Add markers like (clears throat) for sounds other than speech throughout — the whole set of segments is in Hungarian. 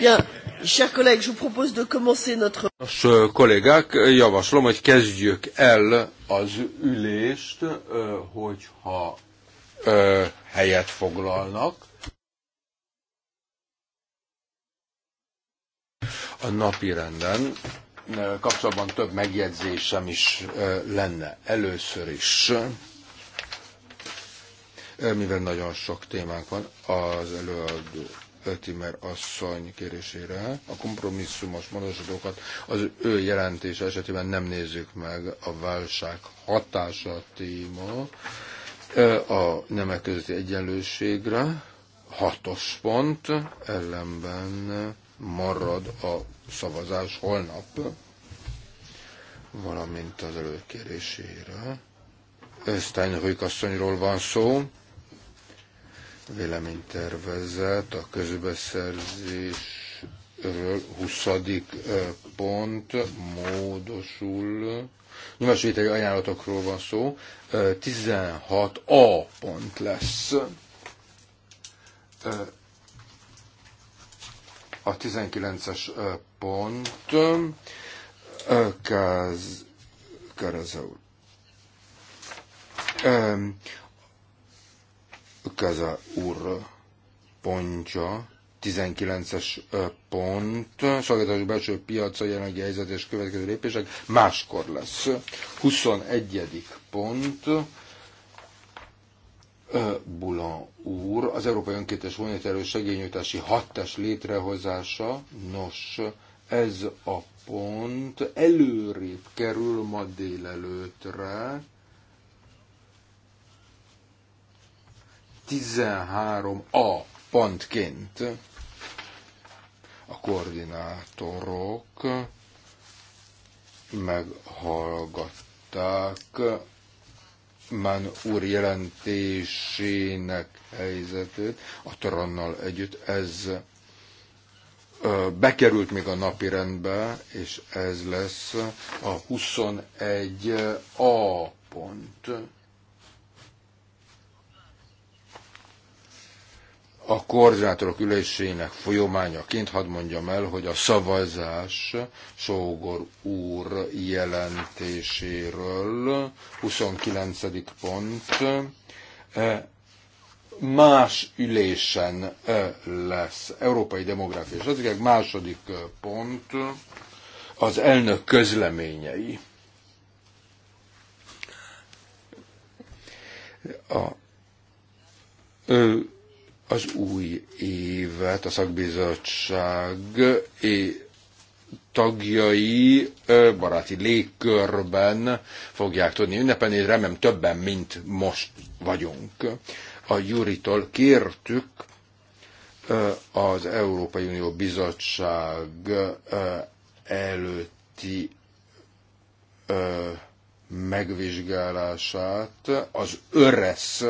Nos euh, kollégák, javaslom, hogy kezdjük el az ülést, hogyha helyet foglalnak. A napi renden kapcsolatban több megjegyzésem is lenne. Először is mivel nagyon sok témánk van, az előadó Timer asszony kérésére a kompromisszumos módosítókat az ő jelentése esetében nem nézzük meg a válság hatása téma a nemek közötti egyenlőségre. Hatos pont, ellenben marad a szavazás holnap, valamint az előkérésére. Stein asszonyról van szó véleménytervezet a közbeszerzésről 20. pont módosul. vételi ajánlatokról van szó. 16a pont lesz. A 19-es pont Kárazaur. Kaza úr pontja, 19-es pont, szolgáltatás belső piaca jelenlegi helyzet és következő lépések máskor lesz. 21. pont, Bulan úr, az Európai Önkétes Monetárius Segényújtási Hattás létrehozása, nos, ez a pont előrébb kerül ma délelőtre, 13a pontként a koordinátorok meghallgatták Man úr jelentésének helyzetét a Trannal együtt. Ez bekerült még a napi rendbe, és ez lesz a 21a pont. a koordinátorok ülésének folyományaként hadd mondjam el, hogy a szavazás Sógor úr jelentéséről, 29. pont, e, más ülésen e, lesz. Európai Demográfia Stratégiák második e, pont az elnök közleményei. A, ö, az új évet a szakbizottság tagjai baráti légkörben fogják tudni ünnepelni, és remélem többen, mint most vagyunk. A Juritól kértük az Európai Unió Bizottság előtti megvizsgálását az ÖRESZ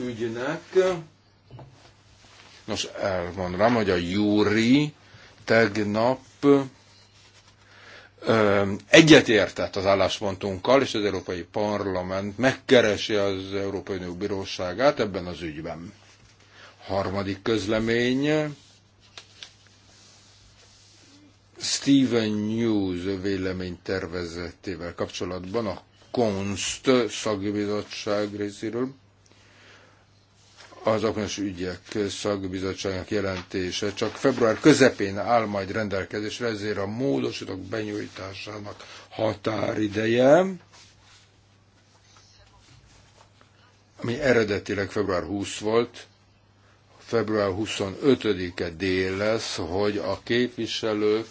ügynek, Nos, elmondanám, hogy a Júri tegnap egyetértett az álláspontunkkal, és az Európai Parlament megkeresi az Európai Unió Bíróságát ebben az ügyben. Harmadik közlemény. Steven News véleménytervezetével kapcsolatban a Konst szakbizottság részéről az okos ügyek szakbizottságnak jelentése csak február közepén áll majd rendelkezésre, ezért a módosítók benyújtásának határideje, ami eredetileg február 20 volt, február 25-e dél lesz, hogy a képviselők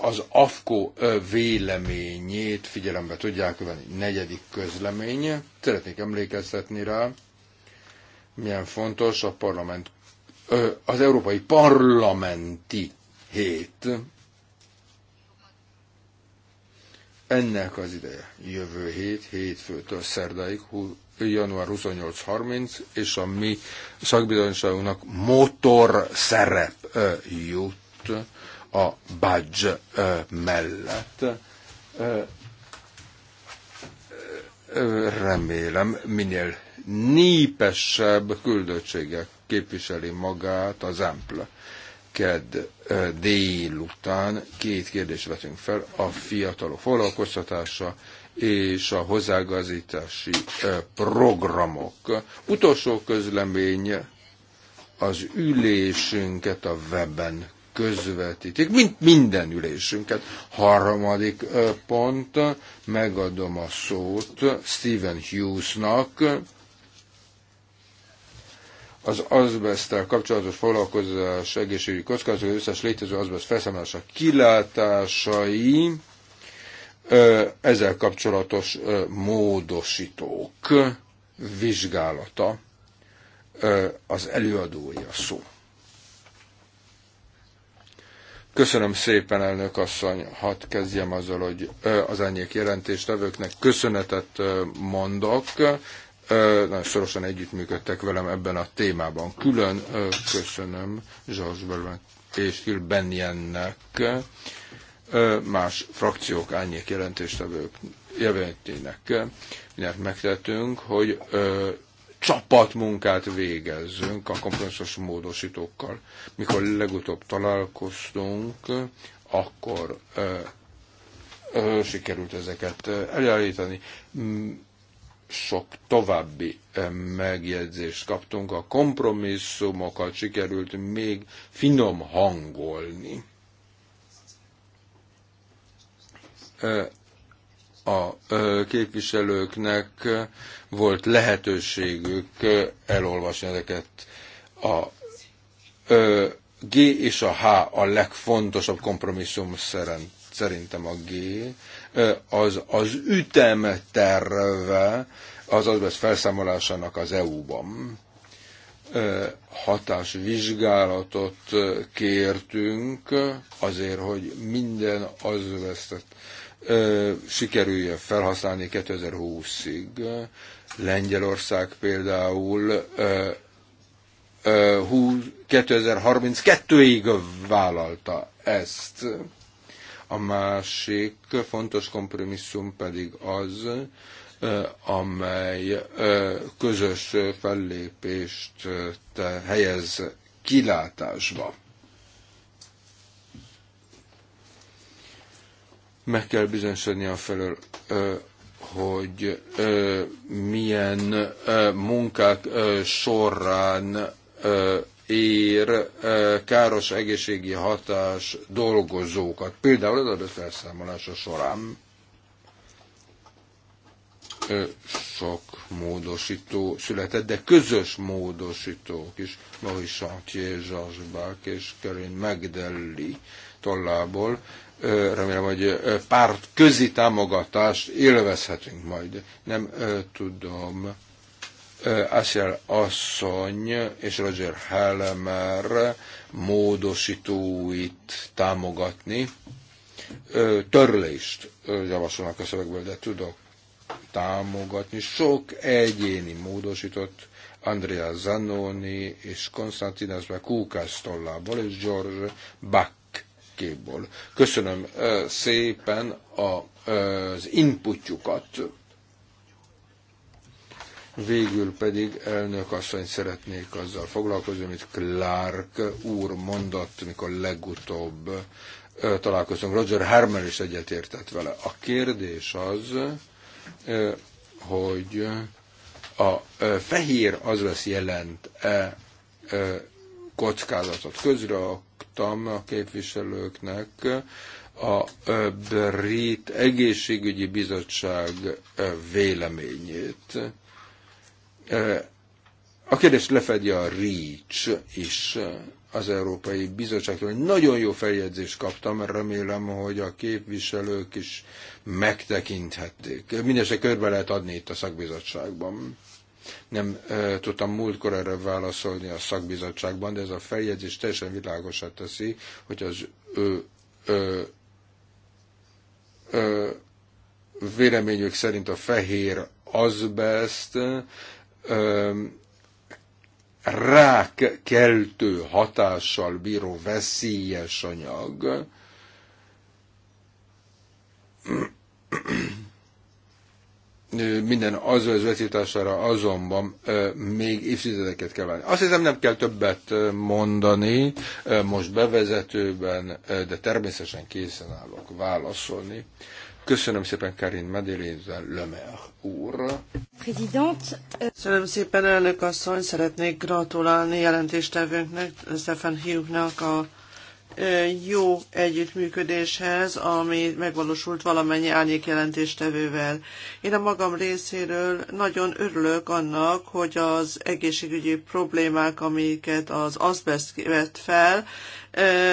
az AFKO véleményét figyelembe tudják venni. Negyedik közlemény. Szeretnék emlékeztetni rá, milyen fontos a parlament, az Európai Parlamenti Hét. Ennek az ideje jövő hét, hétfőtől szerdáig, január 28-30, és a mi szakbizonyságunknak motor szerep jut a badge mellett. Remélem, minél népesebb küldöttsége képviseli magát az EMPL. Ked délután két kérdést vetünk fel, a fiatalok foglalkoztatása és a hozzágazítási programok. Utolsó közlemény az ülésünket a weben közvetítik, mint minden ülésünket. Harmadik pont, megadom a szót Stephen Hughesnak, az azbesztel kapcsolatos foglalkozás egészségügyi kockázatok, összes létező azbeszt felszámolása kilátásai, ezzel kapcsolatos módosítók vizsgálata az előadója szó. Köszönöm szépen, elnök asszony, hadd kezdjem azzal, hogy az árnyék jelentéstevőknek köszönetet mondok, nagyon szorosan együttműködtek velem ebben a témában. Külön köszönöm George és Gil Benjennek, más frakciók árnyék jelentéstevők jelentének mindent megtettünk, hogy csapatmunkát végezzünk a kompromisszos módosítókkal. Mikor legutóbb találkoztunk, akkor ö, ö, sikerült ezeket elállítani sok további eh, megjegyzést kaptunk. A kompromisszumokat sikerült még finom hangolni. Eh, a eh, képviselőknek volt lehetőségük elolvasni ezeket a G és a H a legfontosabb kompromisszum szerint. Szerintem a G az az ütemterve az azbest felszámolásának az EU-ban hatásvizsgálatot kértünk azért, hogy minden az vesztett sikerüljön felhasználni 2020-ig. Lengyelország például 2032-ig vállalta ezt. A másik fontos kompromisszum pedig az, amely közös fellépést helyez kilátásba. Meg kell bizonyosodni a felől, hogy milyen munkák során ér káros egészségi hatás dolgozókat, például az adatfelszámolása során sok módosító született, de közös módosítók is, Mahi Chantier, Georges és Karin Megdelli tollából. Remélem, hogy párt közi támogatást élvezhetünk majd. Nem tudom, Asiel asszony és Roger Helmer módosítóit támogatni. Törlést javasolnak a szövegből, de tudok támogatni. Sok egyéni módosított Andrea Zanoni és Konstantinas Kukás tollából és George Bach képből. Köszönöm szépen a, az inputjukat Végül pedig elnök asszony szeretnék azzal foglalkozni, amit Clark úr mondott, mikor legutóbb találkoztunk. Roger Harmer is egyetértett vele. A kérdés az, hogy a fehér az lesz jelent-e kockázatot. közre a képviselőknek a brit egészségügyi bizottság véleményét a kérdés lefedje a REACH is az Európai Bizottságtól. Nagyon jó feljegyzést kaptam, remélem, hogy a képviselők is megtekinthették. Mindenesetre körbe lehet adni itt a szakbizottságban. Nem e, tudtam múltkor erre válaszolni a szakbizottságban, de ez a feljegyzés teljesen világosat teszi, hogy az ő, ő, ő véleményük szerint a fehér azbest rákkeltő hatással bíró veszélyes anyag, minden az özvetítására azonban még évtizedeket kell várni. Azt hiszem nem kell többet mondani most bevezetőben, de természetesen készen állok válaszolni. Köszönöm szépen Karin Medelézzel, Lemer úr. President. Euh, Köszönöm szépen, elnök asszony, szeretnék gratulálni jelentéstevőnknek, Stefan Hughnak a jó együttműködéshez, ami megvalósult valamennyi árnyék jelentéstevővel. Én a magam részéről nagyon örülök annak, hogy az egészségügyi problémák, amiket az azbest vett fel,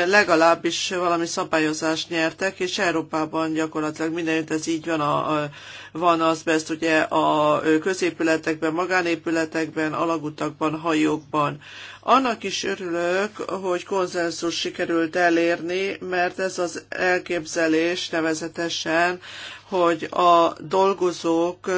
legalábbis valami szabályozást nyertek, és Európában gyakorlatilag mindenütt ez így van, a, a, van azbest ugye a középületekben, magánépületekben, alagutakban, hajókban. Annak is örülök, hogy konzenzus sikerült elérni, mert ez az elképzelés nevezetesen, hogy a dolgozók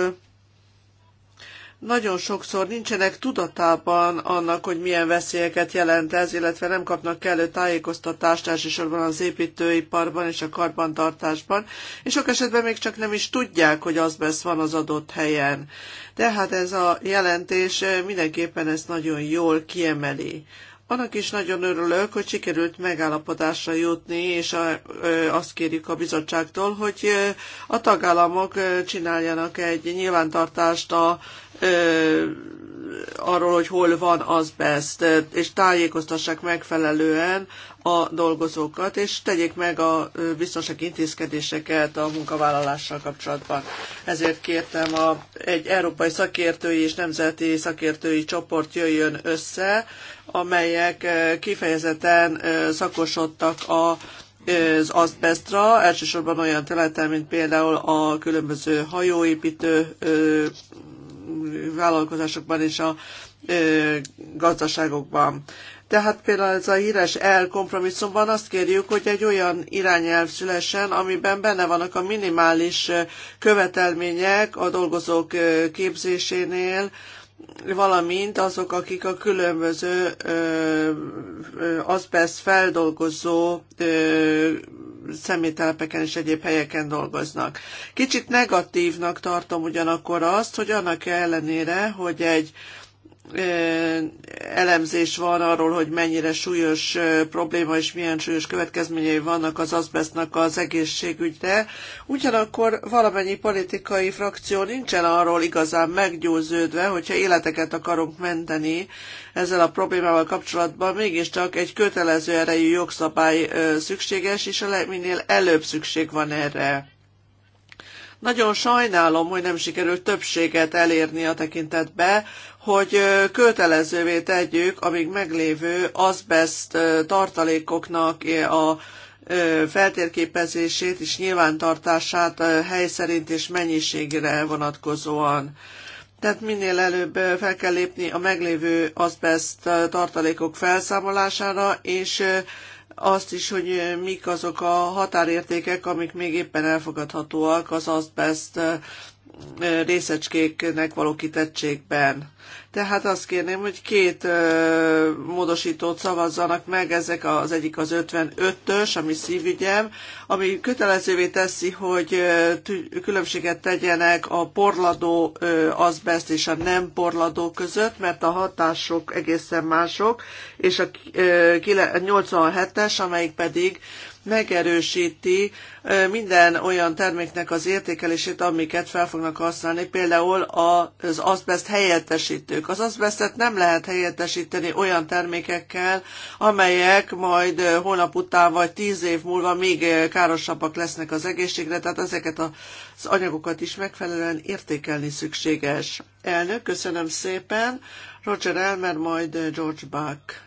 nagyon sokszor nincsenek tudatában annak, hogy milyen veszélyeket jelent ez, illetve nem kapnak kellő tájékoztatást elsősorban az építőiparban és a karbantartásban, és sok esetben még csak nem is tudják, hogy az azbesz van az adott helyen. De hát ez a jelentés mindenképpen ezt nagyon jól kiemeli. Annak is nagyon örülök, hogy sikerült megállapodásra jutni, és a, ö, azt kérjük a bizottságtól, hogy ö, a tagállamok ö, csináljanak egy nyilvántartást a arról, hogy hol van az best, és tájékoztassák megfelelően a dolgozókat, és tegyék meg a biztonsági intézkedéseket a munkavállalással kapcsolatban. Ezért kértem a, egy európai szakértői és nemzeti szakértői csoport jöjjön össze, amelyek kifejezetten szakosodtak a az asbestra, elsősorban olyan területen, mint például a különböző hajóépítő vállalkozásokban és a gazdaságokban. Tehát például ez a híres kompromisszumban azt kérjük, hogy egy olyan irányelv szülessen, amiben benne vannak a minimális követelmények a dolgozók képzésénél, valamint azok, akik a különböző azbest feldolgozó ö, szemételepeken és egyéb helyeken dolgoznak. Kicsit negatívnak tartom ugyanakkor azt, hogy annak ellenére, hogy egy ö, elemzés van arról, hogy mennyire súlyos probléma és milyen súlyos következményei vannak az azbestnak az egészségügyre. Ugyanakkor valamennyi politikai frakció nincsen arról igazán meggyőződve, hogyha életeket akarunk menteni ezzel a problémával kapcsolatban, mégiscsak egy kötelező erejű jogszabály szükséges, és minél előbb szükség van erre. Nagyon sajnálom, hogy nem sikerült többséget elérni a tekintetbe, hogy kötelezővé tegyük a még meglévő azbest tartalékoknak a feltérképezését és nyilvántartását hely szerint és mennyiségre vonatkozóan. Tehát minél előbb fel kell lépni a meglévő azbest tartalékok felszámolására, és azt is, hogy mik azok a határértékek, amik még éppen elfogadhatóak az azbest részecskéknek való kitettségben. Tehát azt kérném, hogy két ö, módosítót szavazzanak meg, ezek az egyik az 55-ös, ami szívügyem, ami kötelezővé teszi, hogy ö, különbséget tegyenek a porladó ö, azbest és a nem porladó között, mert a hatások egészen mások, és a ö, 87-es, amelyik pedig ö, megerősíti minden olyan terméknek az értékelését, amiket fel fognak használni, például az azbest helyettesítők. Az azbestet nem lehet helyettesíteni olyan termékekkel, amelyek majd hónap után vagy tíz év múlva még károsabbak lesznek az egészségre, tehát ezeket az anyagokat is megfelelően értékelni szükséges. Elnök, köszönöm szépen. Roger Elmer, majd George Buck.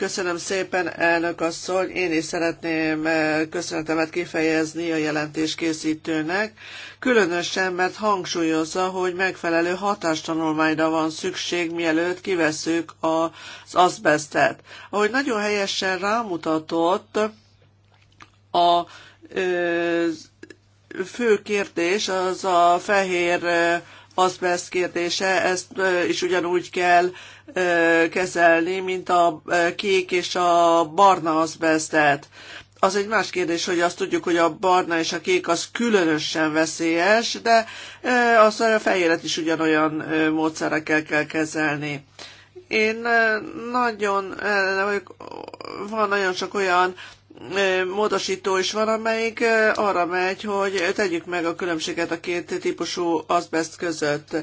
Köszönöm szépen, elnök asszony. Én is szeretném eh, köszönetemet kifejezni a jelentés készítőnek, különösen, mert hangsúlyozza, hogy megfelelő hatástanulmányra van szükség, mielőtt kivesszük az azbestet. Ahogy nagyon helyesen rámutatott, a eh, fő kérdés az a fehér eh, azbest kérdése, ezt is ugyanúgy kell kezelni, mint a kék és a barna azbesztet. Az egy más kérdés, hogy azt tudjuk, hogy a barna és a kék az különösen veszélyes, de azt a fehéret is ugyanolyan módszerekkel kell kezelni. Én nagyon, van nagyon sok olyan módosító is van, amelyik arra megy, hogy tegyük meg a különbséget a két típusú azbest között.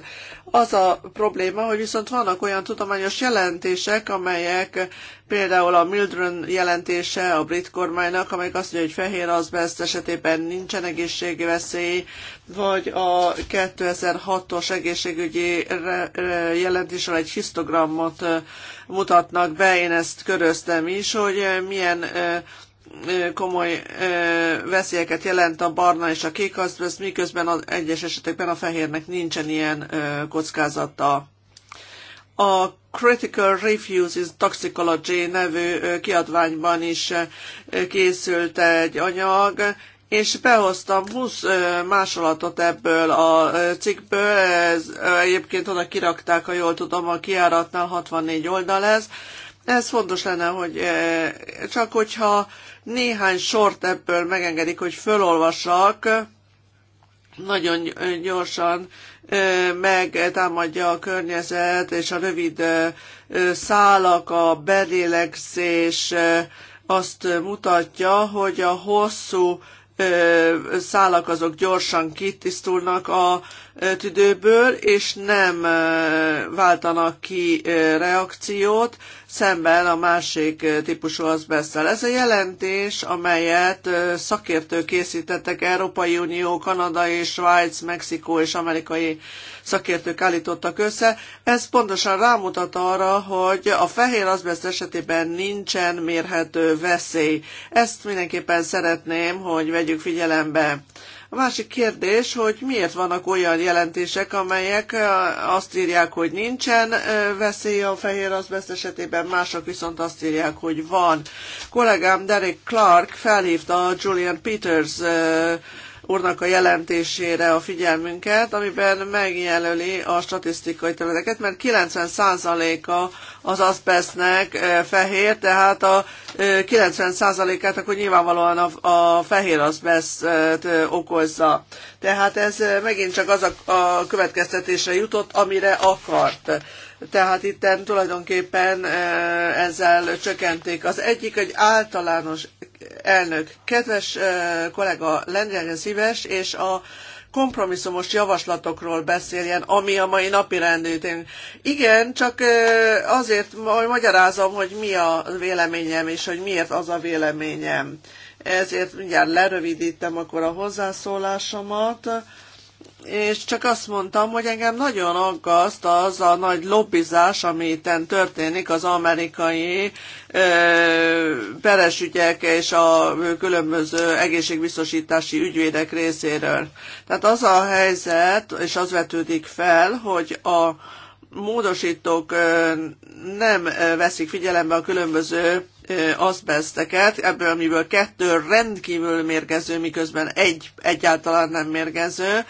Az a probléma, hogy viszont vannak olyan tudományos jelentések, amelyek például a Mildren jelentése a brit kormánynak, amelyik azt mondja, hogy fehér azbest esetében nincsen egészségi veszély, vagy a 2006-os egészségügyi jelentésről egy histogramot mutatnak be, én ezt köröztem is, hogy milyen komoly veszélyeket jelent a barna és a kék azbeszt, miközben az egyes esetekben a fehérnek nincsen ilyen kockázata. A Critical Reviews in Toxicology nevű kiadványban is készült egy anyag, és behoztam 20 másolatot ebből a cikkből, ez egyébként oda kirakták, ha jól tudom, a kiáratnál 64 oldal ez. Ez fontos lenne, hogy csak hogyha néhány sort ebből megengedik, hogy fölolvasak, Nagyon gyorsan megtámadja a környezet, és a rövid szálak, a belélegzés azt mutatja, hogy a hosszú szálak azok gyorsan kitisztulnak a tüdőből, és nem váltanak ki reakciót, szemben a másik típusú azbesszel. Ez a jelentés, amelyet szakértők készítettek, Európai Unió, Kanada és Svájc, Mexikó és amerikai szakértők állítottak össze, ez pontosan rámutat arra, hogy a fehér azbest esetében nincsen mérhető veszély. Ezt mindenképpen szeretném, hogy vegyük figyelembe. A másik kérdés, hogy miért vannak olyan jelentések, amelyek azt írják, hogy nincsen veszély a fehér azbest esetében, mások viszont azt írják, hogy van. Kollégám Derek Clark felhívta a Julian Peters úrnak a jelentésére a figyelmünket, amiben megjelöli a statisztikai területeket, mert 90%-a az azbesznek fehér, tehát a 90%-át akkor nyilvánvalóan a, a fehér azbeszt okozza. Tehát ez megint csak az a, a következtetésre jutott, amire akart. Tehát itt tulajdonképpen ezzel csökkenték. Az egyik egy általános elnök. Kedves kollega, lengyelje szíves, és a kompromisszumos javaslatokról beszéljen, ami a mai napi rendőtén. Igen, csak azért hogy magyarázom, hogy mi a véleményem, és hogy miért az a véleményem. Ezért mindjárt lerövidítem akkor a hozzászólásomat és csak azt mondtam, hogy engem nagyon aggaszt az a nagy lobbizás, ami itten történik az amerikai ö, peresügyek és a különböző egészségbiztosítási ügyvédek részéről. Tehát az a helyzet, és az vetődik fel, hogy a módosítók nem veszik figyelembe a különböző azbeszteket, ebből, amiből kettő rendkívül mérgező, miközben egy egyáltalán nem mérgező,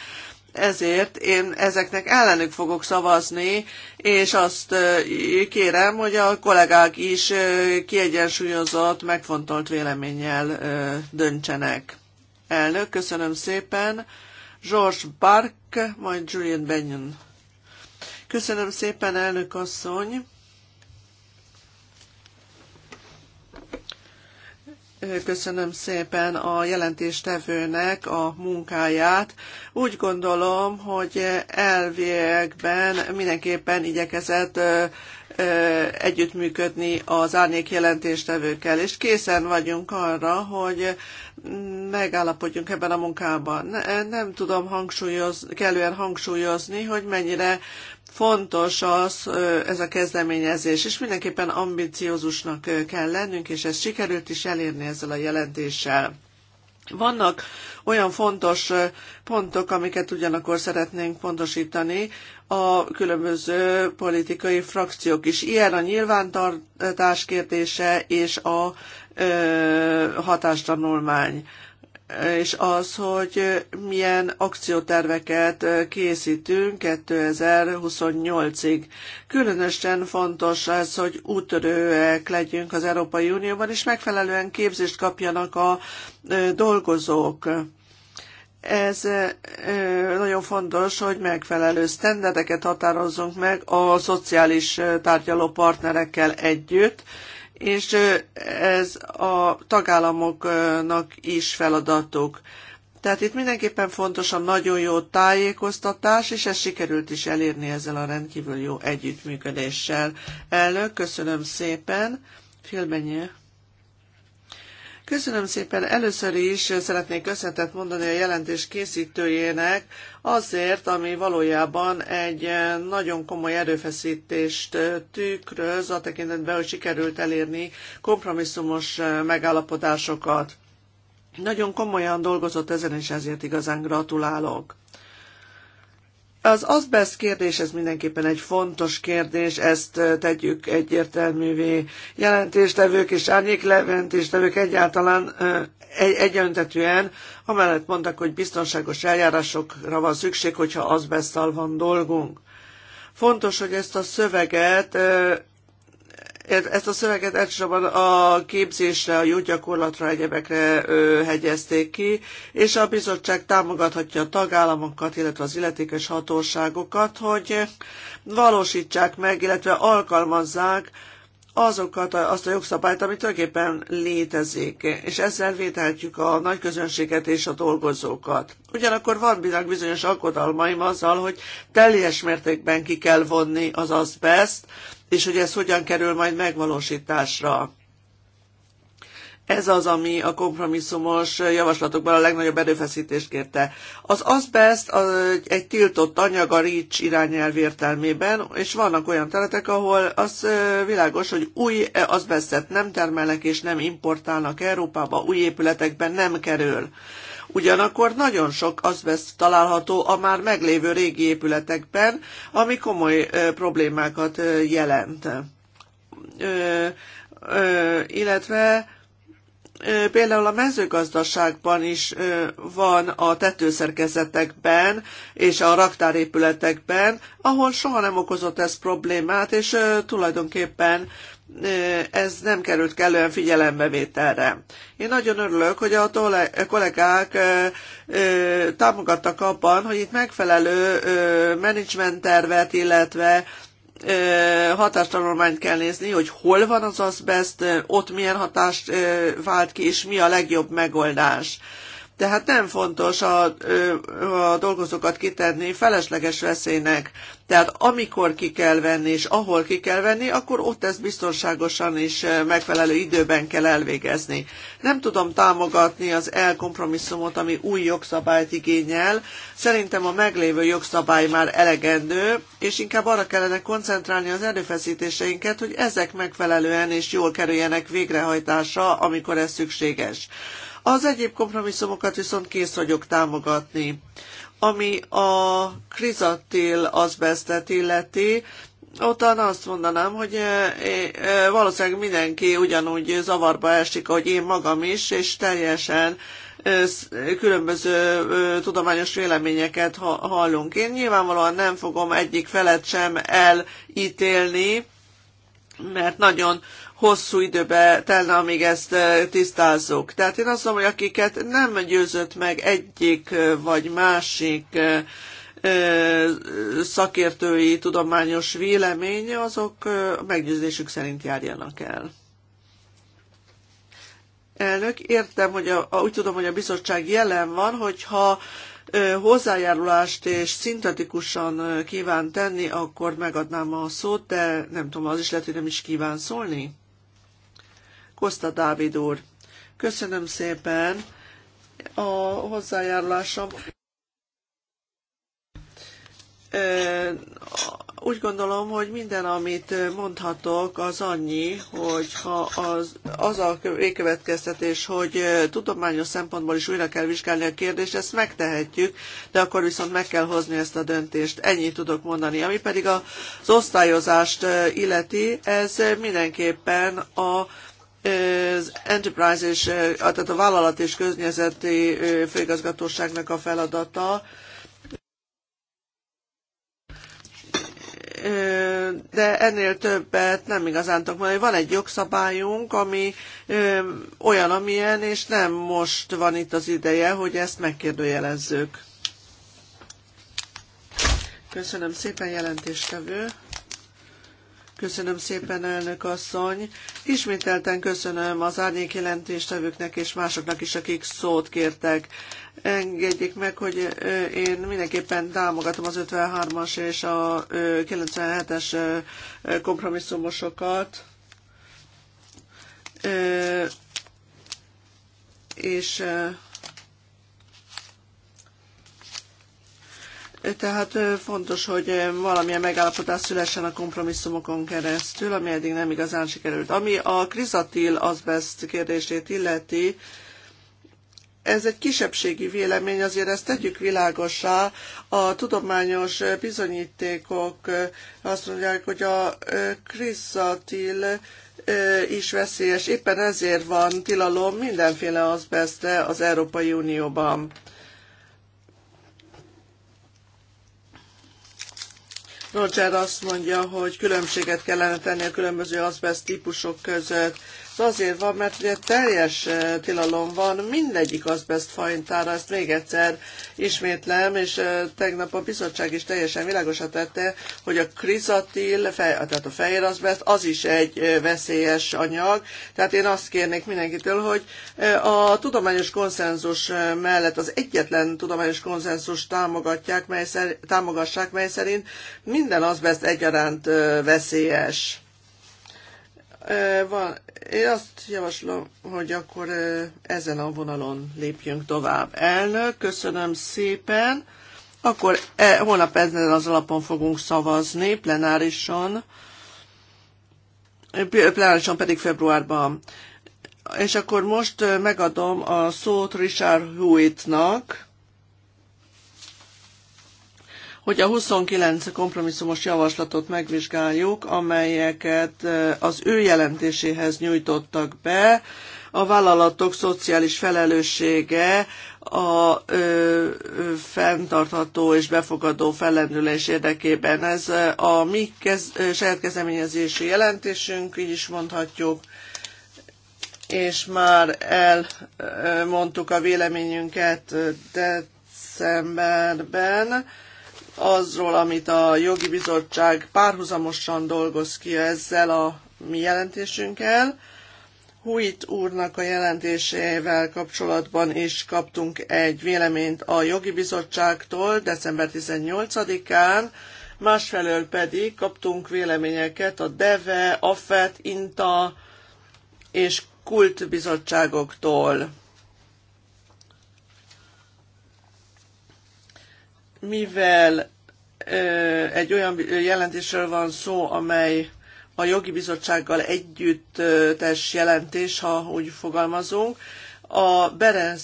ezért én ezeknek ellenük fogok szavazni, és azt kérem, hogy a kollégák is kiegyensúlyozott, megfontolt véleménnyel döntsenek. Elnök, köszönöm szépen. George Bark, majd Julian Benyon. Köszönöm szépen, elnök asszony. Köszönöm szépen a jelentéstevőnek a munkáját. Úgy gondolom, hogy elviekben mindenképpen igyekezett együttműködni az árnyék jelentéstevőkkel, és készen vagyunk arra, hogy megállapodjunk ebben a munkában. Nem tudom hangsúlyoz, kellően hangsúlyozni, hogy mennyire fontos az ez a kezdeményezés, és mindenképpen ambiciózusnak kell lennünk, és ezt sikerült is elérni ezzel a jelentéssel. Vannak olyan fontos pontok, amiket ugyanakkor szeretnénk pontosítani, a különböző politikai frakciók is. Ilyen a nyilvántartás kérdése és a ö, hatástanulmány és az, hogy milyen akcióterveket készítünk 2028-ig. Különösen fontos ez, hogy útörőek legyünk az Európai Unióban, és megfelelően képzést kapjanak a dolgozók. Ez nagyon fontos, hogy megfelelő sztenderdeket határozzunk meg a szociális tárgyaló partnerekkel együtt, és ez a tagállamoknak is feladatuk. Tehát itt mindenképpen fontos a nagyon jó tájékoztatás, és ezt sikerült is elérni ezzel a rendkívül jó együttműködéssel. Elnök, köszönöm szépen. Filmenye. Köszönöm szépen. Először is szeretnék köszöntet mondani a jelentés készítőjének azért, ami valójában egy nagyon komoly erőfeszítést tükröz a tekintetben, hogy sikerült elérni kompromisszumos megállapodásokat. Nagyon komolyan dolgozott ezen, és ezért igazán gratulálok. Az azbest kérdés, ez mindenképpen egy fontos kérdés, ezt tegyük egyértelművé. Jelentéstevők és árnyékjelentéstevők egyáltalán egy, egyöntetűen amellett mondtak, hogy biztonságos eljárásokra van szükség, hogyha azbesszal van dolgunk. Fontos, hogy ezt a szöveget ezt a szöveget elsősorban a képzésre, a jó gyakorlatra, egyebekre hegyezték ki, és a bizottság támogathatja a tagállamokat, illetve az illetékes hatóságokat, hogy valósítsák meg, illetve alkalmazzák azokat, azt a jogszabályt, ami tulajdonképpen létezik, és ezzel védhetjük a nagy közönséget és a dolgozókat. Ugyanakkor van bizony bizonyos aggodalmaim azzal, hogy teljes mértékben ki kell vonni az azbest, és hogy ez hogyan kerül majd megvalósításra. Ez az, ami a kompromisszumos javaslatokban a legnagyobb erőfeszítést kérte. Az azbest egy tiltott anyag a REACH irányelv értelmében, és vannak olyan területek, ahol az világos, hogy új azbestet nem termelnek és nem importálnak Európába, új épületekben nem kerül. Ugyanakkor nagyon sok azbest található a már meglévő régi épületekben, ami komoly problémákat jelent. illetve Például a mezőgazdaságban is van a tetőszerkezetekben és a raktárépületekben, ahol soha nem okozott ez problémát, és tulajdonképpen ez nem került kellően figyelembevételre. Én nagyon örülök, hogy a kollégák támogattak abban, hogy itt megfelelő menedzsment tervet, illetve hatástanulmányt kell nézni, hogy hol van az azbest, ott milyen hatást vált ki, és mi a legjobb megoldás. Tehát nem fontos a, a dolgozókat kitenni felesleges veszélynek. Tehát amikor ki kell venni, és ahol ki kell venni, akkor ott ezt biztonságosan és megfelelő időben kell elvégezni. Nem tudom támogatni az elkompromisszumot, ami új jogszabályt igényel. Szerintem a meglévő jogszabály már elegendő, és inkább arra kellene koncentrálni az erőfeszítéseinket, hogy ezek megfelelően és jól kerüljenek végrehajtásra, amikor ez szükséges. Az egyéb kompromisszumokat viszont kész vagyok támogatni. Ami a krizatil azbestet illeti, Ottan azt mondanám, hogy eh, eh, eh, valószínűleg mindenki ugyanúgy zavarba esik, ahogy én magam is, és teljesen különböző tudományos véleményeket hallunk. Én nyilvánvalóan nem fogom egyik felet sem elítélni, mert nagyon hosszú időbe telne, amíg ezt tisztázzuk. Tehát én azt mondom, hogy akiket nem győzött meg egyik vagy másik szakértői tudományos vélemény, azok meggyőzésük szerint járjanak el. Elnök, értem, hogy a, úgy tudom, hogy a bizottság jelen van, hogyha hozzájárulást és szintetikusan kíván tenni, akkor megadnám a szót, de nem tudom, az is lehet, hogy nem is kíván szólni. Kosta Dávid úr. Köszönöm szépen a hozzájárulásom. Úgy gondolom, hogy minden, amit mondhatok, az annyi, hogy ha az, az a végkövetkeztetés, hogy tudományos szempontból is újra kell vizsgálni a kérdést, ezt megtehetjük, de akkor viszont meg kell hozni ezt a döntést. Ennyit tudok mondani. Ami pedig az osztályozást illeti, ez mindenképpen a az Enterprise és tehát a vállalat és köznyezeti főigazgatóságnak a feladata, de ennél többet nem igazán tudok mondani. Van egy jogszabályunk, ami olyan, amilyen, és nem most van itt az ideje, hogy ezt megkérdőjelezzük. Köszönöm szépen, jelentéstevő. Köszönöm szépen, elnök asszony. Ismételten köszönöm az árnyék jelentéstevőknek és másoknak is, akik szót kértek. Engedjék meg, hogy én mindenképpen támogatom az 53-as és a 97-es kompromisszumosokat és Tehát fontos, hogy valamilyen megállapodás szülessen a kompromisszumokon keresztül, ami eddig nem igazán sikerült. Ami a krizatil azbest kérdését illeti, ez egy kisebbségi vélemény, azért ezt tegyük világossá. A tudományos bizonyítékok azt mondják, hogy a krizatil is veszélyes. Éppen ezért van tilalom mindenféle azbestre az Európai Unióban. Roger azt mondja, hogy különbséget kellene tenni a különböző azbest típusok között. Ez azért van, mert ugye teljes eh, tilalom van mindegyik azbest fajtára, ezt még egyszer ismétlem, és eh, tegnap a bizottság is teljesen világosra tette, hogy a krizatil, tehát a fehér azbest, az is egy eh, veszélyes anyag, tehát én azt kérnék mindenkitől, hogy a tudományos konszenzus mellett az egyetlen tudományos konszenzus támogatják, mely szer, támogassák, mely szerint minden azbest egyaránt veszélyes van, én azt javaslom, hogy akkor ezen a vonalon lépjünk tovább. Elnök, köszönöm szépen. Akkor e, holnap ezen az alapon fogunk szavazni plenárison, plenárison pedig februárban. És akkor most megadom a szót Richard Hewittnak hogy a 29 kompromisszumos javaslatot megvizsgáljuk, amelyeket az ő jelentéséhez nyújtottak be, a vállalatok szociális felelőssége a ö, fenntartható és befogadó fellendülés érdekében. Ez a mi kez, saját kezdeményezési jelentésünk, így is mondhatjuk, és már elmondtuk a véleményünket decemberben azról, amit a jogi bizottság párhuzamosan dolgoz ki ezzel a mi jelentésünkkel. Huit úrnak a jelentésével kapcsolatban is kaptunk egy véleményt a jogi bizottságtól december 18-án, másfelől pedig kaptunk véleményeket a DEVE, AFET, INTA és kultbizottságoktól. mivel egy olyan jelentésről van szó, amely a jogi bizottsággal együttes jelentés, ha úgy fogalmazunk, a Berens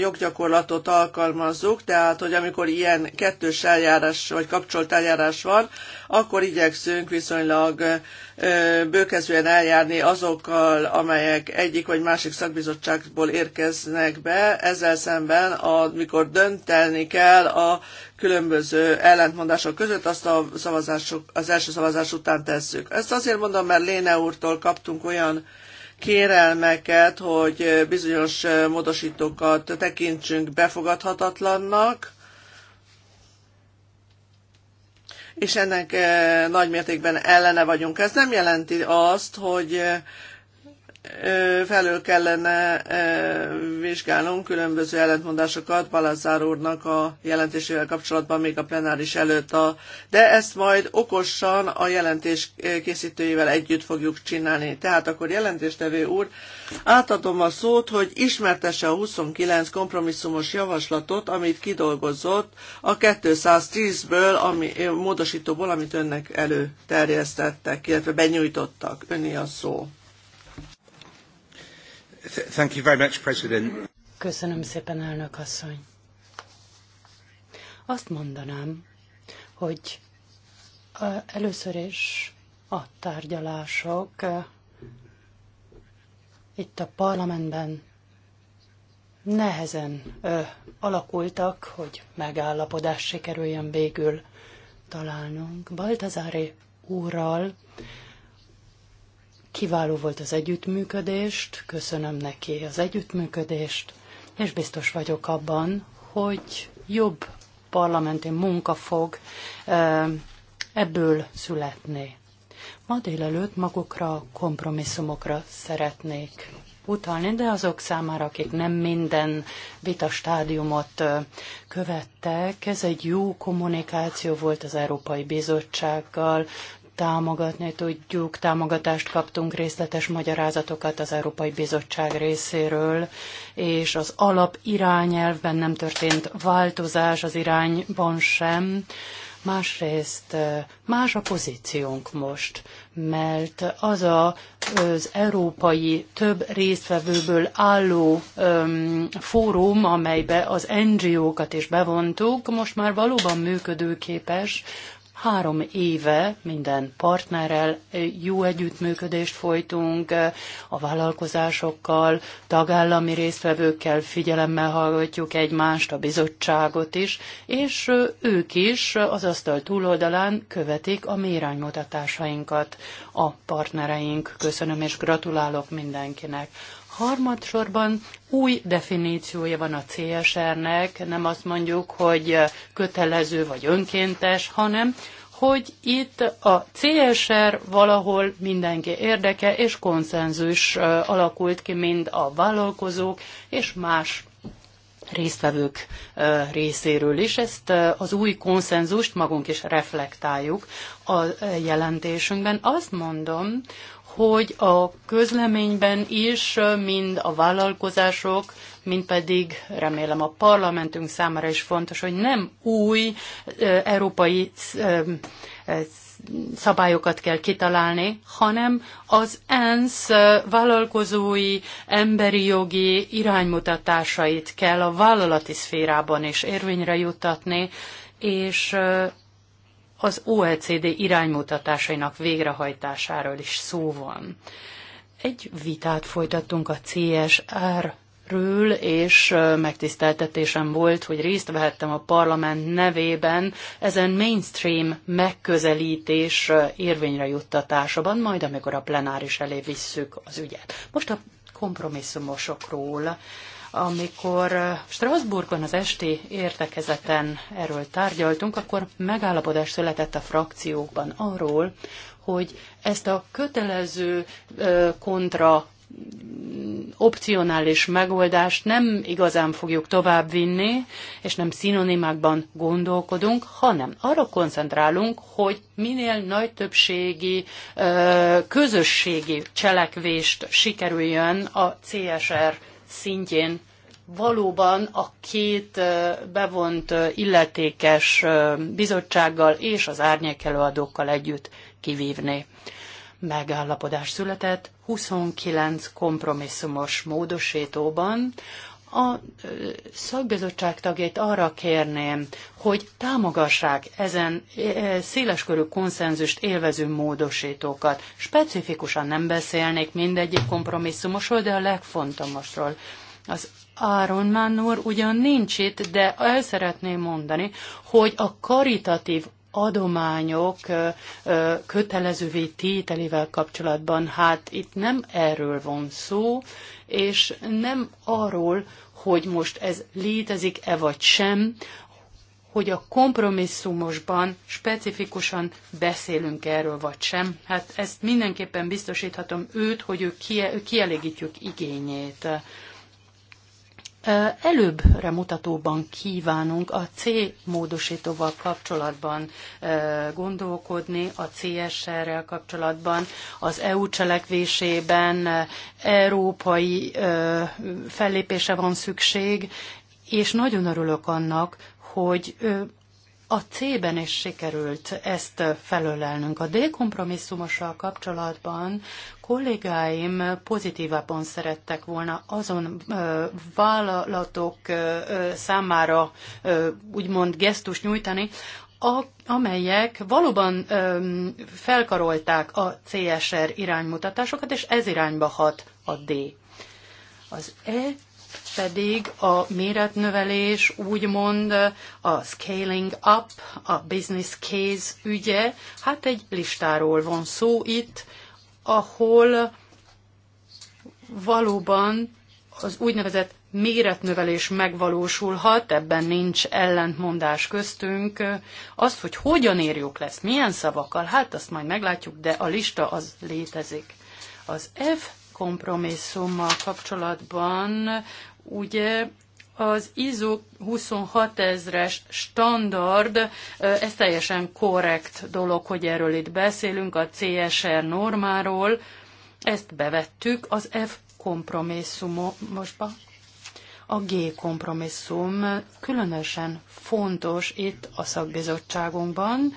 joggyakorlatot alkalmazzuk, tehát, hogy amikor ilyen kettős eljárás vagy kapcsolt eljárás van, akkor igyekszünk viszonylag bőkezően eljárni azokkal, amelyek egyik vagy másik szakbizottságból érkeznek be, ezzel szemben, amikor döntelni kell a különböző ellentmondások között, azt a szavazások, az első szavazás után tesszük. Ezt azért mondom, mert Léne úrtól kaptunk olyan kérelmeket, hogy bizonyos módosítókat tekintsünk befogadhatatlannak, és ennek eh, nagymértékben ellene vagyunk. Ez nem jelenti azt, hogy felül kellene vizsgálnunk különböző ellentmondásokat Balázsár úrnak a jelentésével kapcsolatban még a plenáris előtt, a, de ezt majd okosan a jelentés készítőivel együtt fogjuk csinálni. Tehát akkor jelentéstevő úr, átadom a szót, hogy ismertesse a 29 kompromisszumos javaslatot, amit kidolgozott a 210-ből, ami, módosítóból, amit önnek előterjesztettek, illetve benyújtottak. Öni a szó. Thank you very much, President. Köszönöm szépen, elnök asszony. Azt mondanám, hogy először is a tárgyalások itt a parlamentben nehezen ö, alakultak, hogy megállapodás sikerüljön végül találnunk. Baltazári úrral Kiváló volt az együttműködést, köszönöm neki az együttműködést, és biztos vagyok abban, hogy jobb parlamenti munka fog ebből születni. Ma délelőtt magukra kompromisszumokra szeretnék utalni, de azok számára, akik nem minden vita stádiumot követtek, ez egy jó kommunikáció volt az Európai Bizottsággal, támogatni tudjuk. Támogatást kaptunk, részletes magyarázatokat az Európai Bizottság részéről, és az alap irányelvben nem történt változás az irányban sem. Másrészt más a pozíciónk most, mert az a, az európai több résztvevőből álló öm, fórum, amelybe az NGO-kat is bevontuk, most már valóban működőképes, Három éve minden partnerrel jó együttműködést folytunk, a vállalkozásokkal, tagállami résztvevőkkel figyelemmel hallgatjuk egymást, a bizottságot is, és ők is az asztal túloldalán követik a méránymutatásainkat a partnereink. Köszönöm és gratulálok mindenkinek. Harmadsorban új definíciója van a CSR-nek, nem azt mondjuk, hogy kötelező vagy önkéntes, hanem hogy itt a CSR valahol mindenki érdeke és konszenzus alakult ki mind a vállalkozók és más résztvevők részéről is. Ezt az új konszenzust magunk is reflektáljuk a jelentésünkben. Azt mondom, hogy a közleményben is mind a vállalkozások, mind pedig remélem a parlamentünk számára is fontos, hogy nem új európai szabályokat kell kitalálni, hanem az ENSZ vállalkozói emberi jogi iránymutatásait kell a vállalati szférában is érvényre juttatni, és az OECD iránymutatásainak végrehajtásáról is szó van. Egy vitát folytattunk a CSR ről, és megtiszteltetésem volt, hogy részt vehettem a parlament nevében ezen mainstream megközelítés érvényre juttatásában, majd amikor a plenáris elé visszük az ügyet. Most a kompromisszumosokról amikor Strasbourgban az esti értekezeten erről tárgyaltunk, akkor megállapodás született a frakciókban arról, hogy ezt a kötelező kontra mm, opcionális megoldást nem igazán fogjuk továbbvinni, és nem szinonimákban gondolkodunk, hanem arra koncentrálunk, hogy minél nagy többségi, közösségi cselekvést sikerüljön a CSR szintjén valóban a két bevont illetékes bizottsággal és az árnyék előadókkal együtt kivívni. Megállapodás született 29 kompromisszumos módosítóban, a szakbizottság tagjait arra kérném, hogy támogassák ezen széleskörű konszenzust élvező módosítókat. Specifikusan nem beszélnék mindegyik kompromisszumosról, de a legfontosabbról. Az Áron Mánor ugyan nincs itt, de el szeretném mondani, hogy a karitatív adományok kötelezővé tételével kapcsolatban. Hát itt nem erről van szó, és nem arról, hogy most ez létezik-e vagy sem, hogy a kompromisszumosban specifikusan beszélünk erről vagy sem. Hát ezt mindenképpen biztosíthatom őt, hogy ő kielégítjük igényét. Előbbre mutatóban kívánunk a C módosítóval kapcsolatban gondolkodni, a CSR-rel kapcsolatban, az EU cselekvésében európai fellépése van szükség, és nagyon örülök annak, hogy a C-ben is sikerült ezt felölelnünk. A D-kompromisszumossal kapcsolatban kollégáim pozitívabban szerettek volna azon ö, vállalatok ö, számára ö, úgymond gesztus nyújtani, a, amelyek valóban ö, felkarolták a CSR iránymutatásokat, és ez irányba hat a D. Az E pedig a méretnövelés, úgymond a scaling up, a business case ügye, hát egy listáról van szó itt, ahol valóban az úgynevezett méretnövelés megvalósulhat, ebben nincs ellentmondás köztünk. Azt, hogy hogyan érjük lesz, milyen szavakkal, hát azt majd meglátjuk, de a lista az létezik. Az F kompromisszummal kapcsolatban, ugye az ISO 26 ezres standard, ez teljesen korrekt dolog, hogy erről itt beszélünk, a CSR normáról, ezt bevettük az F kompromisszumosba. A G kompromisszum különösen fontos itt a szakbizottságunkban,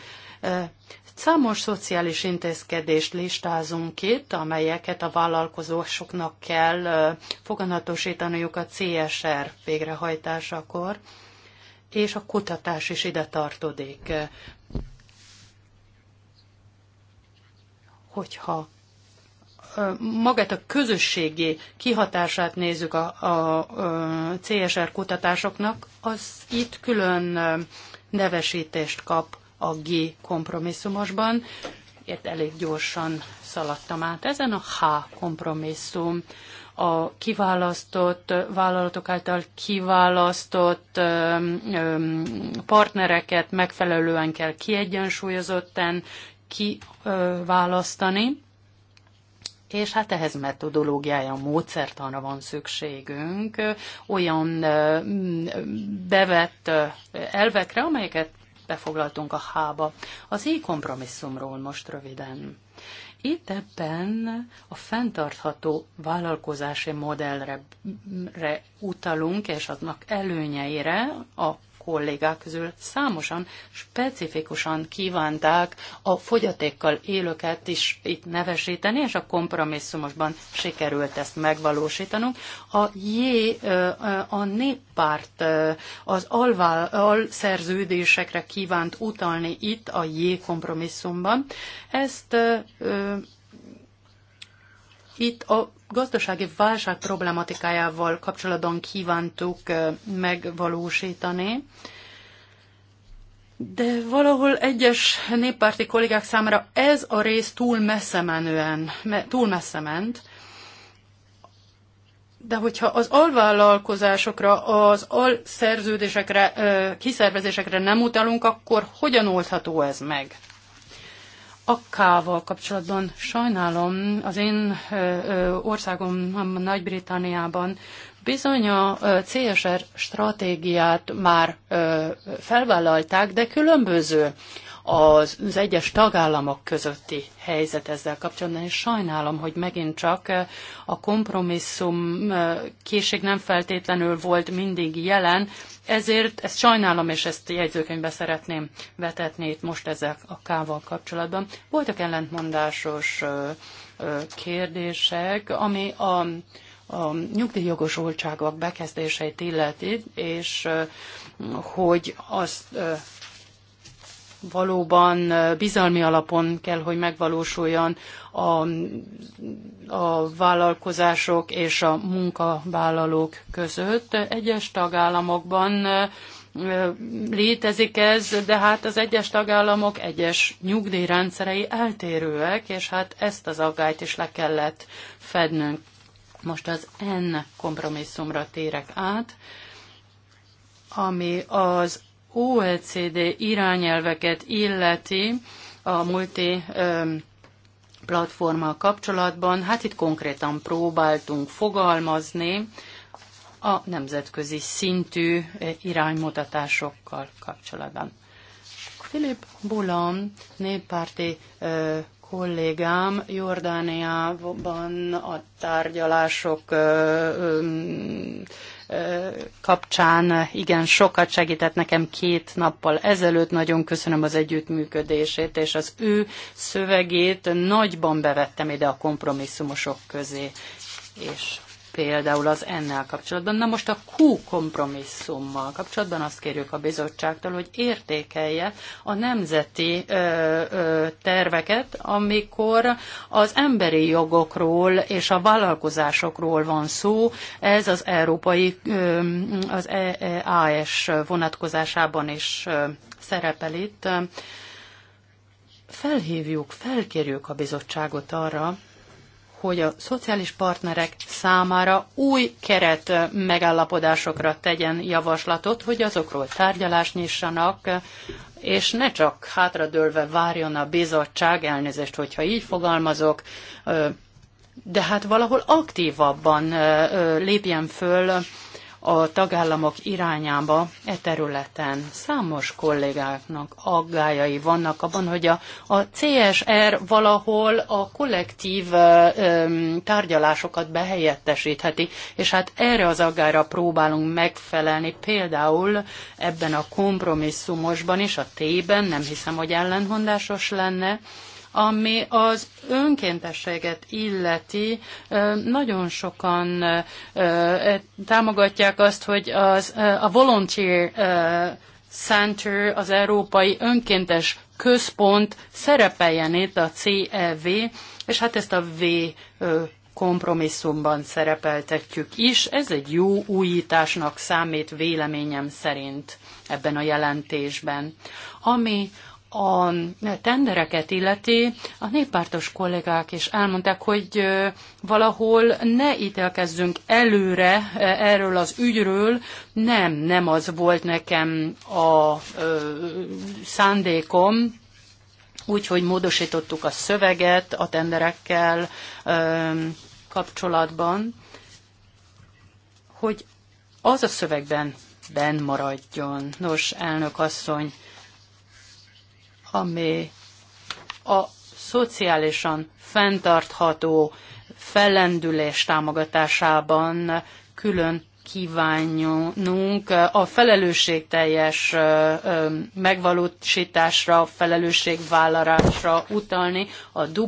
Számos szociális intézkedést listázunk itt, amelyeket a vállalkozósoknak kell foganatosítaniuk a CSR végrehajtásakor, és a kutatás is ide tartodik. Hogyha magát a közösségi kihatását nézzük a, a, a CSR kutatásoknak, az itt külön nevesítést kap a G kompromisszumosban, ért elég gyorsan szaladtam át. Ezen a H kompromisszum a kiválasztott vállalatok által kiválasztott partnereket megfelelően kell kiegyensúlyozottan kiválasztani, és hát ehhez metodológiája, módszertanra van szükségünk, olyan bevett elvekre, amelyeket befoglaltunk a hába. Az így kompromisszumról most röviden. Itt ebben a fenntartható vállalkozási modellre utalunk, és aznak előnyeire a kollégák közül számosan, specifikusan kívánták a fogyatékkal élőket is itt nevesíteni, és a kompromisszumosban sikerült ezt megvalósítanunk. A J, a néppárt az alvá, alszerződésekre kívánt utalni itt a J kompromisszumban. Ezt itt a gazdasági válság problematikájával kapcsolatban kívántuk megvalósítani. De valahol egyes néppárti kollégák számára ez a rész túl messze menően, túl messze ment, de hogyha az alvállalkozásokra, az alszerződésekre, kiszervezésekre nem utalunk, akkor hogyan oldható ez meg? Akkával kapcsolatban sajnálom, az én országom Nagy-Britanniában bizony a CSR stratégiát már felvállalták, de különböző az, az egyes tagállamok közötti helyzet ezzel kapcsolatban, és sajnálom, hogy megint csak a kompromisszum készség nem feltétlenül volt mindig jelen, ezért ezt sajnálom, és ezt jegyzőkönyvbe szeretném vetetni itt most ezzel a kával kapcsolatban. Voltak ellentmondásos kérdések, ami a a nyugdíjjogosultságok bekezdéseit illeti, és hogy azt valóban bizalmi alapon kell, hogy megvalósuljon a, a vállalkozások és a munkavállalók között. Egyes tagállamokban létezik ez, de hát az egyes tagállamok egyes nyugdíjrendszerei eltérőek, és hát ezt az aggályt is le kellett fednünk. Most az N kompromisszumra térek át, ami az OECD irányelveket illeti a multi platformmal kapcsolatban, hát itt konkrétan próbáltunk fogalmazni a nemzetközi szintű iránymutatásokkal kapcsolatban. Filip Bulam, néppárti ö, kollégám Jordániában a tárgyalások ö, ö, kapcsán igen sokat segített nekem két nappal ezelőtt. Nagyon köszönöm az együttműködését, és az ő szövegét nagyban bevettem ide a kompromisszumosok közé, és például az ennel kapcsolatban. Na most a Q kompromisszummal kapcsolatban azt kérjük a bizottságtól, hogy értékelje a nemzeti ö, ö, terveket, amikor az emberi jogokról és a vállalkozásokról van szó. Ez az európai, ö, az EEAS vonatkozásában is ö, szerepel itt. Felhívjuk, felkérjük a bizottságot arra, hogy a szociális partnerek számára új keret megállapodásokra tegyen javaslatot, hogy azokról tárgyalást nyissanak, és ne csak hátradőlve várjon a bizottság, elnézést, hogyha így fogalmazok, de hát valahol aktívabban lépjen föl a tagállamok irányába e területen. Számos kollégáknak aggájai vannak abban, hogy a, a CSR valahol a kollektív ö, tárgyalásokat behelyettesítheti, és hát erre az aggára próbálunk megfelelni, például ebben a kompromisszumosban is, a T-ben, nem hiszem, hogy ellenhondásos lenne, ami az önkéntességet illeti, nagyon sokan e, támogatják azt, hogy az, a volunteer Center, az Európai Önkéntes Központ szerepeljen itt a CEV, és hát ezt a V kompromisszumban szerepeltetjük is. Ez egy jó újításnak számít véleményem szerint ebben a jelentésben. Ami a tendereket illeti, a néppártos kollégák is elmondták, hogy valahol ne ítélkezzünk előre erről az ügyről. Nem, nem az volt nekem a szándékom, úgyhogy módosítottuk a szöveget a tenderekkel kapcsolatban, hogy az a szövegben ben maradjon. Nos, elnök asszony, ami a szociálisan fenntartható fellendülés támogatásában külön kívánunk a felelősségteljes megvalósításra, felelősségvállalásra utalni, a W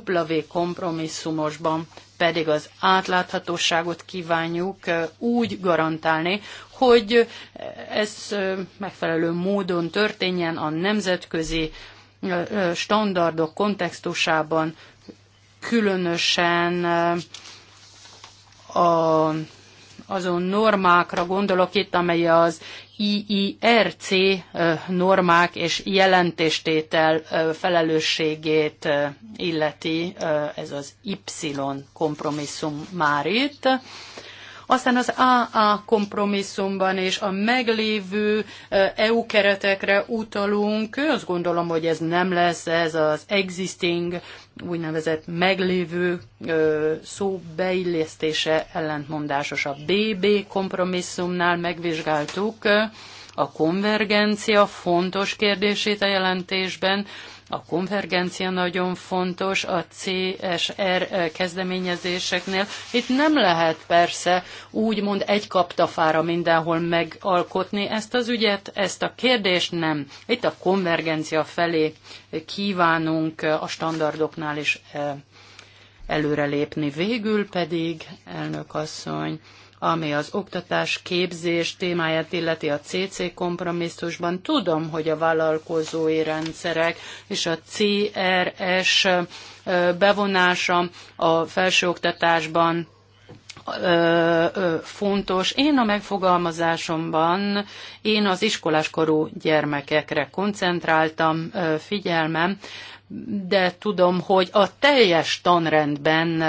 kompromisszumosban pedig az átláthatóságot kívánjuk úgy garantálni, hogy ez megfelelő módon történjen a nemzetközi standardok kontextusában különösen a, azon normákra gondolok itt, amely az IIRC normák és jelentéstétel felelősségét illeti, ez az Y kompromisszum már itt. Aztán az AA kompromisszumban és a meglévő EU keretekre utalunk. Azt gondolom, hogy ez nem lesz ez az existing, úgynevezett meglévő szó beillesztése ellentmondásos. A BB kompromisszumnál megvizsgáltuk a konvergencia fontos kérdését a jelentésben, a konvergencia nagyon fontos a CSR eh, kezdeményezéseknél. Itt nem lehet persze úgymond egy kaptafára mindenhol megalkotni ezt az ügyet, ezt a kérdést nem. Itt a konvergencia felé kívánunk eh, a standardoknál is eh, előrelépni. Végül pedig, elnök asszony, ami az oktatás képzés témáját illeti a CC kompromisszusban. Tudom, hogy a vállalkozói rendszerek és a CRS bevonása a felsőoktatásban fontos. Én a megfogalmazásomban én az iskoláskorú gyermekekre koncentráltam figyelmem, de tudom, hogy a teljes tanrendben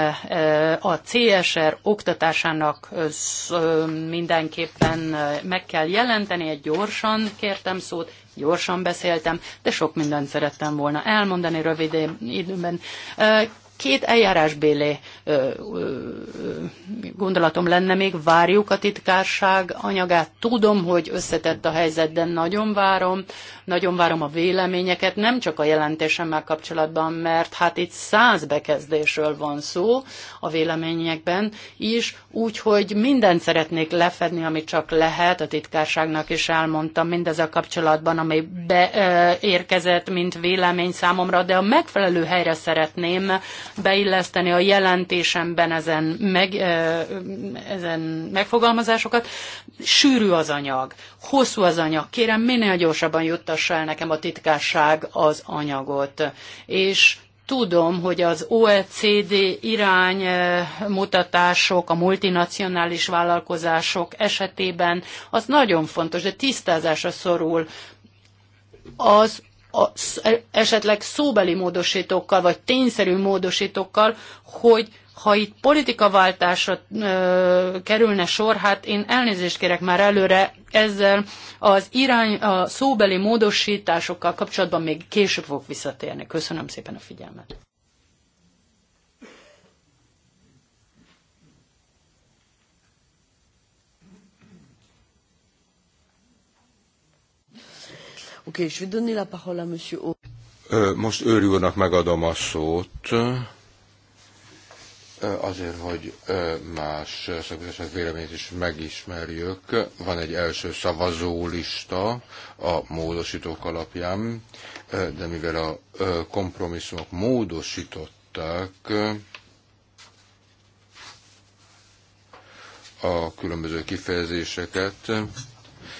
a CSR oktatásának mindenképpen meg kell jelenteni, egy gyorsan kértem szót, gyorsan beszéltem, de sok mindent szerettem volna elmondani rövid időben. Két eljárásbéli gondolatom lenne még, várjuk a titkárság anyagát. Tudom, hogy összetett a helyzet, de nagyon várom nagyon várom a véleményeket, nem csak a jelentésemmel kapcsolatban, mert hát itt száz bekezdésről van szó a véleményekben is, úgyhogy mindent szeretnék lefedni, amit csak lehet, a titkárságnak is elmondtam mindezzel kapcsolatban, ami beérkezett, mint vélemény számomra, de a megfelelő helyre szeretném beilleszteni a jelentésemben ezen, meg, ezen megfogalmazásokat. Sűrű az anyag, hosszú az anyag, kérem minél gyorsabban jutta juttassa el nekem a titkárság az anyagot. És tudom, hogy az OECD iránymutatások eh, a multinacionális vállalkozások esetében az nagyon fontos, de tisztázásra szorul az a, esetleg szóbeli módosítókkal, vagy tényszerű módosítókkal, hogy ha itt politikaváltásra ö, kerülne sor, hát én elnézést kérek már előre, ezzel az irány, a szóbeli módosításokkal kapcsolatban még később fogok visszatérni. Köszönöm szépen a figyelmet. Oké, okay, je vais donner la parole à monsieur O. Most őrülnek megadom a szót azért, hogy más szakbizottság véleményét is megismerjük. Van egy első szavazólista a módosítók alapján, de mivel a kompromisszumok módosították a különböző kifejezéseket,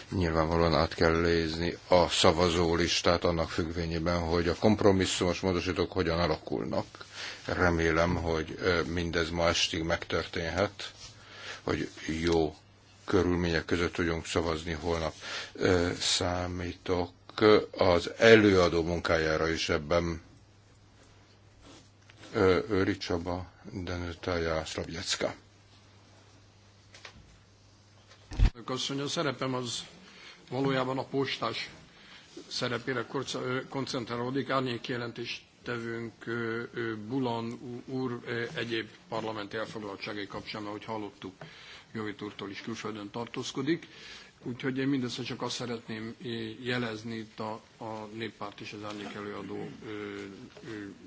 nyilvánvalóan át kell lézni a szavazólistát annak függvényében, hogy a kompromisszumos módosítók hogyan alakulnak Remélem, hogy mindez ma estig megtörténhet, hogy jó körülmények között tudjunk szavazni holnap. Számítok az előadó munkájára is ebben. Őri Csaba, Denőtája, Szlavjecka. Köszönöm, a szerepem az valójában a postás szerepére koncentrálódik, árnyék jelentés jelentéstevőnk Bulan úr egyéb parlamenti elfoglaltságai kapcsán, ahogy hallottuk, Jovit úrtól is külföldön tartózkodik. Úgyhogy én mindössze csak azt szeretném jelezni itt a, a néppárt és az árnyék előadó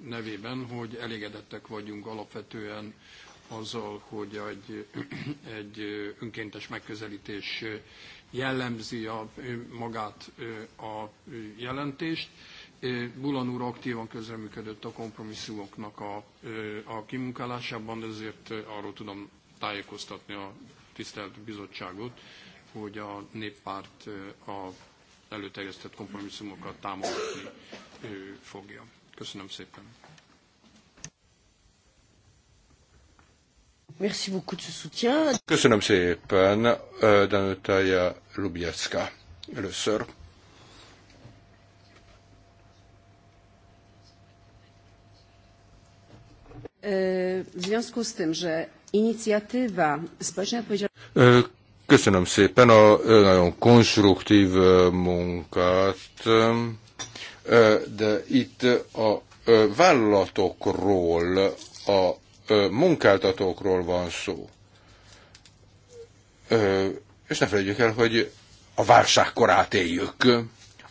nevében, hogy elégedettek vagyunk alapvetően azzal, hogy egy, (clears throat) egy önkéntes megközelítés jellemzi a, magát a jelentést. Bulan úr aktívan közreműködött a kompromisszumoknak a, a kimunkálásában, ezért arról tudom tájékoztatni a tisztelt bizottságot, hogy a néppárt a előterjesztett kompromisszumokat támogatni fogja. Köszönöm szépen. Merci Köszönöm szépen, Danutája Lubjecka először. E, w związku z tym, że inicjatywa społecznej odpowiedzialności... E, köszönöm szépen a e, nagyon konstruktív munkát, de itt a vállalatokról, a munkáltatókról van szó. És ne felejtjük el, hogy a korát éljük,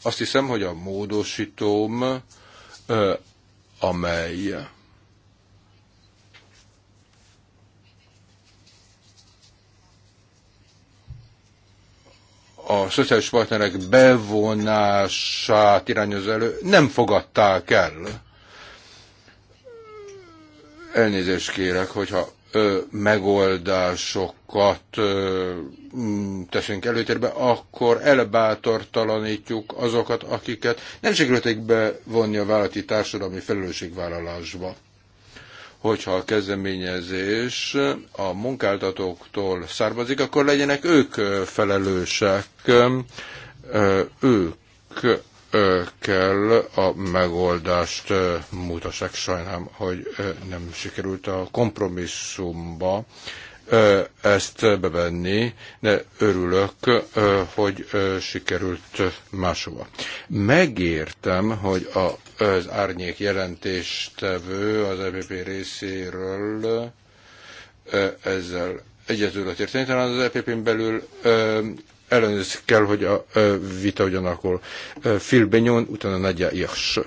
Azt hiszem, hogy a módosítóm, amely a szociális partnerek bevonását irányoz elő, nem fogadták el. Elnézést kérek, hogyha ö, megoldásokat ö, teszünk előtérbe, akkor elbátortalanítjuk azokat, akiket nem sikerült bevonni a vállalati társadalmi felelősségvállalásba hogyha a kezdeményezés a munkáltatóktól származik, akkor legyenek ők felelősek, ők kell a megoldást mutassák. Sajnálom, hogy nem sikerült a kompromisszumba ezt bevenni, de örülök, hogy sikerült máshova. Megértem, hogy a, az árnyék jelentéstevő az EPP részéről ezzel egyetülött érteni, talán az EPP-n belül ellenőrizni kell, hogy a vita ugyanakkor Phil Benyon, utána Nagyja Irs.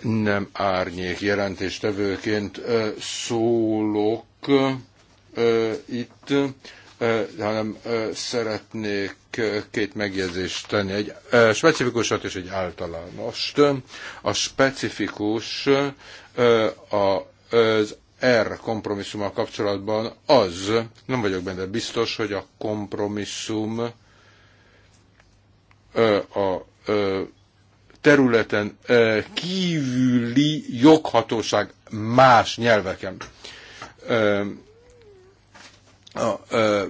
nem árnyék jelentéstevőként szólok itt, hanem szeretnék két megjegyzést tenni, egy specifikusat és egy általánost. A specifikus az R kompromisszummal kapcsolatban az, nem vagyok benne biztos, hogy a kompromisszum a területen eh, kívüli joghatóság más nyelveken. Eh, eh, az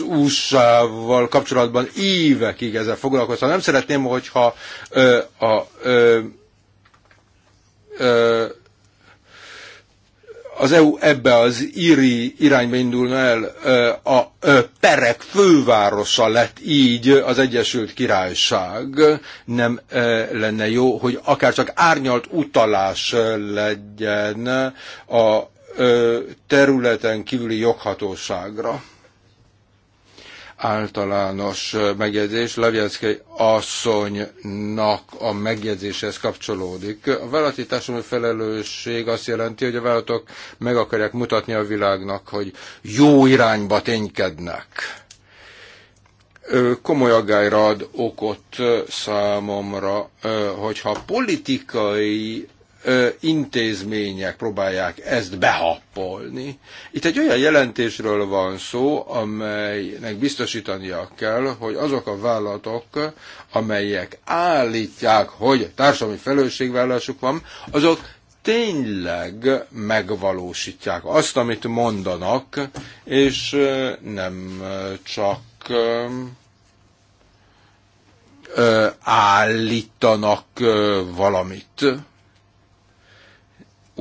USA-val kapcsolatban évekig ezzel foglalkoztam. Nem szeretném, hogyha a az EU ebbe az íri irányba indulna el, a perek fővárosa lett így az Egyesült Királyság, nem lenne jó, hogy akár csak árnyalt utalás legyen a területen kívüli joghatóságra általános megjegyzés. Levjelszkei asszonynak a megjegyzéshez kapcsolódik. A vállalati társadalmi felelősség azt jelenti, hogy a vállalatok meg akarják mutatni a világnak, hogy jó irányba ténykednek. Komoly aggályra ad okot számomra, hogyha politikai intézmények próbálják ezt behappolni. Itt egy olyan jelentésről van szó, amelynek biztosítania kell, hogy azok a vállalatok, amelyek állítják, hogy társadalmi felelősségvállalásuk van, azok tényleg megvalósítják azt, amit mondanak, és nem csak állítanak valamit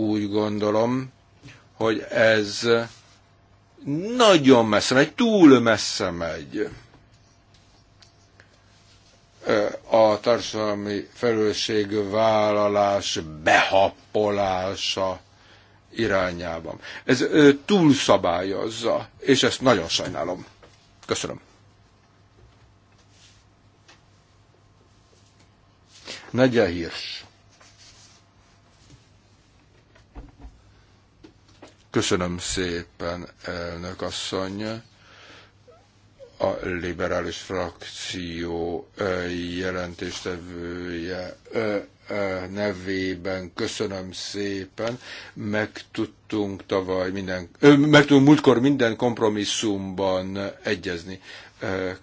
úgy gondolom, hogy ez nagyon messze megy, túl messze megy a társadalmi felelősségvállalás behappolása irányában. Ez túlszabályozza, és ezt nagyon sajnálom. Köszönöm. Nagy a hírs. Köszönöm szépen, elnök asszony a liberális frakció jelentéstevője nevében köszönöm szépen. Meg tudtunk tavaly minden, meg múltkor minden kompromisszumban egyezni.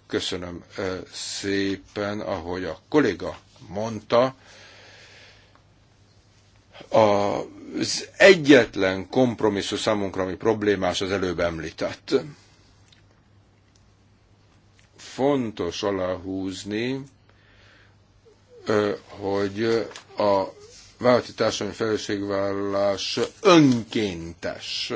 Köszönöm szépen, ahogy a kolléga mondta, a az egyetlen kompromisszum számunkra, ami problémás, az előbb említett. Fontos aláhúzni, hogy a vállalati társadalmi felelősségvállalás önkéntes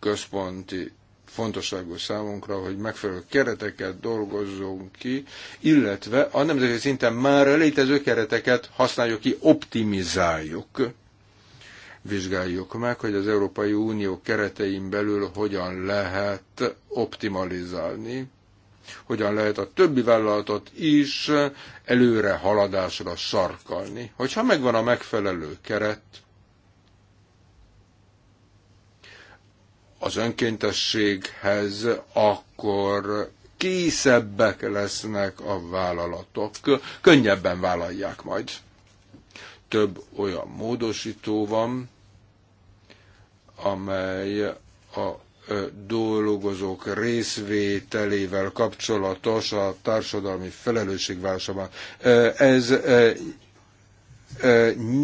központi fontosságú számunkra, hogy megfelelő kereteket dolgozzunk ki, illetve a nemzeti szinten már létező kereteket használjuk ki, optimizáljuk vizsgáljuk meg, hogy az Európai Unió keretein belül hogyan lehet optimalizálni, hogyan lehet a többi vállalatot is előre haladásra sarkalni. Hogyha megvan a megfelelő keret, az önkéntességhez, akkor készebbek lesznek a vállalatok, könnyebben vállalják majd. Több olyan módosító van, amely a dolgozók részvételével kapcsolatos a társadalmi felelősségválsában Ez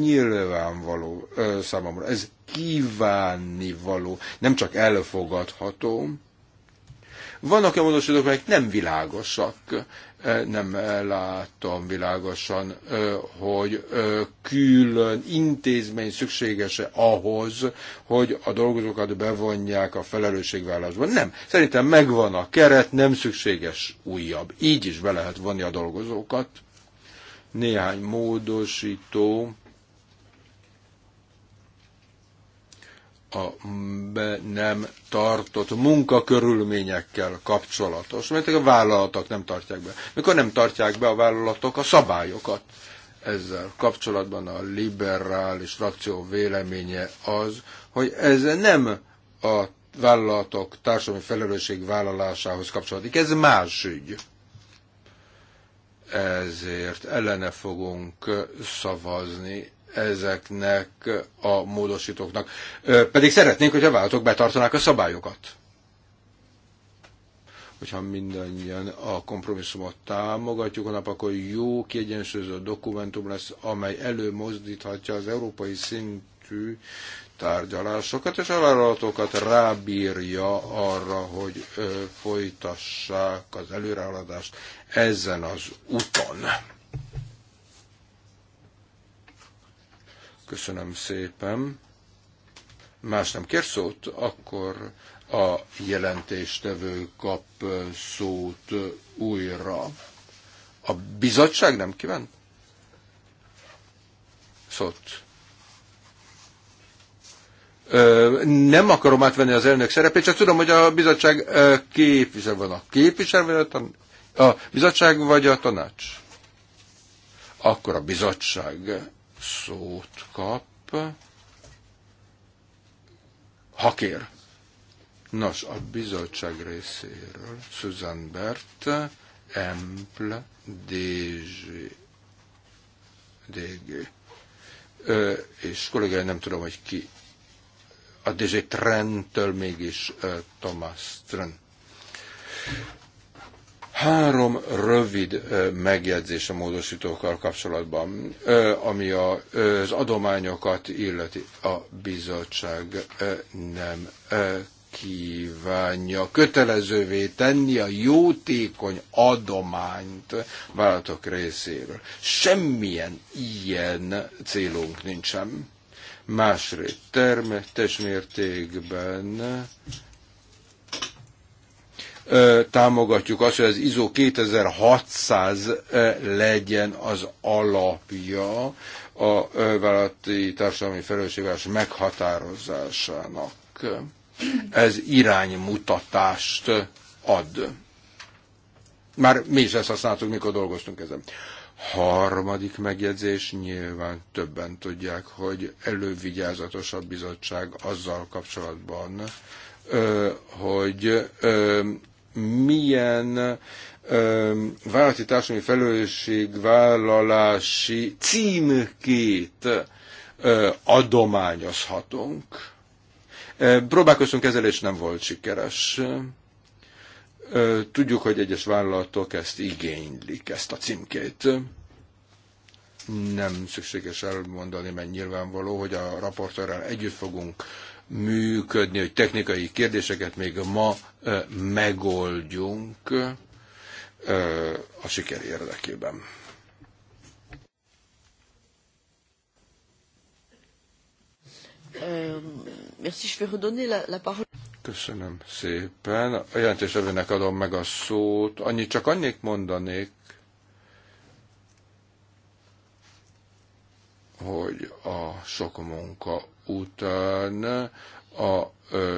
nyilvánvaló számomra. Ez kívánni való, nem csak elfogadható. Vannak olyan módosítók, amelyek nem világosak, nem látom világosan, hogy külön intézmény szükséges-e ahhoz, hogy a dolgozókat bevonják a felelősségvállalásba. Nem. Szerintem megvan a keret, nem szükséges újabb. Így is be lehet vonni a dolgozókat néhány módosító a be nem tartott munkakörülményekkel kapcsolatos, mert a vállalatok nem tartják be. Mikor nem tartják be a vállalatok a szabályokat? Ezzel kapcsolatban a liberális frakció véleménye az, hogy ez nem a vállalatok társadalmi felelősség vállalásához kapcsolódik, ez más ügy ezért ellene fogunk szavazni ezeknek a módosítóknak. Pedig szeretnénk, hogy a váltok betartanák a szabályokat. Hogyha mindannyian a kompromisszumot támogatjuk, nap, akkor jó kiegyensúlyozott dokumentum lesz, amely előmozdíthatja az európai szintű tárgyalásokat, és a vállalatokat rábírja arra, hogy folytassák az előrehaladást ezen az úton. Köszönöm szépen. Más nem kér szót, akkor a jelentéstevő kap szót újra. A bizottság nem kívánt? Szót nem akarom átvenni az elnök szerepét, csak tudom, hogy a bizottság képvisel van. A képvisel vagy a, tan- a bizottság vagy a tanács? Akkor a bizottság szót kap. Ha kér. Nos, a bizottság részéről Susan Bert, Empl, DG, DG. Ö, és kollégája nem tudom, hogy ki a DG Trendtől mégis Thomas Trend. Három rövid megjegyzés a módosítókkal kapcsolatban, ami az adományokat illeti. A bizottság nem kívánja kötelezővé tenni a jótékony adományt vállalatok részéről. Semmilyen ilyen célunk nincsen. Másrészt termetes mértékben támogatjuk azt, hogy az ISO 2600 legyen az alapja a vállalati társadalmi felelősségvállalás meghatározásának. Ez iránymutatást ad. Már mi is ezt használtuk, mikor dolgoztunk ezen. Harmadik megjegyzés, nyilván többen tudják, hogy elővigyázatosabb bizottság azzal kapcsolatban, hogy milyen vállalati társadalmi felelősségvállalási címkét adományozhatunk. Próbálkoztunk ezzel, és nem volt sikeres. Tudjuk, hogy egyes vállalatok ezt igénylik, ezt a címkét. Nem szükséges elmondani, mert nyilvánvaló, hogy a raportőrrel együtt fogunk működni, hogy technikai kérdéseket még ma megoldjunk a siker érdekében. Euh, merci, je vais redonner la, la parole. Köszönöm szépen. A jelentés övének adom meg a szót. Annyit csak annyit mondanék, hogy a sok munka után a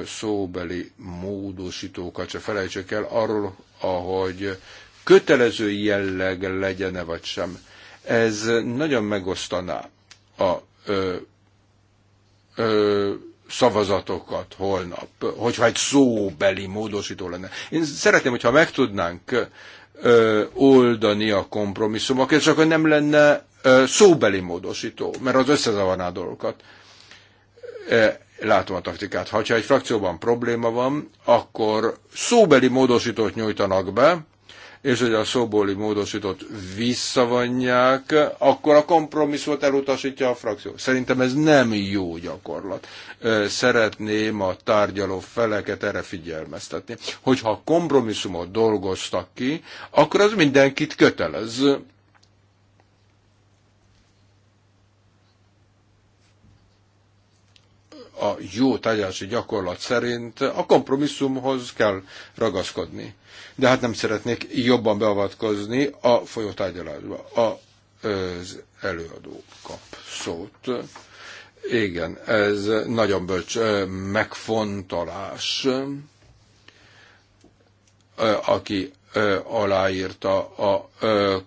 szóbeli módosítókat se felejtsük el arról, ahogy kötelező jelleg legyen-e vagy sem. Ez nagyon megosztaná a ö, ö, szavazatokat holnap, hogyha egy szóbeli módosító lenne. Én szeretném, hogyha meg tudnánk oldani a kompromisszumokat, csak hogy nem lenne szóbeli módosító, mert az összezavarná a dolgokat. Látom a taktikát. Ha egy frakcióban probléma van, akkor szóbeli módosítót nyújtanak be, és hogy a szóbóli módosított visszavonják, akkor a kompromisszumot elutasítja a frakció. Szerintem ez nem jó gyakorlat. Szeretném a tárgyaló feleket erre figyelmeztetni, hogyha a kompromisszumot dolgoztak ki, akkor az mindenkit kötelez. a jó tárgyalási gyakorlat szerint a kompromisszumhoz kell ragaszkodni de hát nem szeretnék jobban beavatkozni a folyótárgyalásba. Az előadó kap szót. Igen, ez nagyon bölcs megfontolás. Aki aláírta a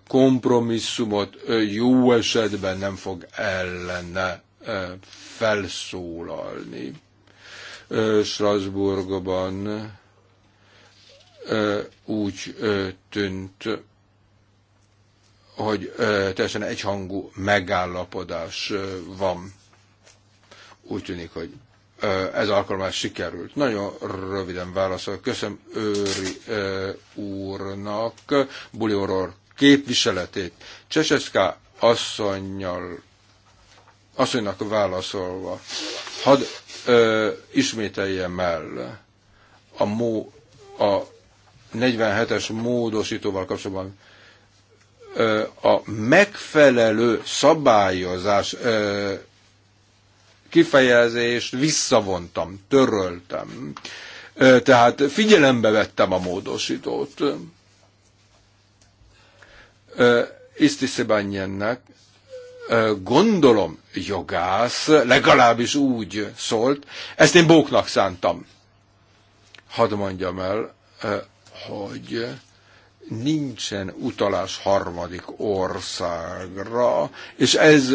kompromisszumot, jó esetben nem fog ellene felszólalni. Strasbourgban úgy tűnt, hogy teljesen egyhangú megállapodás van. Úgy tűnik, hogy ez alkalommal sikerült. Nagyon röviden válaszol. Köszönöm Őri úrnak Bulioror képviseletét. Cseseszká asszonynal, asszonynak válaszolva, hadd ö, ismételjem el a mó a 47-es módosítóval kapcsolatban a megfelelő szabályozás kifejezést visszavontam, töröltem. Tehát figyelembe vettem a módosítót. Isztiszibányennek gondolom jogász, legalábbis úgy szólt, ezt én bóknak szántam. Hadd mondjam el, hogy nincsen utalás harmadik országra, és ez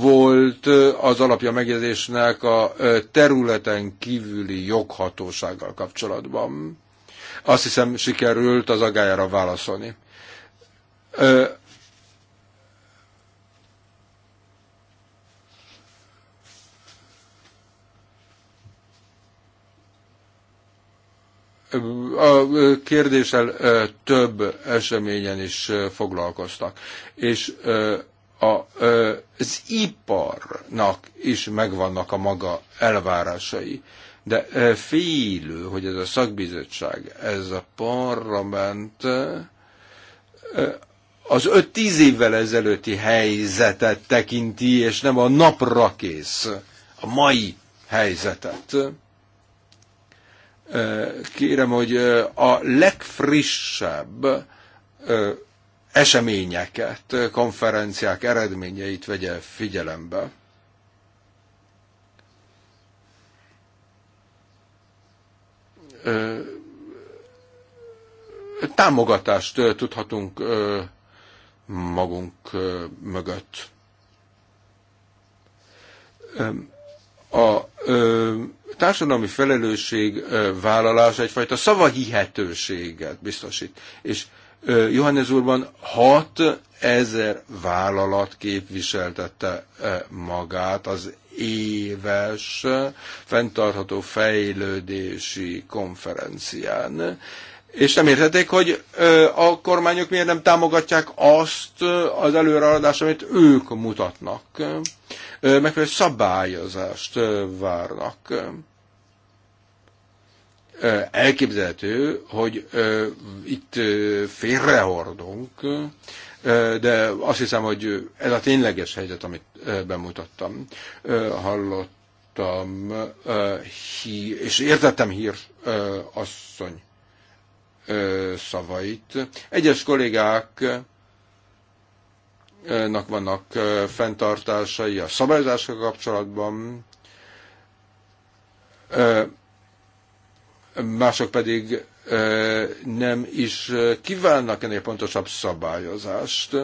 volt az alapja megjegyzésnek a területen kívüli joghatósággal kapcsolatban. Azt hiszem sikerült az agályára válaszolni. a kérdéssel több eseményen is foglalkoztak. És a, az iparnak is megvannak a maga elvárásai, de félő, hogy ez a szakbizottság, ez a parlament az 5-10 évvel ezelőtti helyzetet tekinti, és nem a napra kész, a mai helyzetet. Kérem, hogy a legfrissebb eseményeket, konferenciák eredményeit vegye figyelembe. Támogatást tudhatunk magunk mögött a ö, társadalmi felelősség ö, vállalása egyfajta szavahihetőséget biztosít. És ö, Johannes úrban 6 ezer vállalat képviseltette ö, magát az éves fenntartható fejlődési konferencián és nem értették, hogy a kormányok miért nem támogatják azt az előreadást, amit ők mutatnak. Megfelelő szabályozást várnak. Elképzelhető, hogy itt félrehordunk, de azt hiszem, hogy ez a tényleges helyzet, amit bemutattam. Hallottam, és értettem hír asszony szavait. Egyes kollégáknak vannak fenntartásai a szabályozással kapcsolatban, mások pedig nem is kívánnak ennél pontosabb szabályozást,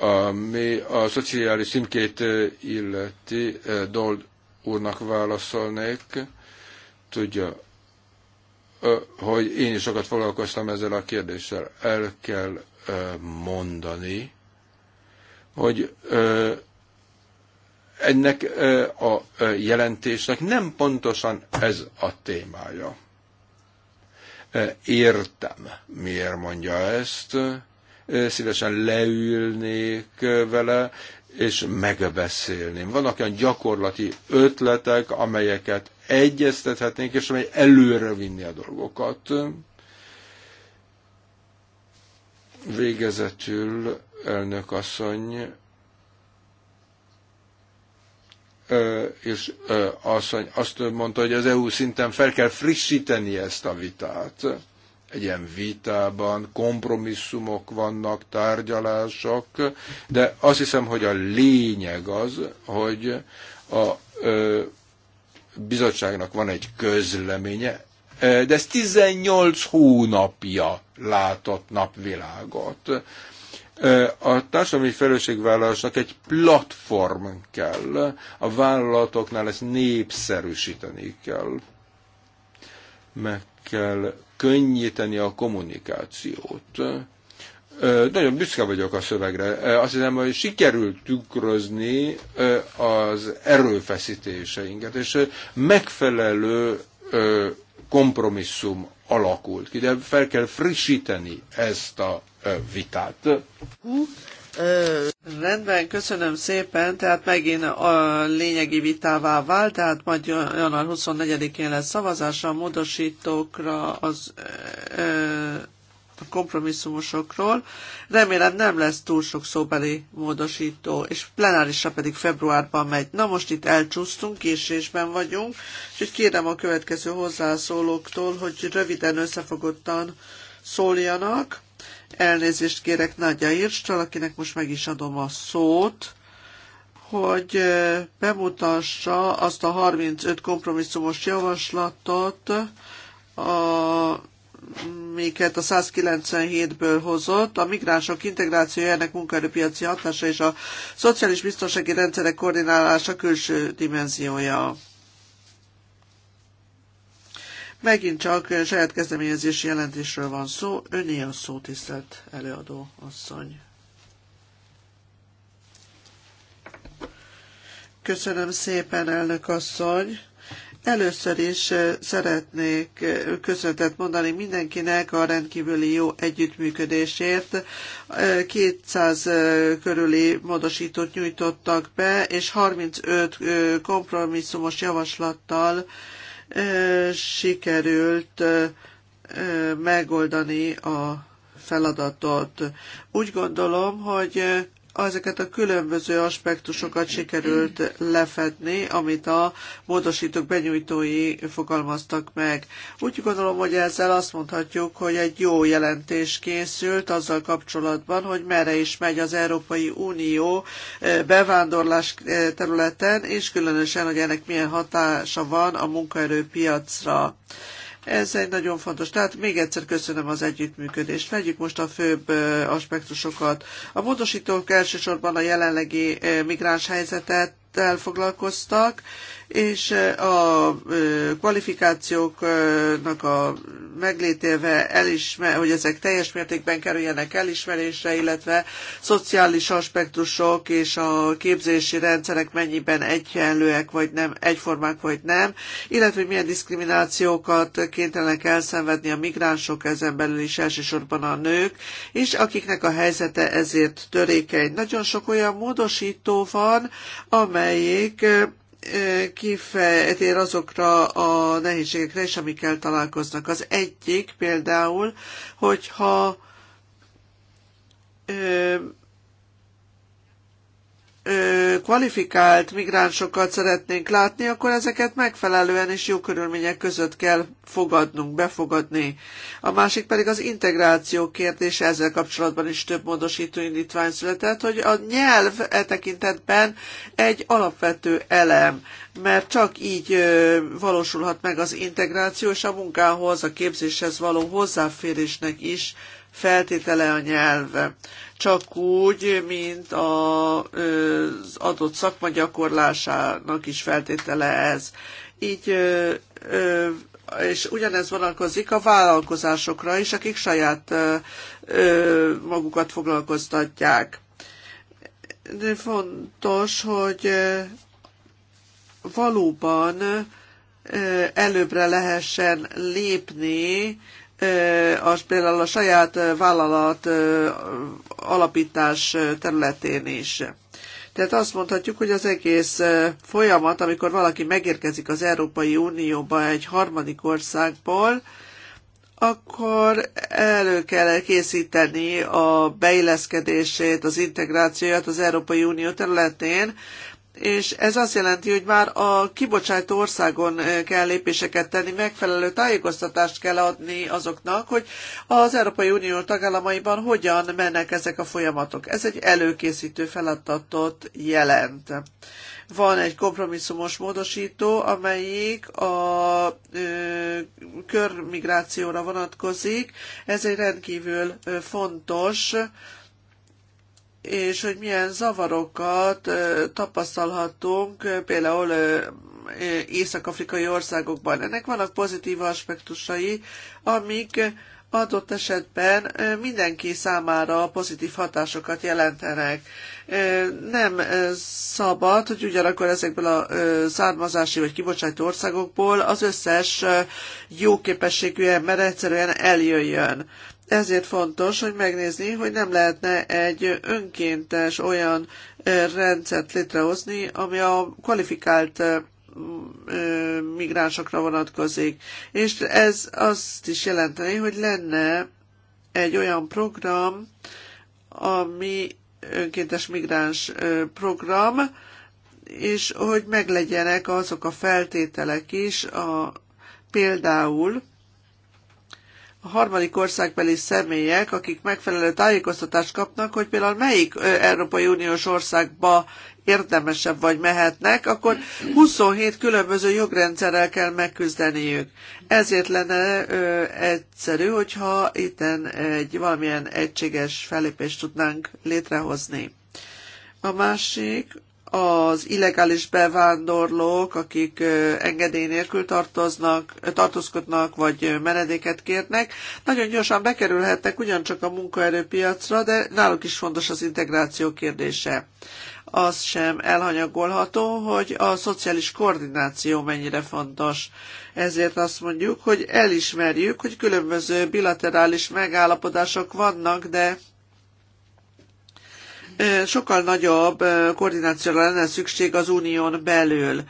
ami a szociális szimkét illeti Dold úrnak válaszolnék tudja, hogy én is sokat foglalkoztam ezzel a kérdéssel. El kell mondani, hogy ennek a jelentésnek nem pontosan ez a témája. Értem, miért mondja ezt. Szívesen leülnék vele, és megbeszélném. Vannak olyan gyakorlati ötletek, amelyeket egyeztethetnénk, és amely előre vinni a dolgokat. Végezetül, elnök asszony, és asszony azt mondta, hogy az EU szinten fel kell frissíteni ezt a vitát egy ilyen vitában kompromisszumok vannak, tárgyalások, de azt hiszem, hogy a lényeg az, hogy a ö, bizottságnak van egy közleménye, de ez 18 hónapja látott napvilágot. A társadalmi felelősségvállalásnak egy platform kell, a vállalatoknál ezt népszerűsíteni kell. Meg kell könnyíteni a kommunikációt. Nagyon büszke vagyok a szövegre. Azt hiszem, hogy sikerült tükrözni az erőfeszítéseinket, és megfelelő kompromisszum alakult ki, de fel kell frissíteni ezt a vitát. Rendben, köszönöm szépen, tehát megint a lényegi vitává vált, tehát majd január 24-én lesz szavazása a módosítókra az ö, a kompromisszumosokról. Remélem nem lesz túl sok szóbeli módosító, és plenárisra pedig februárban megy. Na most itt elcsúsztunk, késésben vagyunk, úgyhogy kérem a következő hozzászólóktól, hogy röviden összefogottan szóljanak Elnézést kérek Nagyja Irstől, akinek most meg is adom a szót hogy bemutassa azt a 35 kompromisszumos javaslatot, amiket a 197-ből hozott, a migránsok integrációjának munkaerőpiaci hatása és a szociális biztonsági rendszerek koordinálása külső dimenziója. Megint csak saját kezdeményezési jelentésről van szó. Öné a szó, tisztelt előadó asszony. Köszönöm szépen, elnök asszony. Először is eh, szeretnék eh, köszöntet mondani mindenkinek a rendkívüli jó együttműködésért. 200 eh, körüli módosítót nyújtottak be, és 35 kompromisszumos javaslattal sikerült megoldani a feladatot. Úgy gondolom, hogy ezeket a különböző aspektusokat sikerült lefedni, amit a módosítók benyújtói fogalmaztak meg. Úgy gondolom, hogy ezzel azt mondhatjuk, hogy egy jó jelentés készült azzal kapcsolatban, hogy merre is megy az Európai Unió eh, bevándorlás eh, területen, és különösen, hogy ennek milyen hatása van a munkaerőpiacra. piacra ez egy nagyon fontos. Tehát még egyszer köszönöm az együttműködést. Vegyük most a főbb aspektusokat. A módosítók elsősorban a jelenlegi migráns helyzetet tel foglalkoztak, és a kvalifikációknak a meglétéve, elismer, hogy ezek teljes mértékben kerüljenek elismerésre, illetve szociális aspektusok és a képzési rendszerek mennyiben egyenlőek vagy nem, egyformák vagy nem, illetve hogy milyen diszkriminációkat kénytelenek elszenvedni a migránsok, ezen belül is elsősorban a nők, és akiknek a helyzete ezért törékeny. Nagyon sok olyan módosító van, amely emeljék kifejtél azokra a nehézségekre is, amikkel találkoznak. Az egyik például, hogyha kvalifikált migránsokat szeretnénk látni, akkor ezeket megfelelően és jó körülmények között kell fogadnunk, befogadni. A másik pedig az integráció kérdése, ezzel kapcsolatban is több módosító indítvány született, hogy a nyelv e tekintetben egy alapvető elem, mert csak így valósulhat meg az integráció, és a munkához, a képzéshez való hozzáférésnek is feltétele a nyelv. Csak úgy, mint a, az adott szakma gyakorlásának is feltétele ez. Így és ugyanez vonatkozik a vállalkozásokra is, akik saját magukat foglalkoztatják. De fontos, hogy valóban előbbre lehessen lépni, az például a saját vállalat alapítás területén is. Tehát azt mondhatjuk, hogy az egész folyamat, amikor valaki megérkezik az Európai Unióba egy harmadik országból, akkor elő kell készíteni a beilleszkedését, az integrációját az Európai Unió területén, és ez azt jelenti, hogy már a kibocsátó országon eh, kell lépéseket tenni, megfelelő tájékoztatást kell adni azoknak, hogy az Európai Unió tagállamaiban hogyan mennek ezek a folyamatok. Ez egy előkészítő feladatot jelent. Van egy kompromisszumos módosító, amelyik a ö, eh, körmigrációra vonatkozik. Ez egy rendkívül eh, fontos, és hogy milyen zavarokat tapasztalhatunk például észak-afrikai országokban. Ennek vannak pozitív aspektusai, amik adott esetben mindenki számára pozitív hatásokat jelentenek. Nem szabad, hogy ugyanakkor ezekből a származási vagy kibocsátó országokból az összes jó képességű ember egyszerűen eljöjjön ezért fontos, hogy megnézni, hogy nem lehetne egy önkéntes olyan rendszert létrehozni, ami a kvalifikált migránsokra vonatkozik. És ez azt is jelenteni, hogy lenne egy olyan program, ami önkéntes migráns program, és hogy meglegyenek azok a feltételek is, a, például a harmadik országbeli személyek, akik megfelelő tájékoztatást kapnak, hogy például melyik Európai Uniós országba érdemesebb vagy mehetnek, akkor 27 különböző jogrendszerrel kell megküzdeniük. Ezért lenne ö, egyszerű, hogyha itten egy valamilyen egységes fellépést tudnánk létrehozni. A másik az illegális bevándorlók, akik engedély nélkül tartoznak, tartózkodnak, vagy menedéket kérnek, nagyon gyorsan bekerülhetnek ugyancsak a munkaerőpiacra, de náluk is fontos az integráció kérdése. Az sem elhanyagolható, hogy a szociális koordináció mennyire fontos. Ezért azt mondjuk, hogy elismerjük, hogy különböző bilaterális megállapodások vannak, de sokkal nagyobb koordinációra lenne szükség az unión belül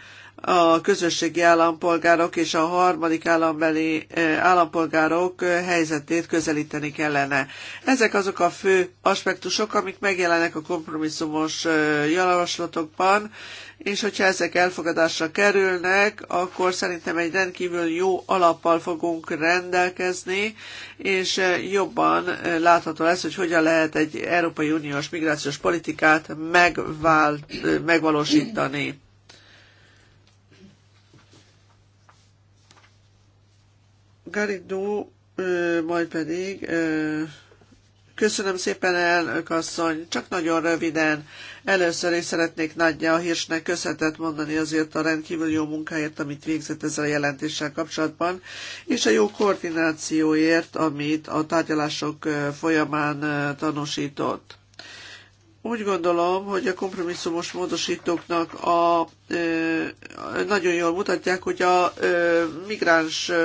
a közösségi állampolgárok és a harmadik állambeli eh, állampolgárok eh, helyzetét közelíteni kellene. Ezek azok a fő aspektusok, amik megjelennek a kompromisszumos eh, javaslatokban, és hogyha ezek elfogadásra kerülnek, akkor szerintem egy rendkívül jó alappal fogunk rendelkezni, és jobban látható lesz, hogy hogyan lehet egy Európai Uniós migrációs politikát megvált, megvalósítani. Garrido, majd pedig Köszönöm szépen, elnök asszony. Csak nagyon röviden. Először is szeretnék Nagyja a hírsnek köszönetet mondani azért a rendkívül jó munkáért, amit végzett ezzel a jelentéssel kapcsolatban, és a jó koordinációért, amit a tárgyalások folyamán tanúsított. Úgy gondolom, hogy a kompromisszumos módosítóknak a, e, nagyon jól mutatják, hogy a e, migráns e,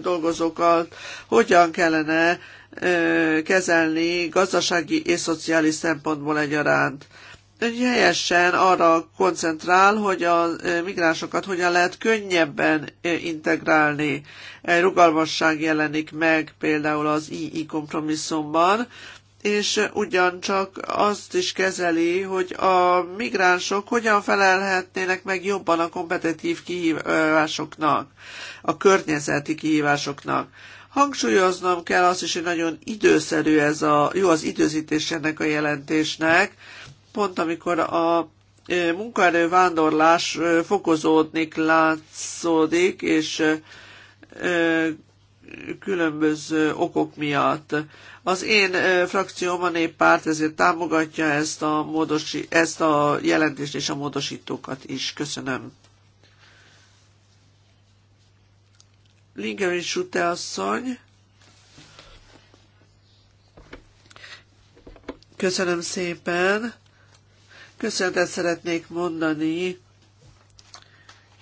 dolgozókat hogyan kellene e, kezelni gazdasági és szociális szempontból egyaránt helyesen arra koncentrál, hogy a migránsokat hogyan lehet könnyebben integrálni. Rugalmasság jelenik meg például az II kompromisszumban, és ugyancsak azt is kezeli, hogy a migránsok hogyan felelhetnének meg jobban a kompetitív kihívásoknak, a környezeti kihívásoknak. Hangsúlyoznom kell azt is, hogy nagyon időszerű ez a, jó az időzítés ennek a jelentésnek, pont amikor a e, munkaerő vándorlás e, fokozódnik, látszódik, és e, különböző okok miatt. Az én frakcióm a néppárt ezért támogatja ezt a, módosi, ezt a jelentést és a módosítókat is. Köszönöm. Lingerin Sute asszony. Köszönöm szépen. Köszönetet szeretnék mondani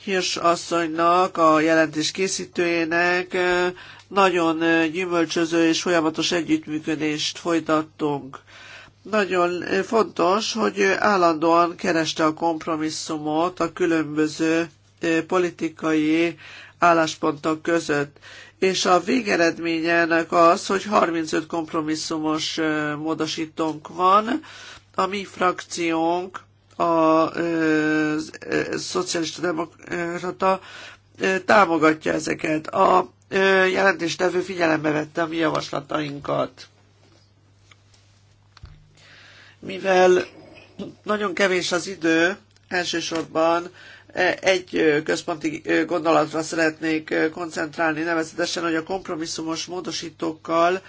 Hirs asszonynak, a jelentés készítőjének, nagyon gyümölcsöző és folyamatos együttműködést folytattunk. Nagyon fontos, hogy ő állandóan kereste a kompromisszumot a különböző politikai álláspontok között, és a végeredményenek az, hogy 35 kompromisszumos módosítónk van, a mi frakciónk a a, a szocialista demokrata támogatja ezeket. A jelentéstevő figyelembe vette a mi javaslatainkat. Mivel nagyon kevés az idő, elsősorban e, egy központi gondolatra szeretnék koncentrálni, nevezetesen, hogy a kompromisszumos módosítókkal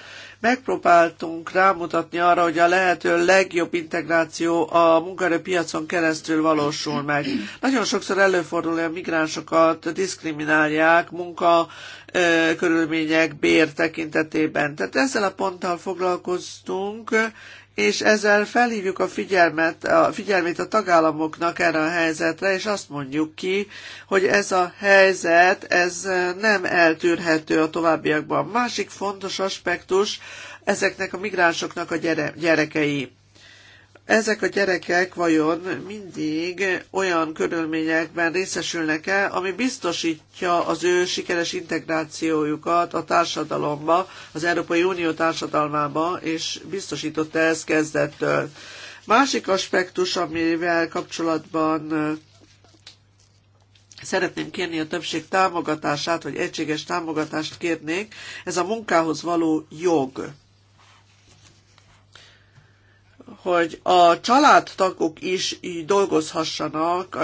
Megpróbáltunk rámutatni arra, hogy a lehető legjobb integráció a munkaerőpiacon keresztül valósul meg. Nagyon sokszor előfordul, hogy a migránsokat diszkriminálják munka körülmények, bér tekintetében. Tehát ezzel a ponttal foglalkoztunk, és ezzel felhívjuk a, figyelmet, a figyelmét a tagállamoknak erre a helyzetre, és azt mondjuk ki, hogy ez a helyzet ez nem eltűrhető a továbbiakban. Másik fontos aspektus ezeknek a migránsoknak a gyere, gyerekei ezek a gyerekek vajon mindig olyan körülményekben részesülnek-e, ami biztosítja az ő sikeres integrációjukat a társadalomba, az Európai Unió társadalmába, és biztosította ez kezdettől. Másik aspektus, amivel kapcsolatban szeretném kérni a többség támogatását, vagy egységes támogatást kérnék, ez a munkához való jog hogy a családtagok is így dolgozhassanak,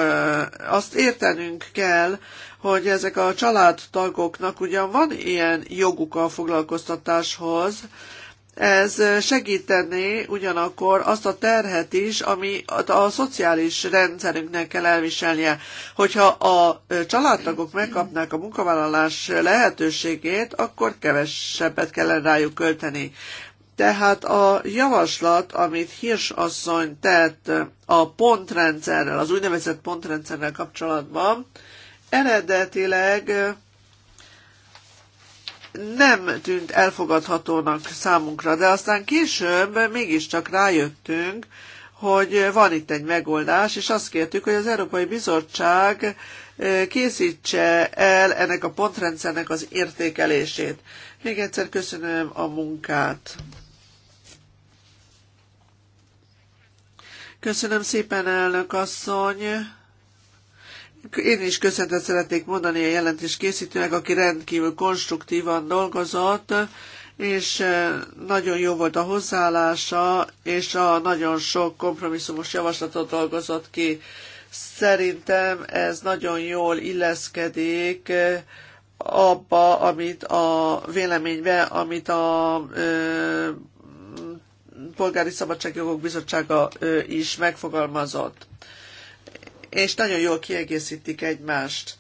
azt értenünk kell, hogy ezek a családtagoknak ugyan van ilyen joguk a foglalkoztatáshoz, ez segítené ugyanakkor azt a terhet is, ami a szociális rendszerünknek kell elviselnie. Hogyha a családtagok megkapnák a munkavállalás lehetőségét, akkor kevesebbet kellene rájuk költeni. Tehát a javaslat, amit Hirsch asszony tett a pontrendszerrel, az úgynevezett pontrendszerrel kapcsolatban, eredetileg nem tűnt elfogadhatónak számunkra, de aztán később mégiscsak rájöttünk, hogy van itt egy megoldás, és azt kértük, hogy az Európai Bizottság készítse el ennek a pontrendszernek az értékelését. Még egyszer köszönöm a munkát. Köszönöm szépen, elnök asszony. Én is köszöntet szeretnék mondani a jelentés készítőnek, aki rendkívül konstruktívan dolgozott, és eh, nagyon jó volt a hozzáállása, és a nagyon sok kompromisszumos javaslatot dolgozott ki. Szerintem ez nagyon jól illeszkedik eh, abba, amit a véleménybe, amit a eh, Polgári Szabadságjogok Bizottsága is megfogalmazott. És nagyon jól kiegészítik egymást.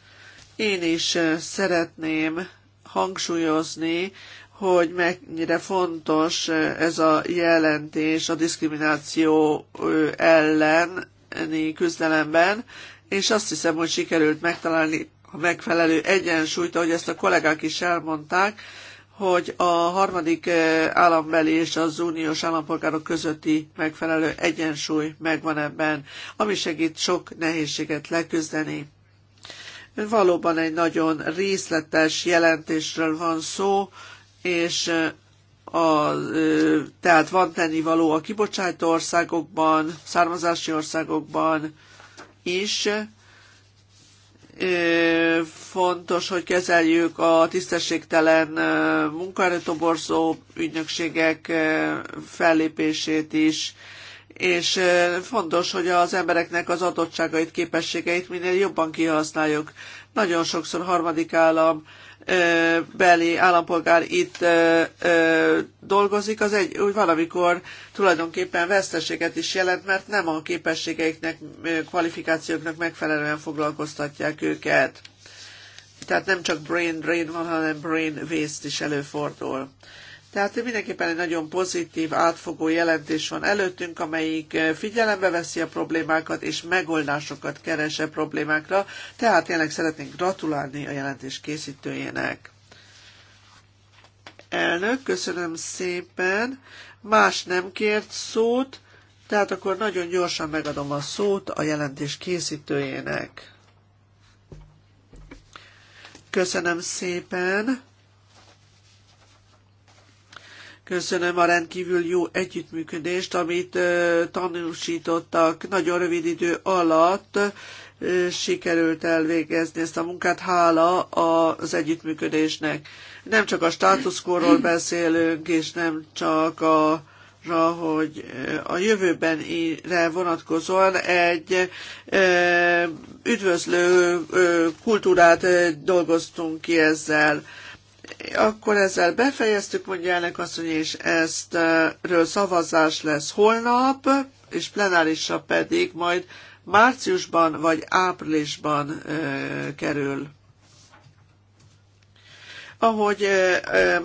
Én is szeretném hangsúlyozni, hogy mennyire fontos ez a jelentés a diszkrimináció elleni küzdelemben, és azt hiszem, hogy sikerült megtalálni a megfelelő egyensúlyt, ahogy ezt a kollégák is elmondták, hogy a harmadik eh, állambeli és az uniós állampolgárok közötti megfelelő egyensúly megvan ebben, ami segít sok nehézséget leküzdeni. Valóban egy nagyon részletes jelentésről van szó, és eh, a, eh, tehát van való a kibocsátó országokban, származási országokban is, fontos, hogy kezeljük a tisztességtelen munkaerőtoborzó ügynökségek fellépését is, és fontos, hogy az embereknek az adottságait, képességeit minél jobban kihasználjuk. Nagyon sokszor harmadik állam beli állampolgár itt dolgozik, az egy úgy valamikor tulajdonképpen veszteséget is jelent, mert nem a képességeiknek, kvalifikációknak megfelelően foglalkoztatják őket. Tehát nem csak brain drain van, hanem brain waste is előfordul. Tehát mindenképpen egy nagyon pozitív, átfogó jelentés van előttünk, amelyik eh, figyelembe veszi a problémákat és megoldásokat keres a e problémákra, tehát tényleg szeretnénk gratulálni a jelentés készítőjének. Elnök, köszönöm szépen. Más nem kért szót, tehát akkor nagyon gyorsan megadom a szót a jelentés készítőjének. Köszönöm szépen. Köszönöm a rendkívül jó együttműködést, amit tanúsítottak nagyon rövid idő alatt. Sikerült elvégezni ezt a munkát, hála az együttműködésnek. Nem csak a státuszkorról beszélünk, és nem csak a hogy a jövőben jövőbenre vonatkozóan egy üdvözlő kultúrát dolgoztunk ki ezzel akkor ezzel befejeztük, mondja azt, hogy és ezt ről szavazás lesz holnap, és plenárisra pedig majd márciusban vagy áprilisban kerül. Ahogy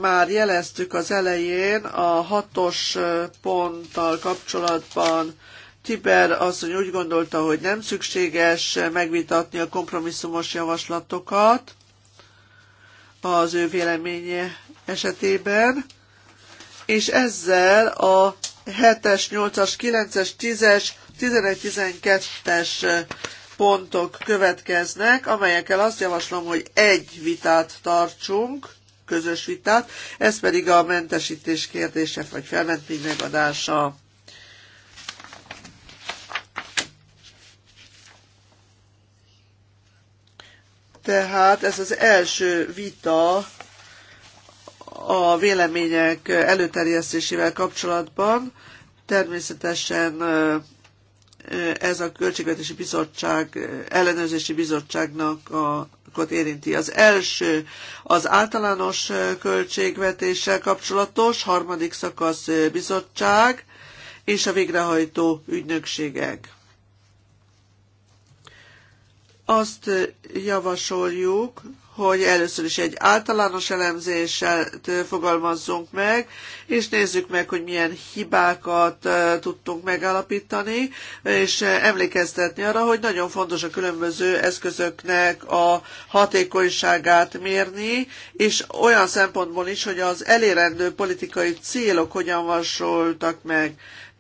már jeleztük az elején, a hatos ponttal kapcsolatban Tiber asszony úgy gondolta, hogy nem szükséges megvitatni a kompromisszumos javaslatokat, az ő véleménye esetében, és ezzel a 7-es, 8-as, 9-es, 10-es, 11-12-es pontok következnek, amelyekkel azt javaslom, hogy egy vitát tartsunk, közös vitát, ez pedig a mentesítés kérdése, vagy felmentmény megadása. Tehát ez az első vita a vélemények előterjesztésével kapcsolatban. Természetesen ez a Költségvetési Bizottság, ellenőrzési bizottságnak a érinti. Az első az általános költségvetéssel kapcsolatos, harmadik szakasz bizottság és a végrehajtó ügynökségek. Azt javasoljuk, hogy először is egy általános elemzéssel fogalmazzunk meg, és nézzük meg, hogy milyen hibákat tudtunk megállapítani, és emlékeztetni arra, hogy nagyon fontos a különböző eszközöknek a hatékonyságát mérni, és olyan szempontból is, hogy az elérendő politikai célok hogyan vasoltak meg,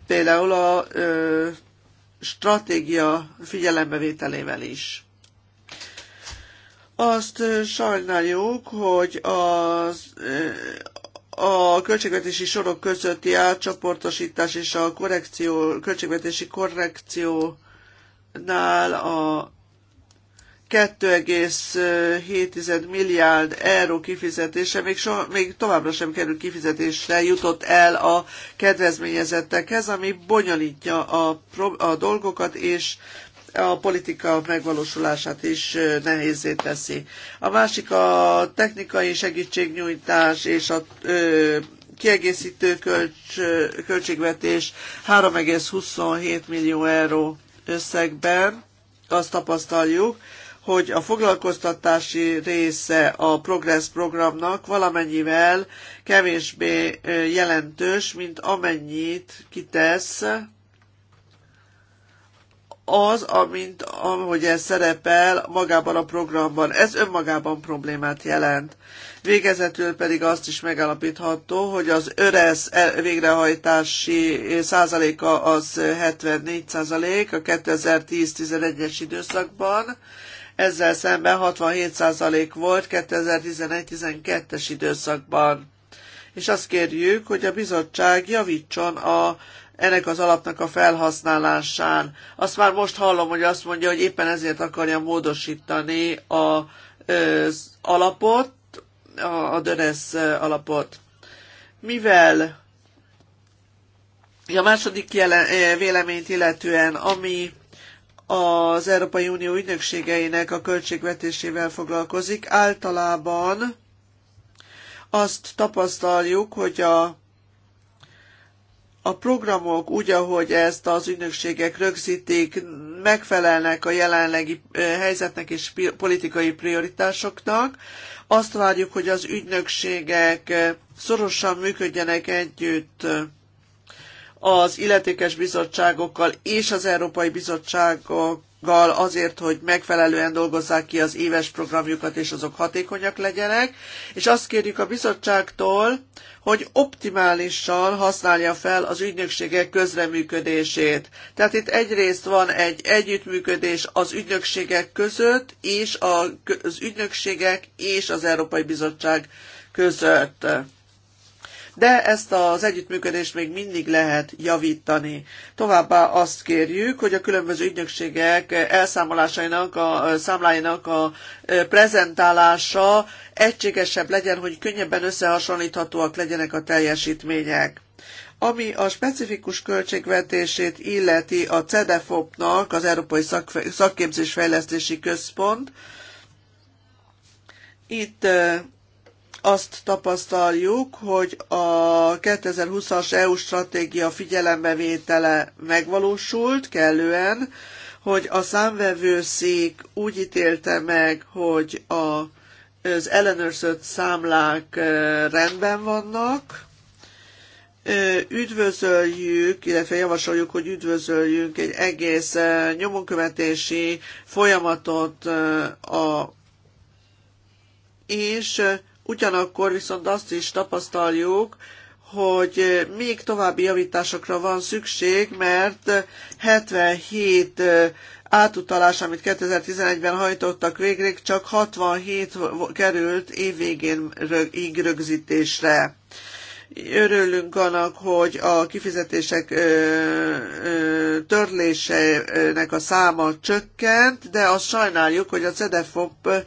például a ö, stratégia figyelembevételével is. Azt sajnáljuk, hogy az, a költségvetési sorok közötti átcsoportosítás és a korrekció, költségvetési korrekciónál a 2,7 milliárd euró kifizetése még, so, még továbbra sem kerül kifizetésre, jutott el a kedvezményezettekhez, ami bonyolítja a, a dolgokat, és a politika megvalósulását is nehézé teszi. A másik a technikai segítségnyújtás és a ö, kiegészítő költs, költségvetés 3,27 millió euró összegben. Azt tapasztaljuk, hogy a foglalkoztatási része a Progress programnak valamennyivel kevésbé jelentős, mint amennyit kitesz az, amint, ahogy ez szerepel magában a programban. Ez önmagában problémát jelent. Végezetül pedig azt is megállapítható, hogy az ÖRESZ végrehajtási százaléka az 74 százalék a 2010-11-es időszakban, ezzel szemben 67 százalék volt 2011-12-es időszakban. És azt kérjük, hogy a bizottság javítson a ennek az alapnak a felhasználásán. Azt már most hallom, hogy azt mondja, hogy éppen ezért akarja módosítani az alapot, a Dönesz alapot. Mivel a második eh, véleményt illetően, ami az Európai Unió ügynökségeinek a költségvetésével foglalkozik, általában azt tapasztaljuk, hogy a a programok úgy, ahogy ezt az ügynökségek rögzítik, megfelelnek a jelenlegi eh, helyzetnek és politikai prioritásoknak. Azt várjuk, hogy az ügynökségek eh, szorosan működjenek együtt eh, az illetékes bizottságokkal és az Európai Bizottságok gal azért, hogy megfelelően dolgozzák ki az éves programjukat, és azok hatékonyak legyenek, és azt kérjük a bizottságtól, hogy optimálisan használja fel az ügynökségek közreműködését. Tehát itt egyrészt van egy együttműködés az ügynökségek között, és az ügynökségek és az Európai Bizottság között de ezt az együttműködést még mindig lehet javítani. Továbbá azt kérjük, hogy a különböző ügynökségek elszámolásainak, a számláinak a prezentálása egységesebb legyen, hogy könnyebben összehasonlíthatóak legyenek a teljesítmények. Ami a specifikus költségvetését illeti a CEDEFOP-nak, az Európai Szakképzésfejlesztési Központ, itt azt tapasztaljuk, hogy a 2020-as EU stratégia figyelembevétele megvalósult kellően, hogy a számvevőszék úgy ítélte meg, hogy a, az ellenőrzött számlák rendben vannak, üdvözöljük, illetve javasoljuk, hogy üdvözöljünk egy egész nyomonkövetési folyamatot a és Ugyanakkor viszont azt is tapasztaljuk, hogy még további javításokra van szükség, mert 77 átutalás, amit 2011-ben hajtottak végre, csak 67 került évvégén rög, rögzítésre. Örülünk annak, hogy a kifizetések ö, ö, törlésének a száma csökkent, de azt sajnáljuk, hogy a CEDEFOP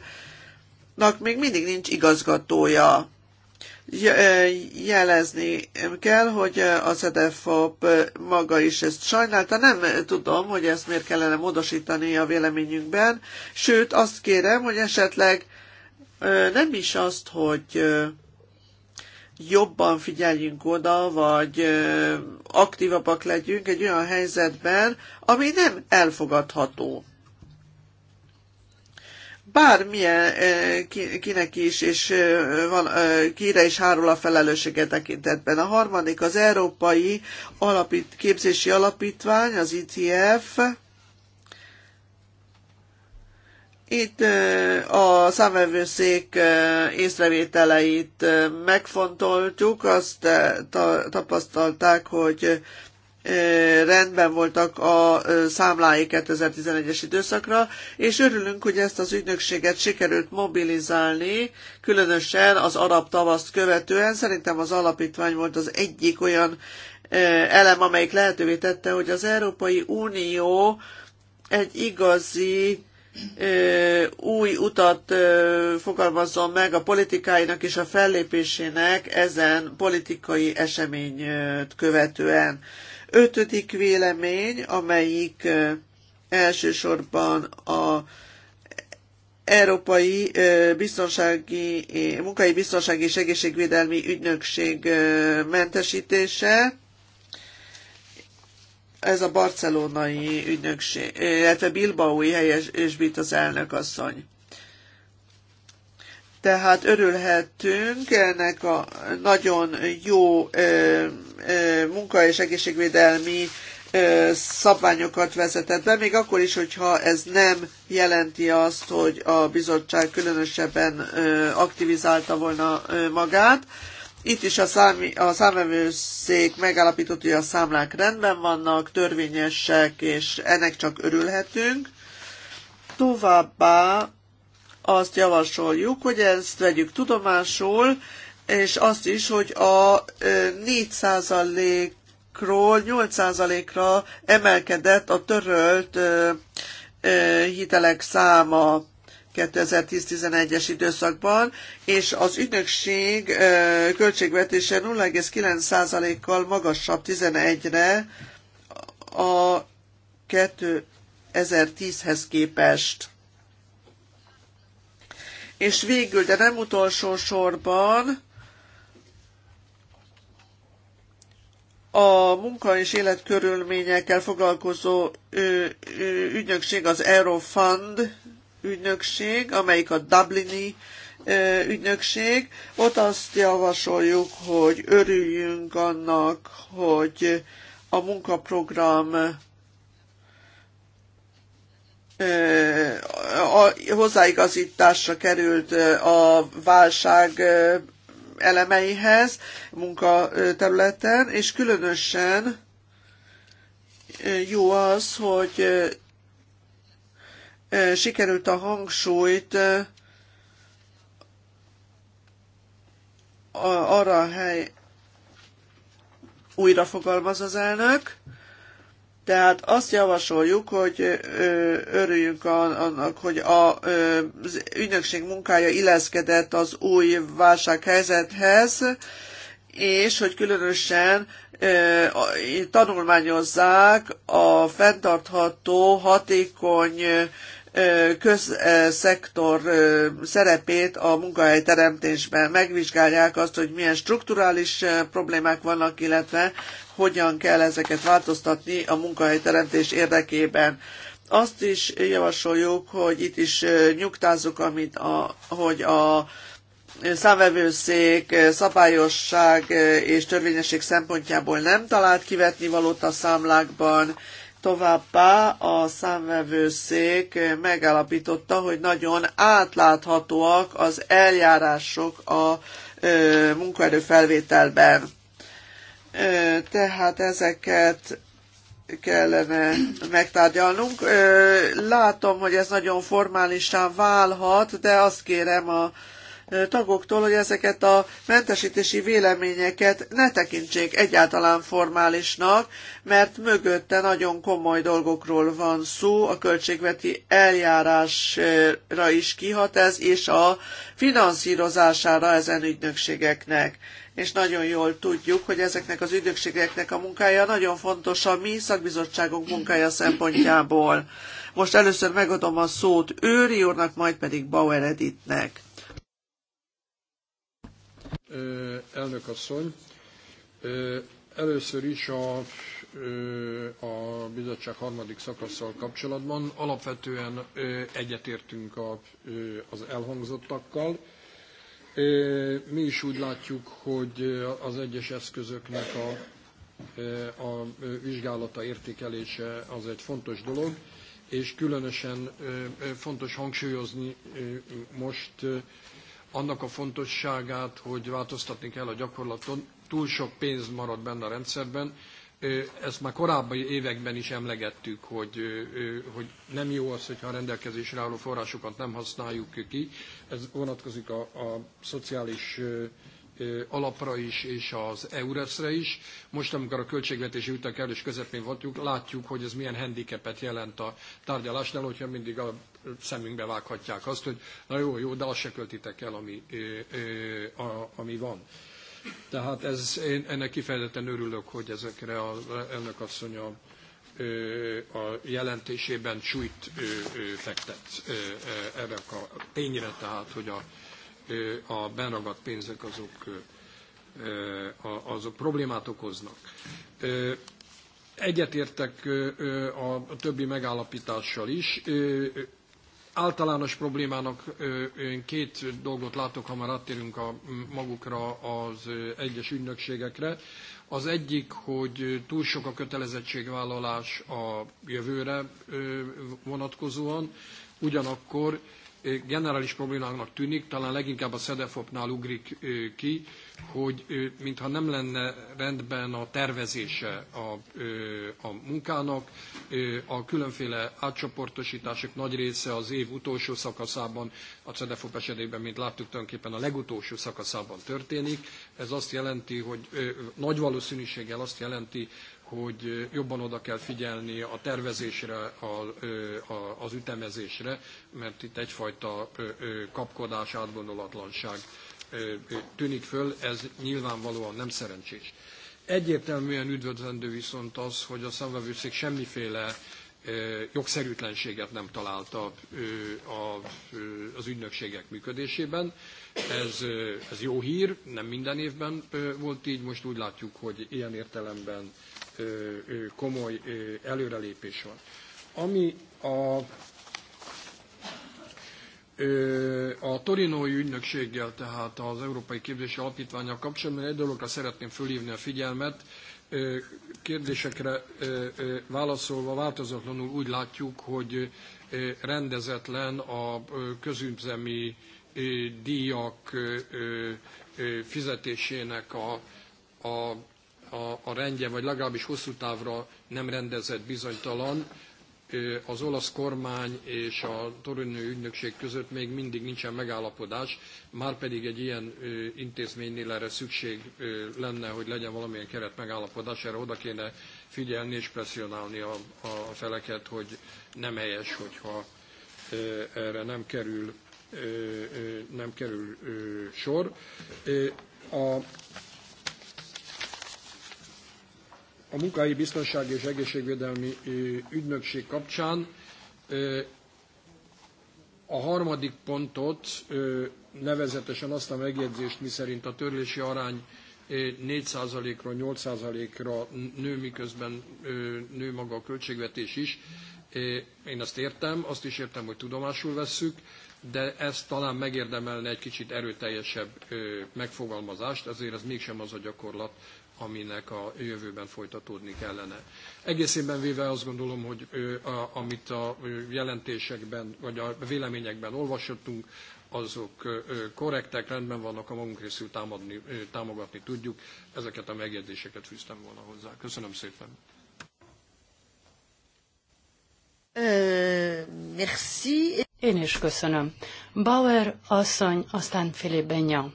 még mindig nincs igazgatója. Jelezni kell, hogy az EDFOP maga is ezt sajnálta. Nem tudom, hogy ezt miért kellene módosítani a véleményünkben. Sőt, azt kérem, hogy esetleg nem is azt, hogy jobban figyeljünk oda, vagy aktívabbak legyünk egy olyan helyzetben, ami nem elfogadható bármilyen eh, kinek is, és eh, van, eh, kire is hárul a felelőssége tekintetben. A harmadik az Európai Alapít, Képzési Alapítvány, az ITF. Itt a számvevőszék észrevételeit megfontoltuk, azt tapasztalták, hogy rendben voltak a számlái 2011-es időszakra, és örülünk, hogy ezt az ügynökséget sikerült mobilizálni, különösen az arab tavaszt követően. Szerintem az alapítvány volt az egyik olyan elem, amelyik lehetővé tette, hogy az Európai Unió egy igazi új utat fogalmazzon meg a politikáinak és a fellépésének ezen politikai eseményt követően. Ötödik vélemény, amelyik elsősorban a Európai Biztonsági, Munkai Biztonsági és Egészségvédelmi Ügynökség mentesítése, ez a barcelonai ügynökség, illetve Bilbaói helyes és bit az elnök asszony. Tehát örülhetünk ennek a nagyon jó munka- és egészségvédelmi szabványokat vezetett be, még akkor is, hogyha ez nem jelenti azt, hogy a bizottság különösebben aktivizálta volna magát. Itt is a, szám a számvevőszék megállapított, hogy a számlák rendben vannak, törvényesek, és ennek csak örülhetünk. Továbbá azt javasoljuk, hogy ezt vegyük tudomásul, és azt is, hogy a 4%-ról 8%-ra emelkedett a törölt hitelek száma 2010-11-es időszakban, és az ügynökség költségvetése 0,9%-kal magasabb 11-re a 2010-hez képest. És végül, de nem utolsó sorban, a munka és életkörülményekkel foglalkozó ügynökség az Eurofund ügynökség, amelyik a Dublini ügynökség. Ott azt javasoljuk, hogy örüljünk annak, hogy a munkaprogram a hozzáigazításra került a válság elemeihez munkaterületen, és különösen jó az, hogy sikerült a hangsúlyt arra a hely újra az elnök, tehát azt javasoljuk, hogy örüljünk annak, hogy az ügynökség munkája illeszkedett az új válsághelyzethez, és hogy különösen tanulmányozzák a fenntartható, hatékony közszektor szerepét a munkahelyteremtésben. Megvizsgálják azt, hogy milyen strukturális problémák vannak, illetve hogyan kell ezeket változtatni a munkahelyteremtés érdekében. Azt is javasoljuk, hogy itt is nyugtázzuk, amit a, hogy a számvevőszék szabályosság és törvényesség szempontjából nem talált kivetni valót a számlákban, Továbbá a számvevőszék megállapította, hogy nagyon átláthatóak az eljárások a munkaerőfelvételben. felvételben tehát ezeket kellene megtárgyalnunk. Látom, hogy ez nagyon formálisan válhat, de azt kérem a tagoktól, hogy ezeket a mentesítési véleményeket ne tekintsék egyáltalán formálisnak, mert mögötte nagyon komoly dolgokról van szó, a költségveti eljárásra is kihat ez, és a finanszírozására ezen ügynökségeknek és nagyon jól tudjuk, hogy ezeknek az ügynökségeknek a munkája nagyon fontos a mi szakbizottságunk munkája szempontjából. Most először megadom a szót Őri úrnak, majd pedig Bauer Editnek. Elnök asszony, először is a, a bizottság harmadik szakaszsal kapcsolatban alapvetően egyetértünk az elhangzottakkal mi is úgy látjuk, hogy az egyes eszközöknek a, a vizsgálata, értékelése az egy fontos dolog, és különösen fontos hangsúlyozni most annak a fontosságát, hogy változtatni kell a gyakorlaton. Túl sok pénz marad benne a rendszerben, ezt már korábbi években is emlegettük, hogy, hogy nem jó az, hogyha a rendelkezésre álló forrásokat nem használjuk ki. Ez vonatkozik a, a szociális alapra is, és az EURES-re is. Most, amikor a költségvetési utak elős közepén vagyunk, látjuk, hogy ez milyen handicapet jelent a tárgyalásnál, hogyha mindig a szemünkbe vághatják azt, hogy na jó, jó, de azt se költitek el, ami, ami van. Tehát ez, én ennek kifejezetten örülök, hogy ezekre a elnök asszony a, a jelentésében súlyt fektet erre a tényre, tehát, hogy a, a benragadt pénzek azok, azok problémát okoznak. Egyetértek a többi megállapítással is általános problémának én két dolgot látok, ha már áttérünk a, magukra az egyes ügynökségekre. Az egyik, hogy túl sok a kötelezettségvállalás a jövőre vonatkozóan, ugyanakkor generális problémának tűnik, talán leginkább a szedefopnál nál ugrik ki, hogy ő, mintha nem lenne rendben a tervezése a, a munkának, a különféle átcsoportosítások nagy része az év utolsó szakaszában, a CEDEFOP esetében, mint láttuk, tulajdonképpen a legutolsó szakaszában történik. Ez azt jelenti, hogy nagy valószínűséggel azt jelenti, hogy jobban oda kell figyelni a tervezésre, a, a, az ütemezésre, mert itt egyfajta kapkodás, átgondolatlanság tűnik föl, ez nyilvánvalóan nem szerencsés. Egyértelműen üdvözlendő viszont az, hogy a számvevőszék semmiféle jogszerűtlenséget nem találta az ügynökségek működésében. Ez, ez jó hír, nem minden évben volt így, most úgy látjuk, hogy ilyen értelemben komoly előrelépés van. Ami a a Torinói ügynökséggel, tehát az Európai Képzési Alapítványjal kapcsolatban egy dologra szeretném fölhívni a figyelmet. Kérdésekre válaszolva változatlanul úgy látjuk, hogy rendezetlen a közüzemi díjak fizetésének a, a, a, a rendje, vagy legalábbis hosszú távra nem rendezett bizonytalan az olasz kormány és a torinói ügynökség között még mindig nincsen megállapodás, már pedig egy ilyen intézménynél erre szükség lenne, hogy legyen valamilyen keret megállapodás, erre oda kéne figyelni és presszionálni a, a feleket, hogy nem helyes, hogyha erre nem kerül, nem kerül sor. A a munkahelyi biztonsági és egészségvédelmi ügynökség kapcsán a harmadik pontot, nevezetesen azt a megjegyzést, miszerint a törlési arány 4%-ról 8%-ra nő, miközben nő maga a költségvetés is. Én azt értem, azt is értem, hogy tudomásul vesszük, de ez talán megérdemelne egy kicsit erőteljesebb megfogalmazást, ezért ez mégsem az a gyakorlat, aminek a jövőben folytatódni kellene. Egészében véve azt gondolom, hogy amit a jelentésekben vagy a véleményekben olvashatunk, azok korrektek, rendben vannak, a magunk részül támadni, támogatni tudjuk. Ezeket a megjegyzéseket fűztem volna hozzá. Köszönöm szépen. Merci. Én is köszönöm. Bauer asszony, aztán Philippe Benyan.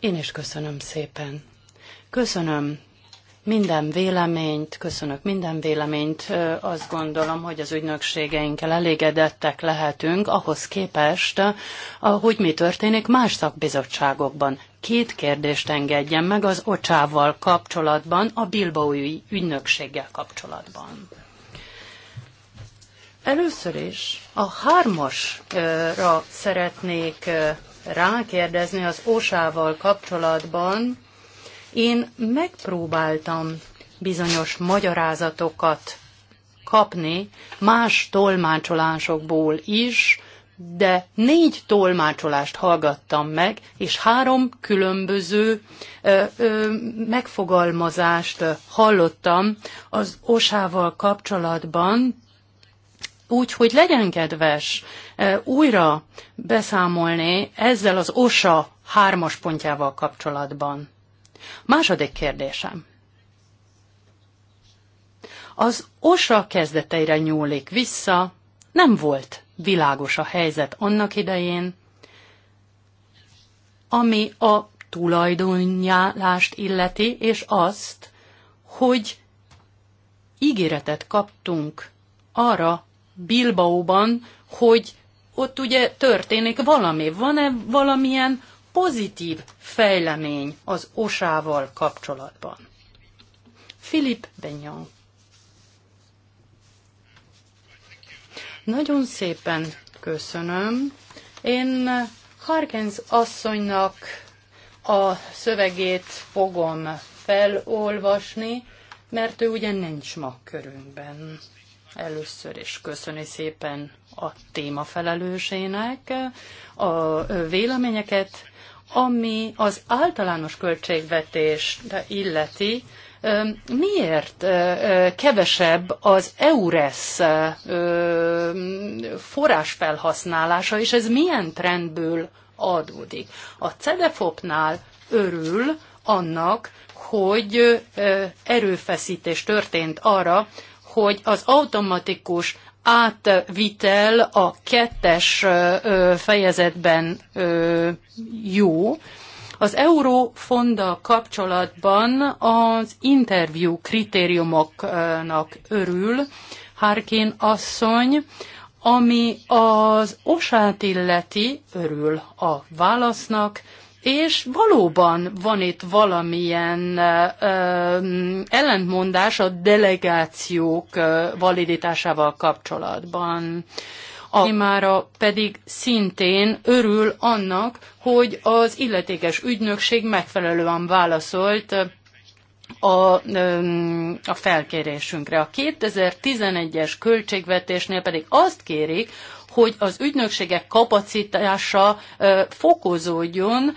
Én is köszönöm szépen. Köszönöm minden véleményt, köszönök minden véleményt. Azt gondolom, hogy az ügynökségeinkkel elégedettek lehetünk, ahhoz képest, hogy mi történik más szakbizottságokban. Két kérdést engedjen meg az ocsával kapcsolatban, a Bilbaói ügynökséggel kapcsolatban. Először is a hármasra szeretnék rákérdezni az osával kapcsolatban, én megpróbáltam bizonyos magyarázatokat kapni más tolmácsolásokból is, de négy tolmácsolást hallgattam meg, és három különböző ö, ö, megfogalmazást hallottam az osával kapcsolatban, Úgyhogy legyen kedves újra beszámolni ezzel az OSA hármas pontjával kapcsolatban. Második kérdésem. Az OSA kezdeteire nyúlik vissza, nem volt világos a helyzet annak idején, ami a tulajdonjálást illeti, és azt, hogy ígéretet kaptunk arra Bilbaóban, hogy ott ugye történik valami. Van-e valamilyen pozitív fejlemény az osával kapcsolatban. Philip Benyon. Nagyon szépen köszönöm. Én Harkens asszonynak a szövegét fogom felolvasni, mert ő ugye nincs ma körünkben. Először is köszöni szépen a témafelelősének a véleményeket, ami az általános költségvetést illeti, miért kevesebb az EURES forrásfelhasználása, és ez milyen trendből adódik? A CEDEFOP-nál örül annak, hogy erőfeszítés történt arra, hogy az automatikus átvitel a kettes fejezetben jó. Az eurófonda kapcsolatban az interjú kritériumoknak örül Harkin asszony, ami az osát illeti, örül a válasznak, és valóban van itt valamilyen ö, ellentmondás a delegációk ö, validitásával kapcsolatban. A témára pedig szintén örül annak, hogy az illetékes ügynökség megfelelően válaszolt a, a felkérésünkre. A 2011-es költségvetésnél pedig azt kérik, hogy az ügynökségek kapacitása fokozódjon,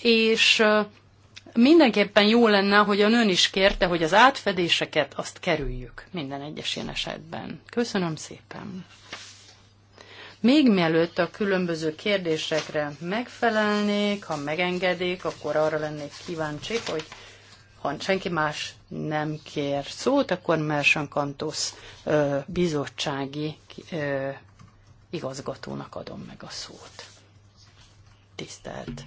és mindenképpen jó lenne, hogy a nőn is kérte, hogy az átfedéseket azt kerüljük minden egyes ilyen esetben. Köszönöm szépen! Még mielőtt a különböző kérdésekre megfelelnék, ha megengedik, akkor arra lennék kíváncsi, hogy ha senki más nem kér szót, akkor Mersen Kantos bizottsági igazgatónak adom meg a szót. Tisztelt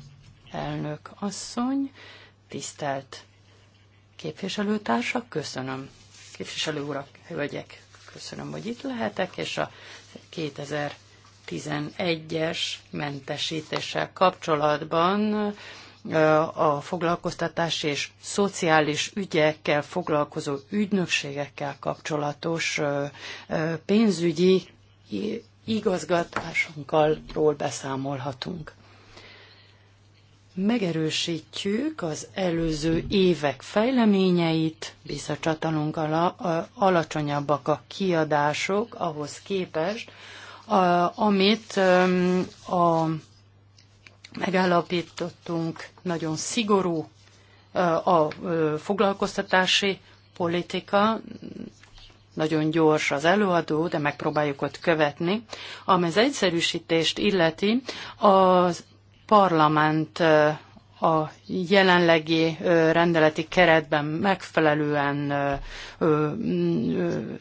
elnök asszony, tisztelt képviselőtársak, köszönöm. Képviselő urak, hölgyek, köszönöm, hogy itt lehetek, és a 2011-es mentesítéssel kapcsolatban a foglalkoztatás és szociális ügyekkel foglalkozó ügynökségekkel kapcsolatos pénzügyi igazgatásunkról beszámolhatunk. Megerősítjük az előző évek fejleményeit, visszacsatalunk ala, alacsonyabbak a kiadások ahhoz képest, a, amit a, megállapítottunk nagyon szigorú a foglalkoztatási politika nagyon gyors az előadó, de megpróbáljuk ott követni. Ami az egyszerűsítést illeti, az parlament a jelenlegi rendeleti keretben megfelelően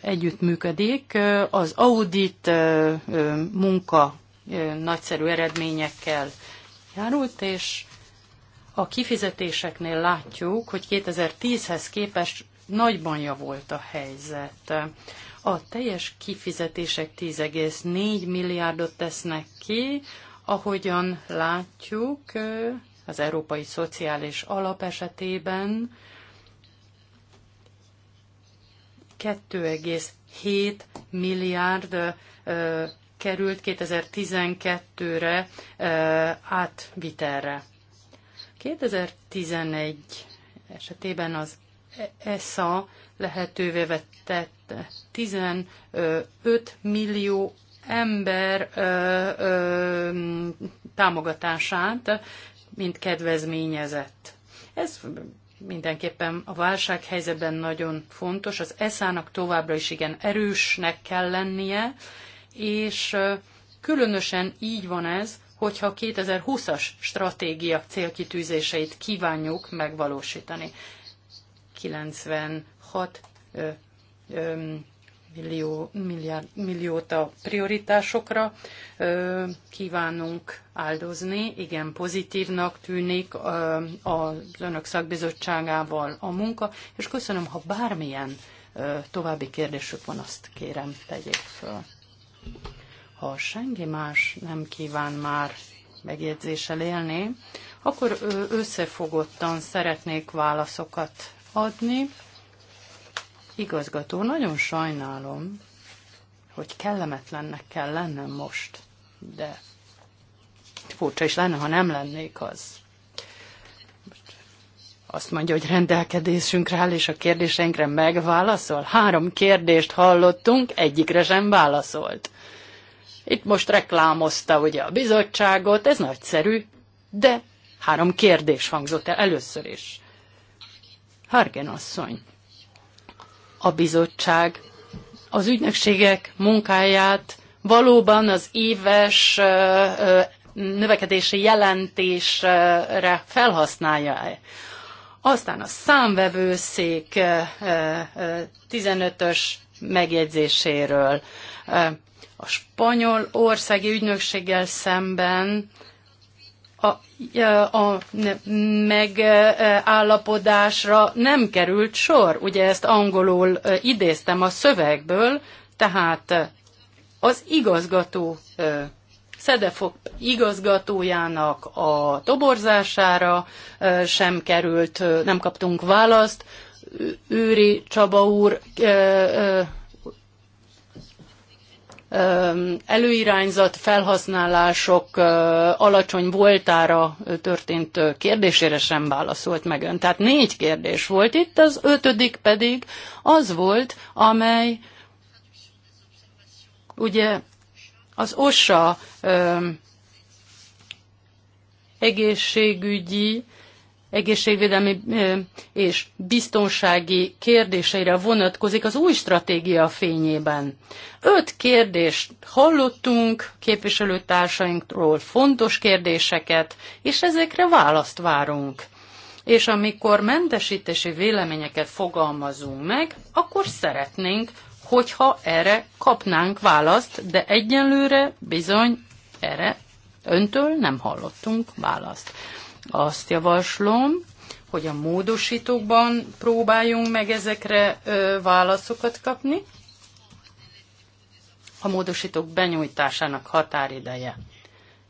együttműködik. Az audit munka nagyszerű eredményekkel járult, és a kifizetéseknél látjuk, hogy 2010-hez képest nagyban javult a helyzet. A teljes kifizetések 10,4 milliárdot tesznek ki, ahogyan látjuk az Európai Szociális Alap esetében 2,7 milliárd került 2012-re átvitelre. 2011 esetében az ESA lehetővé vettett 15 millió ember támogatását, mint kedvezményezett. Ez mindenképpen a válsághelyzetben nagyon fontos. Az esa nak továbbra is igen erősnek kell lennie, és különösen így van ez, hogyha 2020-as stratégia célkitűzéseit kívánjuk megvalósítani. 96 ö, ö, millió, milliárd, milliót a prioritásokra ö, kívánunk áldozni. Igen, pozitívnak tűnik ö, az önök szakbizottságával a munka, és köszönöm, ha bármilyen ö, további kérdésük van, azt kérem, tegyék föl. Ha senki más nem kíván már megjegyzéssel élni, akkor összefogottan szeretnék válaszokat adni. Igazgató, nagyon sajnálom, hogy kellemetlennek kell lennem most, de furcsa is lenne, ha nem lennék az. Azt mondja, hogy rendelkedésünkre áll, és a kérdéseinkre megválaszol. Három kérdést hallottunk, egyikre sem válaszolt. Itt most reklámozta ugye a bizottságot, ez nagyszerű, de három kérdés hangzott el először is. Hargen asszony. A bizottság az ügynökségek munkáját valóban az éves növekedési jelentésre felhasználja-e. Aztán a számvevőszék 15-ös megjegyzéséről a spanyol országi ügynökséggel szemben a, a megállapodásra nem került sor. Ugye ezt angolul idéztem a szövegből, tehát az igazgató Szedefok igazgatójának a toborzására sem került, nem kaptunk választ. Őri Csaba úr előirányzat felhasználások alacsony voltára történt kérdésére sem válaszolt meg ön. Tehát négy kérdés volt itt, az ötödik pedig az volt, amely ugye az OSA egészségügyi egészségvédelmi és biztonsági kérdéseire vonatkozik az új stratégia fényében. Öt kérdést hallottunk képviselőtársainktól, fontos kérdéseket, és ezekre választ várunk. És amikor mentesítési véleményeket fogalmazunk meg, akkor szeretnénk, hogyha erre kapnánk választ, de egyenlőre bizony erre öntől nem hallottunk választ. Azt javaslom, hogy a módosítókban próbáljunk meg ezekre ö, válaszokat kapni. A módosítók benyújtásának határideje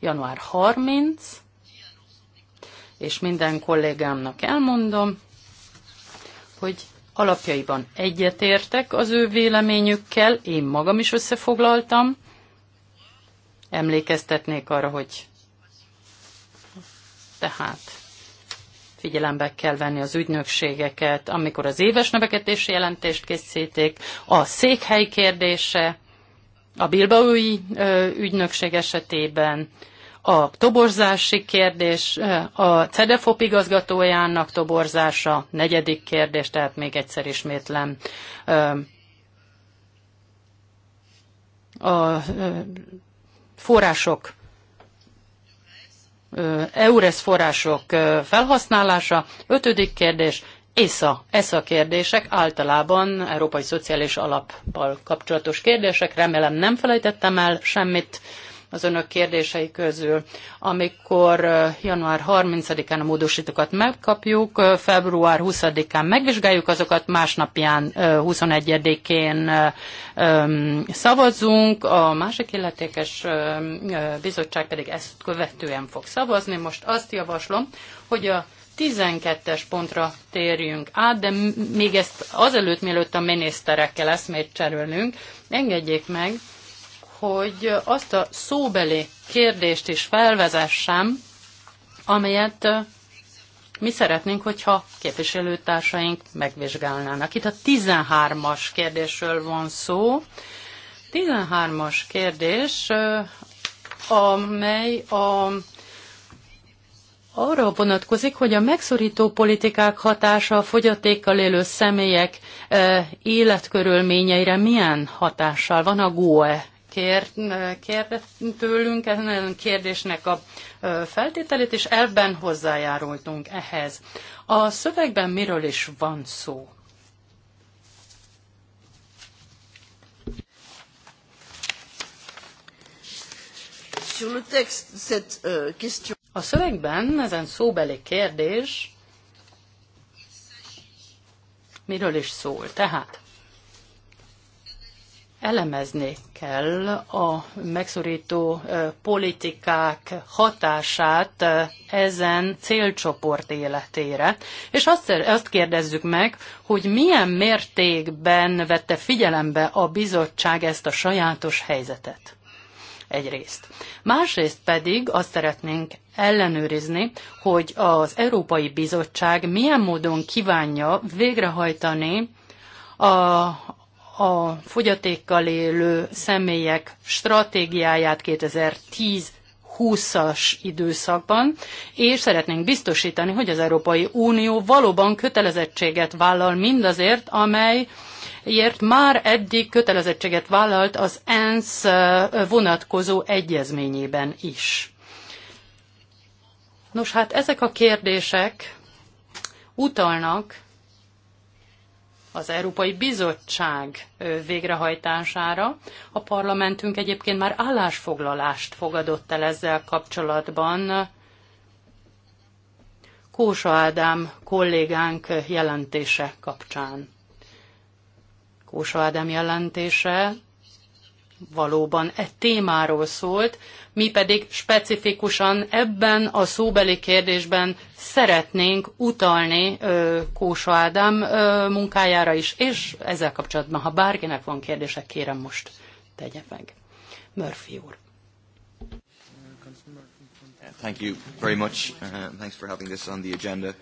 január 30, és minden kollégámnak elmondom, hogy alapjaiban egyetértek az ő véleményükkel, én magam is összefoglaltam. Emlékeztetnék arra, hogy tehát figyelembe kell venni az ügynökségeket, amikor az éves növekedési jelentést készítik, a székhely kérdése, a bilbaúi ügynökség esetében, a toborzási kérdés, a CEDEFOP igazgatójának toborzása, negyedik kérdés, tehát még egyszer ismétlem. A források EURES források felhasználása. Ötödik kérdés, ESA, ESA kérdések, általában Európai Szociális Alappal kapcsolatos kérdések. Remélem nem felejtettem el semmit az önök kérdései közül. Amikor január 30-án a módosítókat megkapjuk, február 20-án megvizsgáljuk azokat, másnapján 21-én szavazunk, a másik illetékes bizottság pedig ezt követően fog szavazni. Most azt javaslom, hogy a 12-es pontra térjünk át, de még ezt azelőtt, mielőtt a miniszterekkel eszmét cserélünk, engedjék meg, hogy azt a szóbeli kérdést is felvezessem, amelyet mi szeretnénk, hogyha képviselőtársaink megvizsgálnának. Itt a 13-as kérdésről van szó. 13-as kérdés, amely a, arra vonatkozik, hogy a megszorító politikák hatása a fogyatékkal élő személyek életkörülményeire milyen hatással van a GOE kért, kér tőlünk ezen kérdésnek a feltételét, és ebben hozzájárultunk ehhez. A szövegben miről is van szó? Euh, a szövegben ezen szóbeli kérdés miről is szól? Tehát elemezni kell a megszorító politikák hatását ezen célcsoport életére. És azt, azt kérdezzük meg, hogy milyen mértékben vette figyelembe a bizottság ezt a sajátos helyzetet. Egyrészt. Másrészt pedig azt szeretnénk ellenőrizni, hogy az Európai Bizottság milyen módon kívánja végrehajtani a a fogyatékkal élő személyek stratégiáját 2010 20-as időszakban, és szeretnénk biztosítani, hogy az Európai Unió valóban kötelezettséget vállal mindazért, amelyért már eddig kötelezettséget vállalt az ENSZ vonatkozó egyezményében is. Nos, hát ezek a kérdések utalnak az Európai Bizottság végrehajtására. A parlamentünk egyébként már állásfoglalást fogadott el ezzel kapcsolatban. Kósa Ádám kollégánk jelentése kapcsán. Kósa Ádám jelentése valóban e témáról szólt, mi pedig specifikusan ebben a szóbeli kérdésben szeretnénk utalni ö, Kósa Ádám ö, munkájára is, és ezzel kapcsolatban, ha bárkinek van kérdése, kérem most tegye meg. Murphy úr. Thank you very much. Uh, thanks for having this on the agenda.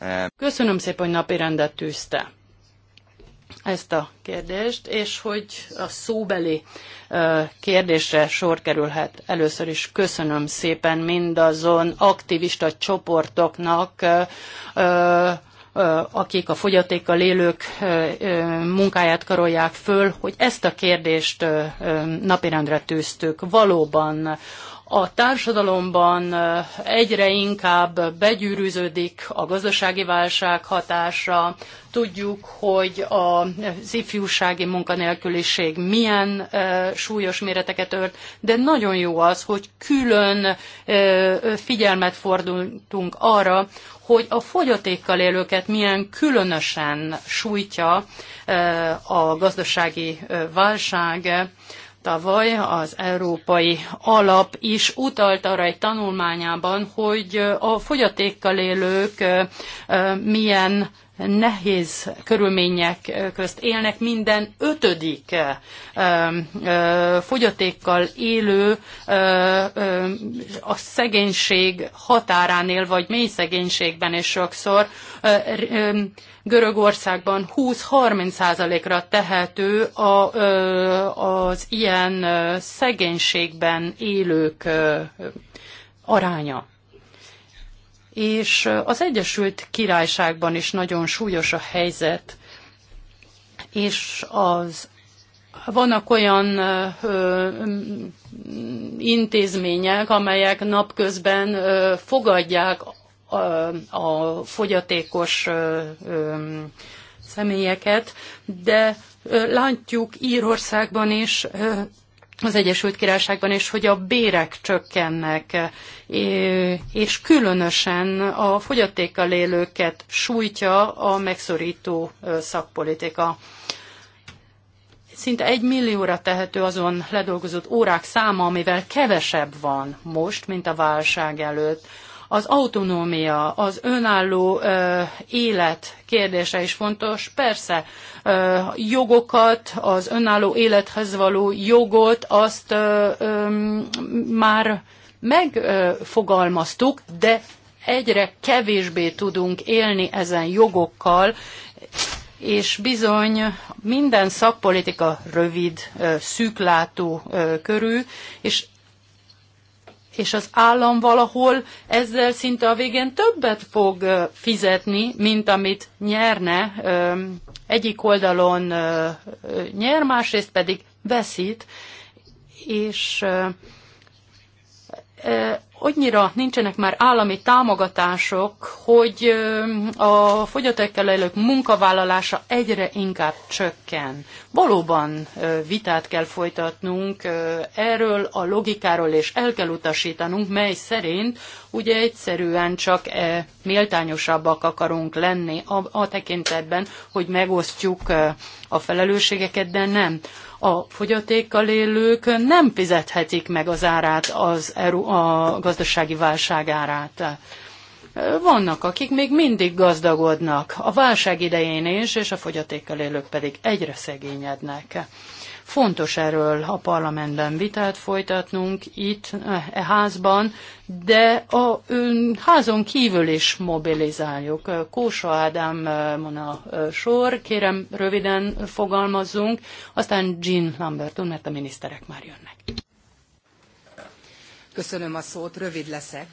Uh... Köszönöm szépen, hogy napi rendet tűzte ezt a kérdést, és hogy a szóbeli kérdésre sor kerülhet. Először is köszönöm szépen mindazon aktivista csoportoknak, akik a fogyatékkal élők munkáját karolják föl, hogy ezt a kérdést napirendre tűztük. Valóban a társadalomban egyre inkább begyűrűződik a gazdasági válság hatása. Tudjuk, hogy az ifjúsági munkanélküliség milyen súlyos méreteket ölt, de nagyon jó az, hogy külön figyelmet fordultunk arra, hogy a fogyatékkal élőket milyen különösen sújtja a gazdasági válság Tavaly az Európai Alap is utalt arra egy tanulmányában, hogy a fogyatékkal élők milyen nehéz körülmények közt élnek. Minden ötödik fogyatékkal élő a szegénység határán él, vagy mély szegénységben és sokszor Görögországban 20-30%-ra tehető a, az ilyen szegénységben élők aránya és az Egyesült Királyságban is nagyon súlyos a helyzet, és az vannak olyan ö, intézmények, amelyek napközben ö, fogadják a, a fogyatékos ö, ö, személyeket, de ö, látjuk Írországban is ö, az Egyesült Királyságban, és hogy a bérek csökkennek, és különösen a fogyatékkal élőket sújtja a megszorító szakpolitika. Szinte egy millióra tehető azon ledolgozott órák száma, amivel kevesebb van most, mint a válság előtt. Az autonómia, az önálló ö, élet kérdése is fontos. Persze, ö, jogokat, az önálló élethez való jogot, azt ö, ö, már megfogalmaztuk, de egyre kevésbé tudunk élni ezen jogokkal, és bizony minden szakpolitika rövid, szűklátó körül, és és az állam valahol ezzel szinte a végén többet fog fizetni, mint amit nyerne. Egyik oldalon nyer, másrészt pedig veszít, és annyira nincsenek már állami támogatások, hogy a fogyatékkel élők munkavállalása egyre inkább csökken. Valóban vitát kell folytatnunk erről a logikáról, és el kell utasítanunk, mely szerint ugye egyszerűen csak e, méltányosabbak akarunk lenni a, a tekintetben, hogy megosztjuk a felelősségeket, de nem a fogyatékkal élők nem fizethetik meg az árát, az, a gazdasági válság árát. Vannak, akik még mindig gazdagodnak, a válság idején is, és a fogyatékkal élők pedig egyre szegényednek. Fontos erről a parlamentben vitát folytatnunk itt, eh, e házban, de a házon kívül is mobilizáljuk. Kósa Ádám eh, van a eh, sor, kérem röviden fogalmazzunk, aztán Jean Lamberton, mert a miniszterek már jönnek. Köszönöm a szót, rövid leszek.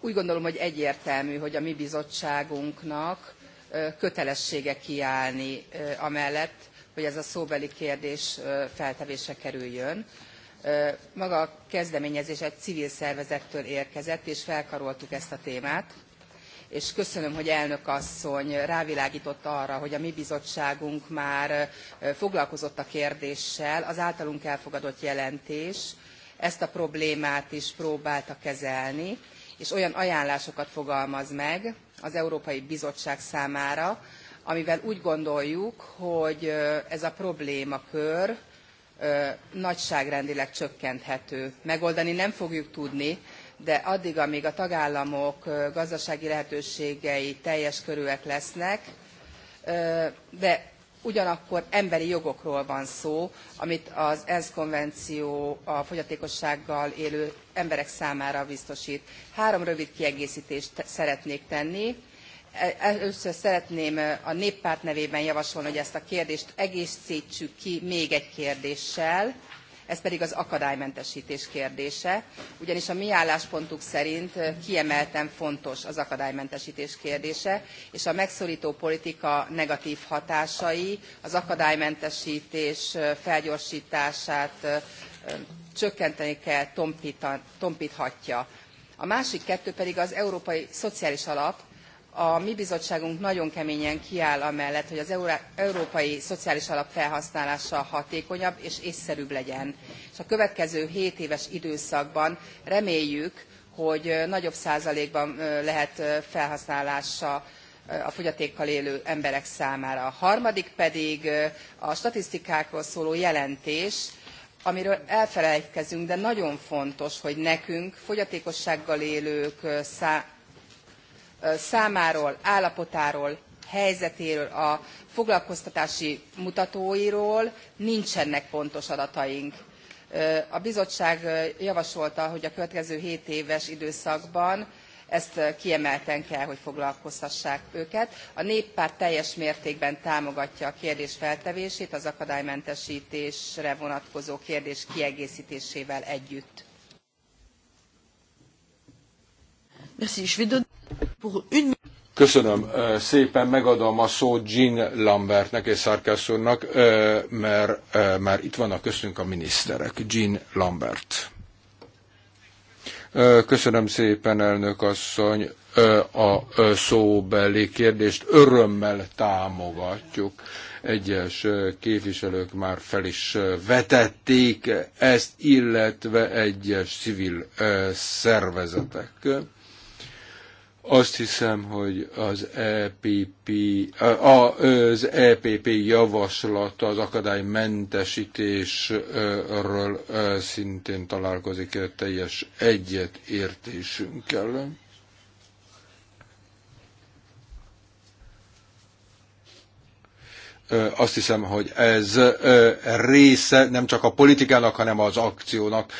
Úgy gondolom, hogy egyértelmű, hogy a mi bizottságunknak kötelessége kiállni amellett, hogy ez a szóbeli kérdés feltevése kerüljön. Maga a kezdeményezés egy civil szervezettől érkezett, és felkaroltuk ezt a témát és köszönöm, hogy elnök asszony rávilágított arra, hogy a mi bizottságunk már foglalkozott a kérdéssel, az általunk elfogadott jelentés ezt a problémát is próbálta kezelni, és olyan ajánlásokat fogalmaz meg az Európai Bizottság számára, amivel úgy gondoljuk, hogy ez a problémakör nagyságrendileg csökkenthető. Megoldani nem fogjuk tudni, de addig, amíg a tagállamok gazdasági lehetőségei teljes körűek lesznek, de ugyanakkor emberi jogokról van szó, amit az ENSZ konvenció a fogyatékossággal élő emberek számára biztosít. Három rövid kiegészítést szeretnék tenni. E, először szeretném a néppárt nevében javasolni, hogy ezt a kérdést egészítsük ki még egy kérdéssel, ez pedig az akadálymentesítés kérdése, ugyanis a mi álláspontunk szerint kiemelten fontos az akadálymentesítés kérdése, és a megszorító politika negatív hatásai az akadálymentesítés felgyorsítását csökkenteni kell, tompíthatja. A másik kettő pedig az Európai Szociális Alap, a mi bizottságunk nagyon keményen kiáll amellett, hogy az európai szociális alap felhasználása hatékonyabb és észszerűbb legyen. És a következő 7 éves időszakban reméljük, hogy nagyobb százalékban lehet felhasználása a fogyatékkal élő emberek számára. A harmadik pedig a statisztikákról szóló jelentés, amiről elfelejtkezünk, de nagyon fontos, hogy nekünk, fogyatékossággal élők szá számáról, állapotáról, helyzetéről, a foglalkoztatási mutatóiról nincsenek pontos adataink. A bizottság javasolta, hogy a következő 7 éves időszakban ezt kiemelten kell, hogy foglalkoztassák őket. A néppárt teljes mértékben támogatja a kérdés feltevését az akadálymentesítésre vonatkozó kérdés kiegészítésével együtt. Köszönöm szépen, megadom a szót Jean Lambertnek és Sarkász úrnak, mert már itt vannak köztünk a miniszterek. Jean Lambert. Köszönöm szépen, elnök asszony, a szóbeli kérdést örömmel támogatjuk. Egyes képviselők már fel is vetették ezt, illetve egyes civil szervezetek azt hiszem, hogy az EPP, az EPP javaslata az akadálymentesítésről szintén találkozik teljes egyetértésünkkel. azt hiszem, hogy ez része nem csak a politikának, hanem az akciónak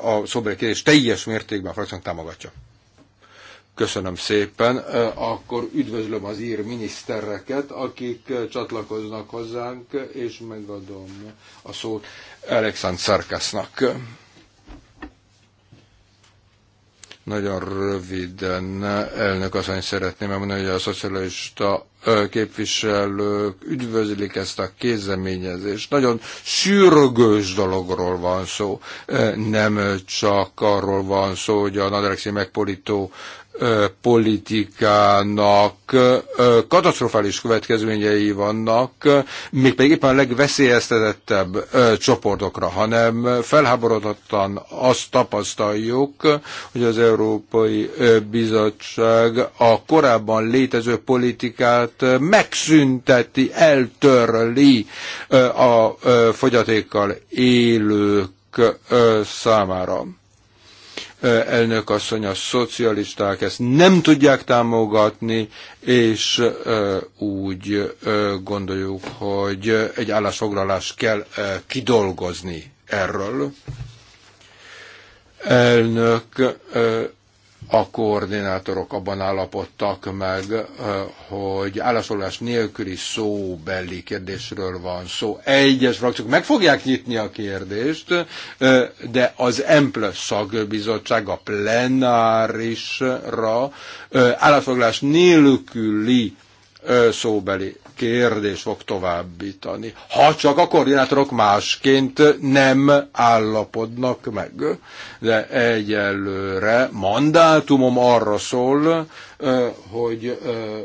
a szóbeli kérdés teljes mértékben a frakciónk támogatja. Köszönöm szépen. Akkor üdvözlöm az ír minisztereket, akik csatlakoznak hozzánk, és megadom a szót Alexand Szerkesznak. Nagyon röviden, elnök asszony, szeretném elmondani, hogy a szocialista képviselők üdvözlik ezt a kézeményezést. Nagyon sürgős dologról van szó. Nem csak arról van szó, hogy a nadrexi megpolitó politikának katasztrofális következményei vannak, mégpedig éppen a legveszélyeztetettebb csoportokra, hanem felháborodottan azt tapasztaljuk, hogy az Európai Bizottság a korábban létező politikát megszünteti, eltörli a fogyatékkal élők számára elnök asszony, a szocialisták ezt nem tudják támogatni, és úgy gondoljuk, hogy egy állásfoglalást kell kidolgozni erről. Elnök a koordinátorok abban állapodtak meg, hogy állásolás nélküli szóbeli kérdésről van szó. Egyes frakciók meg fogják nyitni a kérdést, de az Emple szakbizottság a plenárisra állásolás nélküli szóbeli kérdés fog továbbítani. Ha csak a koordinátorok másként nem állapodnak meg. De egyelőre mandátumom arra szól, hogy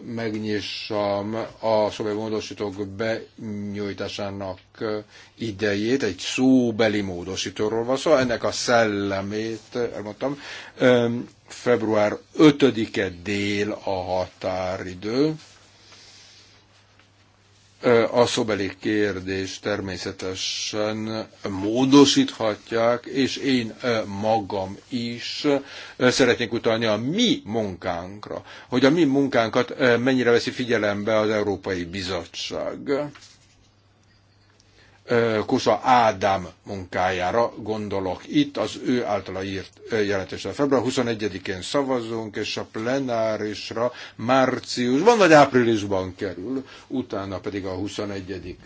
megnyissam a szobegondosítók benyújtásának idejét, egy szóbeli módosítóról van szó, szóval ennek a szellemét elmondtam, február 5-e dél a határidő, a szobeli kérdést természetesen módosíthatják, és én magam is szeretnék utalni a mi munkánkra, hogy a mi munkánkat mennyire veszi figyelembe az Európai Bizottság. Kusa Ádám munkájára gondolok. Itt az ő általa írt jelentésre. Február 21-én szavazunk, és a plenárisra van vagy áprilisban kerül, utána pedig a 21.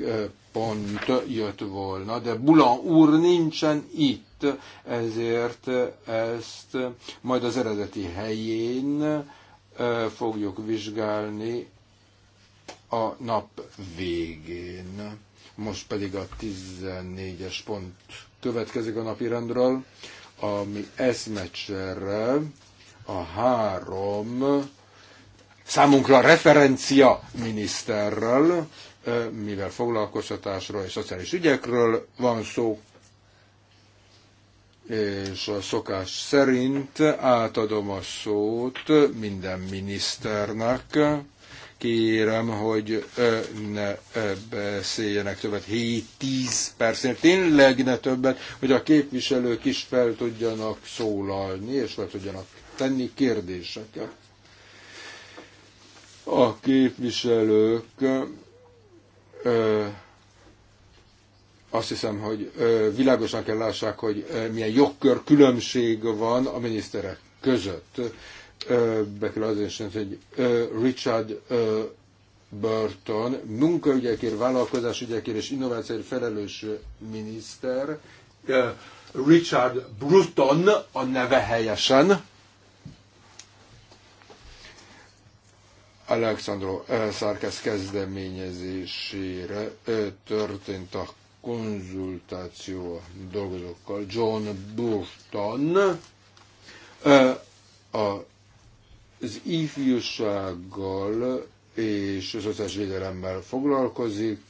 pont jött volna, de Bulan úr nincsen itt, ezért ezt majd az eredeti helyén fogjuk vizsgálni a nap végén most pedig a 14-es pont következik a napi rendről, ami eszmecserre a három számunkra referencia miniszterrel, mivel foglalkoztatásról és szociális ügyekről van szó, és a szokás szerint átadom a szót minden miniszternek, Kérem, hogy ne beszéljenek többet 7-10 percnél, tényleg ne többet, hogy a képviselők is fel tudjanak szólalni, és fel tudjanak tenni kérdéseket. A képviselők ö, azt hiszem, hogy világosan kell lássák, hogy milyen jogkör különbség van a miniszterek között be kell hogy Richard Burton munkaügyekért, vállalkozásügyekért és innovációért felelős miniszter, Richard Bruton a neve helyesen, Alexandro Szárkesz kezdeményezésére történt a konzultáció a dolgozókkal. John Burton a az ifjúsággal és az összes védelemmel foglalkozik,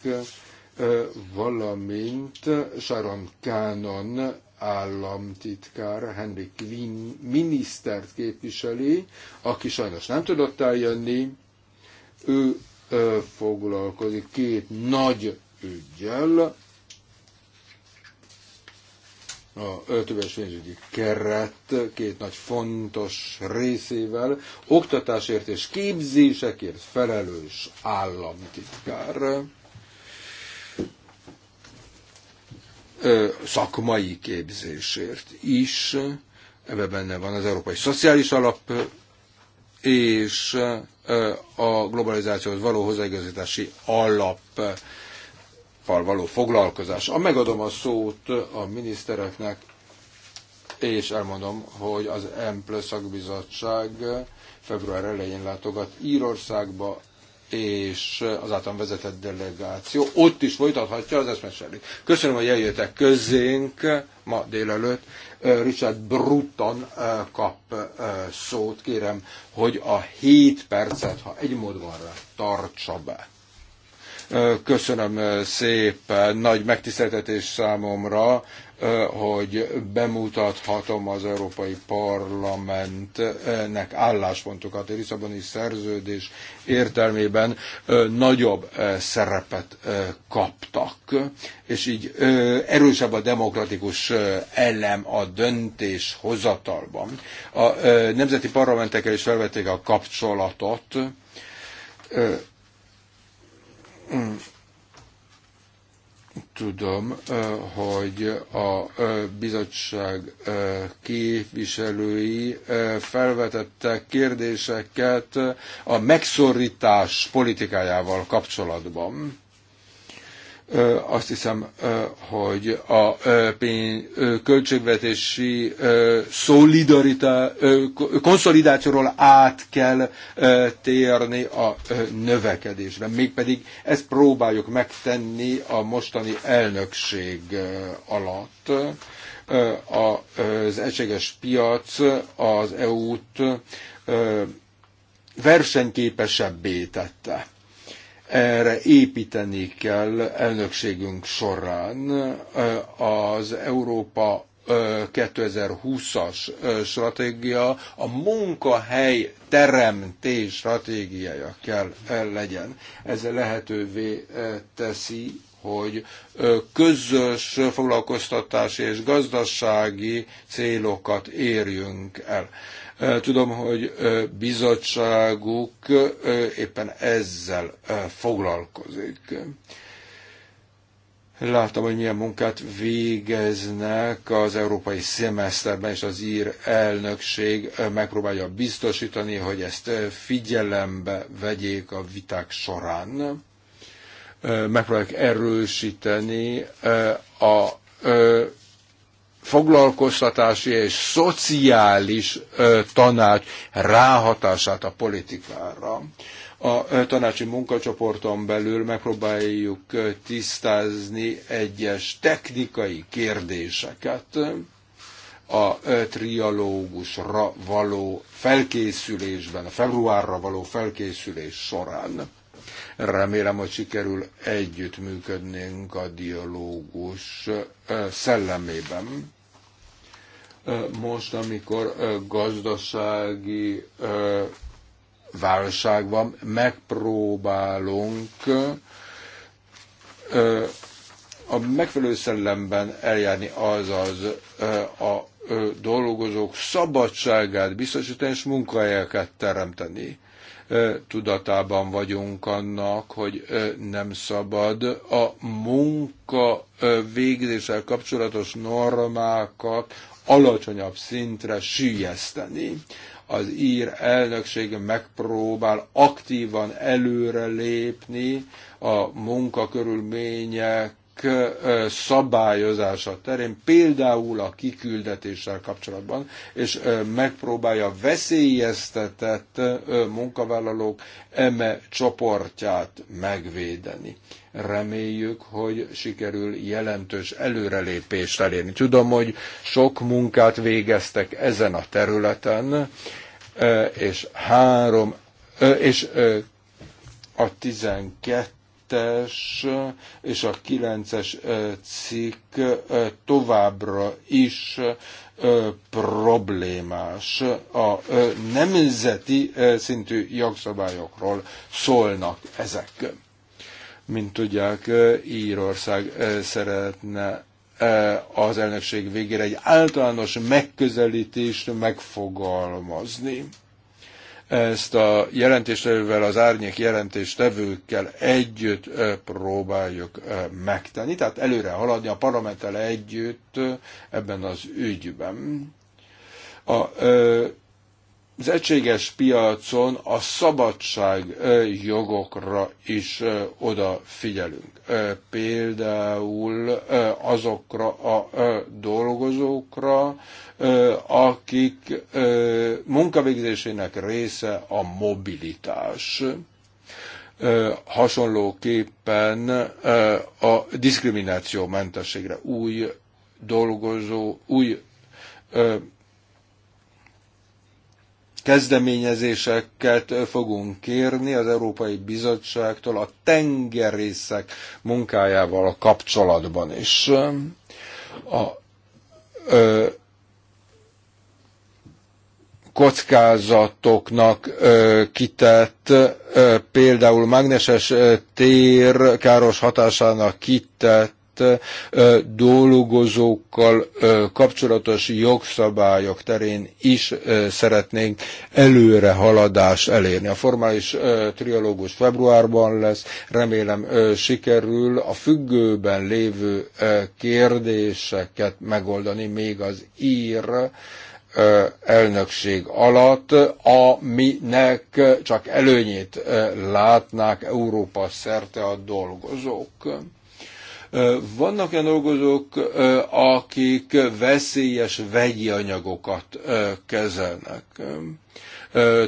valamint Sharon Cannon államtitkár Henry Quinn minisztert képviseli, aki sajnos nem tudott eljönni. Ő foglalkozik két nagy ügyel, a többes pénzügyi keret két nagy fontos részével oktatásért és képzésekért felelős államtitkár szakmai képzésért is, ebben benne van az Európai Szociális Alap és a globalizációhoz való hozzáigazítási alap való foglalkozás. A megadom a szót a minisztereknek, és elmondom, hogy az M szakbizottság február elején látogat Írországba, és az által vezetett delegáció ott is folytathatja az eszmeselét. Köszönöm, hogy eljöttek közénk ma délelőtt. Richard Bruton eh, kap eh, szót, kérem, hogy a 7 percet, ha egy mód van rá, tartsa be. Köszönöm szépen, nagy megtiszteltetés számomra, hogy bemutathatom az Európai Parlamentnek álláspontokat. A Lisszaboni szerződés értelmében nagyobb szerepet kaptak, és így erősebb a demokratikus elem a döntéshozatalban. A nemzeti parlamentekkel is felvették a kapcsolatot, Mm. Tudom, eh, hogy a eh, bizottság eh, képviselői felvetettek kérdéseket a megszorítás politikájával kapcsolatban azt hiszem, hogy a pénz, költségvetési konszolidációról át kell térni a növekedésre. Mégpedig ezt próbáljuk megtenni a mostani elnökség alatt. Az egységes piac az EU-t versenyképesebbé tette erre építeni kell elnökségünk során az Európa 2020-as stratégia, a munkahely teremtés stratégiája kell legyen. Ez lehetővé teszi, hogy közös foglalkoztatási és gazdasági célokat érjünk el. Eh, tudom, hogy eh, bizottságuk eh, éppen ezzel foglalkozik. Láttam, hogy milyen munkát végeznek az európai szemeszterben, és az ír elnökség megpróbálja biztosítani, hogy ezt figyelembe vegyék a viták során. Megpróbálják erősíteni a foglalkoztatási és szociális tanács ráhatását a politikára. A tanácsi munkacsoporton belül megpróbáljuk tisztázni egyes technikai kérdéseket a trialógusra való felkészülésben, a februárra való felkészülés során. Remélem, hogy sikerül együttműködnénk a dialógus szellemében most, amikor gazdasági válság van, megpróbálunk a megfelelő szellemben eljárni, azaz a dolgozók szabadságát biztosítani és munkahelyeket teremteni. Tudatában vagyunk annak, hogy nem szabad a munka végzéssel kapcsolatos normákat alacsonyabb szintre sűjeszteni. Az ír elnökség megpróbál aktívan előrelépni a munkakörülmények szabályozása terén, például a kiküldetéssel kapcsolatban, és megpróbálja veszélyeztetett munkavállalók eme csoportját megvédeni. Reméljük, hogy sikerül jelentős előrelépést elérni. Tudom, hogy sok munkát végeztek ezen a területen, és három, és a 12 es és a 9-es cikk továbbra is problémás. A nemzeti szintű jogszabályokról szólnak ezek. Mint tudják, eh, Írország eh, szeretne eh, az elnökség végére egy általános megközelítést megfogalmazni. Ezt a jelentéstevővel, az árnyék jelentéstevőkkel együtt próbáljuk megtenni, tehát előre haladni a parlamenttel együtt ebben az ügyben. A az egységes piacon a szabadság jogokra is odafigyelünk. Például azokra a dolgozókra, akik munkavégzésének része a mobilitás. Hasonlóképpen a diszkrimináció mentességre új dolgozó, új kezdeményezéseket fogunk kérni az Európai Bizottságtól a tengerészek munkájával a kapcsolatban is. A ö, kockázatoknak ö, kitett, ö, például mágneses tér káros hatásának kitett dolgozókkal kapcsolatos jogszabályok terén is szeretnénk előre haladás elérni. A formális triológus februárban lesz, remélem sikerül a függőben lévő kérdéseket megoldani még az ír elnökség alatt, aminek csak előnyét látnák Európa szerte a dolgozók. Vannak olyan dolgozók, akik veszélyes vegyi anyagokat kezelnek.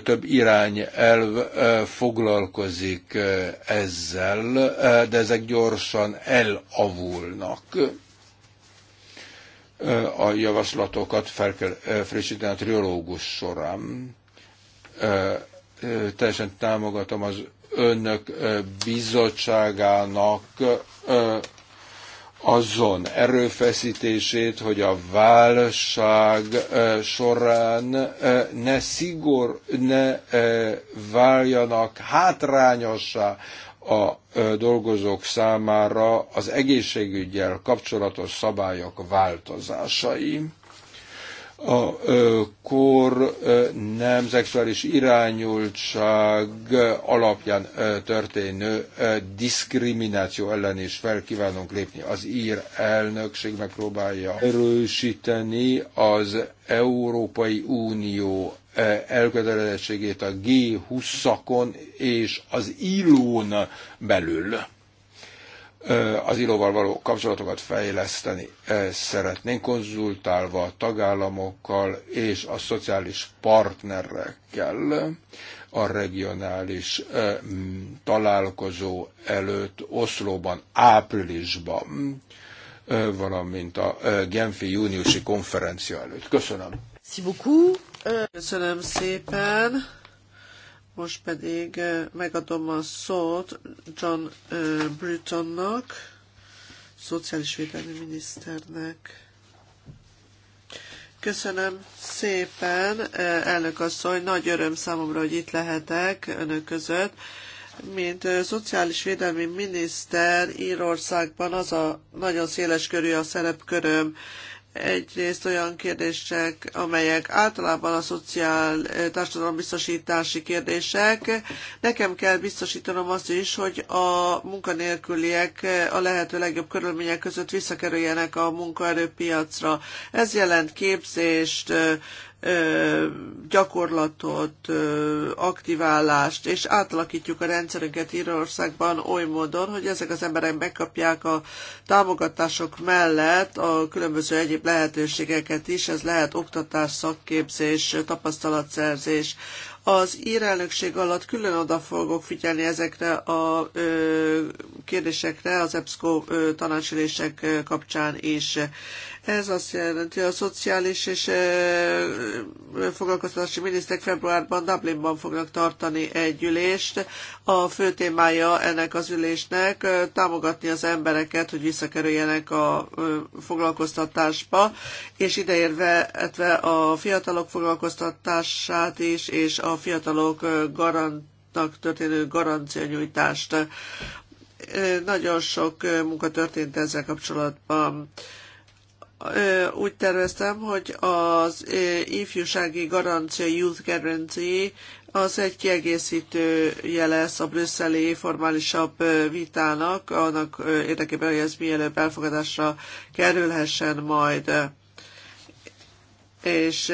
Több irányelv foglalkozik ezzel, de ezek gyorsan elavulnak a javaslatokat fel kell frissíteni a triológus során. Teljesen támogatom az önök bizottságának azon erőfeszítését, hogy a válság során ne szigor, ne váljanak hátrányossá a dolgozók számára az egészségügyel kapcsolatos szabályok változásai a kor nem szexuális irányultság alapján történő diszkrimináció ellen is fel kívánunk lépni. Az ír elnökség megpróbálja erősíteni az Európai Unió elkötelezettségét a G20-akon és az ILO-n belül az ilóval való kapcsolatokat fejleszteni szeretnénk, konzultálva a tagállamokkal és a szociális partnerekkel a regionális találkozó előtt Oszlóban, áprilisban, valamint a Genfi júniusi konferencia előtt. Köszönöm. Köszönöm szépen. Most pedig megadom a szót John Brutonnak, szociális védelmi miniszternek. Köszönöm szépen, elnök asszony, nagy öröm számomra, hogy itt lehetek önök között. Mint szociális védelmi miniszter Írországban az a nagyon széles körű a szerepköröm egyrészt olyan kérdések, amelyek általában a szociál eh, társadalombiztosítási kérdések. Nekem kell biztosítanom azt is, hogy a munkanélküliek eh, a lehető legjobb körülmények között visszakerüljenek a munkaerőpiacra. Ez jelent képzést, eh, gyakorlatot, aktiválást, és átalakítjuk a rendszerünket Írországban oly módon, hogy ezek az emberek megkapják a támogatások mellett a különböző egyéb lehetőségeket is, ez lehet oktatás, szakképzés, tapasztalatszerzés. Az ír elnökség alatt külön oda fogok figyelni ezekre a ö, kérdésekre az EBSCO ö, tanácsülések kapcsán is. Ez azt jelenti, hogy a szociális és foglalkoztatási miniszterek februárban Dublinban fognak tartani egy ülést. A fő témája ennek az ülésnek támogatni az embereket, hogy visszakerüljenek a foglalkoztatásba, és ideérve a fiatalok foglalkoztatását is, és a fiatalok garant történő garancia nyújtást. Nagyon sok munka történt ezzel kapcsolatban úgy terveztem, hogy az ifjúsági garancia, Youth Guarantee, az egy kiegészítő lesz a brüsszeli formálisabb vitának, annak érdekében, hogy ez mielőbb elfogadásra kerülhessen majd. És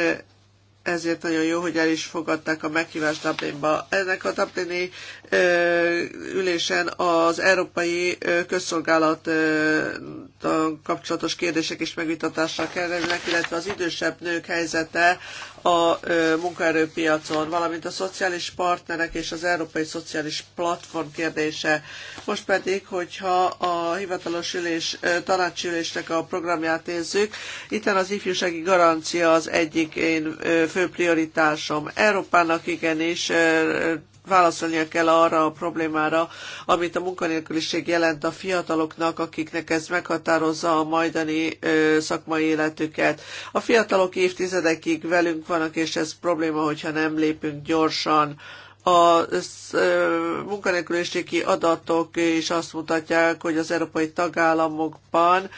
ezért nagyon jó, hogy el is fogadták a meghívást Dublinba. Ennek a Dublini ö, ülésen az Európai ö, Közszolgálat ö, kapcsolatos kérdések is megvitatásra kerülnek, illetve az idősebb nők helyzete a munkaerőpiacon, valamint a szociális partnerek és az Európai Szociális Platform kérdése. Most pedig, hogyha a hivatalos ülés, tanácsülésnek a programját nézzük, itt az ifjúsági garancia az egyik én fő prioritásom. Európának igenis válaszolnia kell arra a problémára, amit a munkanélküliség jelent a fiataloknak, akiknek ez meghatározza a majdani ö, szakmai életüket. A fiatalok évtizedekig velünk vannak, és ez probléma, hogyha nem lépünk gyorsan. A munkanélküliségi adatok is azt mutatják, hogy az európai tagállamokban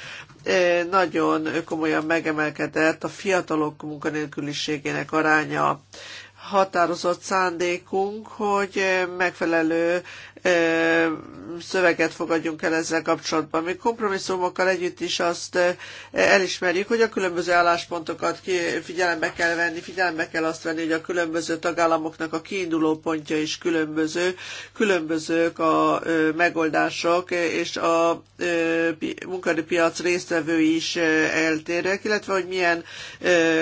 nagyon komolyan megemelkedett a fiatalok munkanélküliségének aránya határozott szándékunk, hogy megfelelő szöveget fogadjunk el ezzel kapcsolatban. Mi kompromisszumokkal együtt is azt elismerjük, hogy a különböző álláspontokat figyelembe kell venni, figyelembe kell azt venni, hogy a különböző tagállamoknak a kiinduló pontja is különböző, különbözők a megoldások, és a munkaerőpiac résztvevői is eltérőek, illetve hogy milyen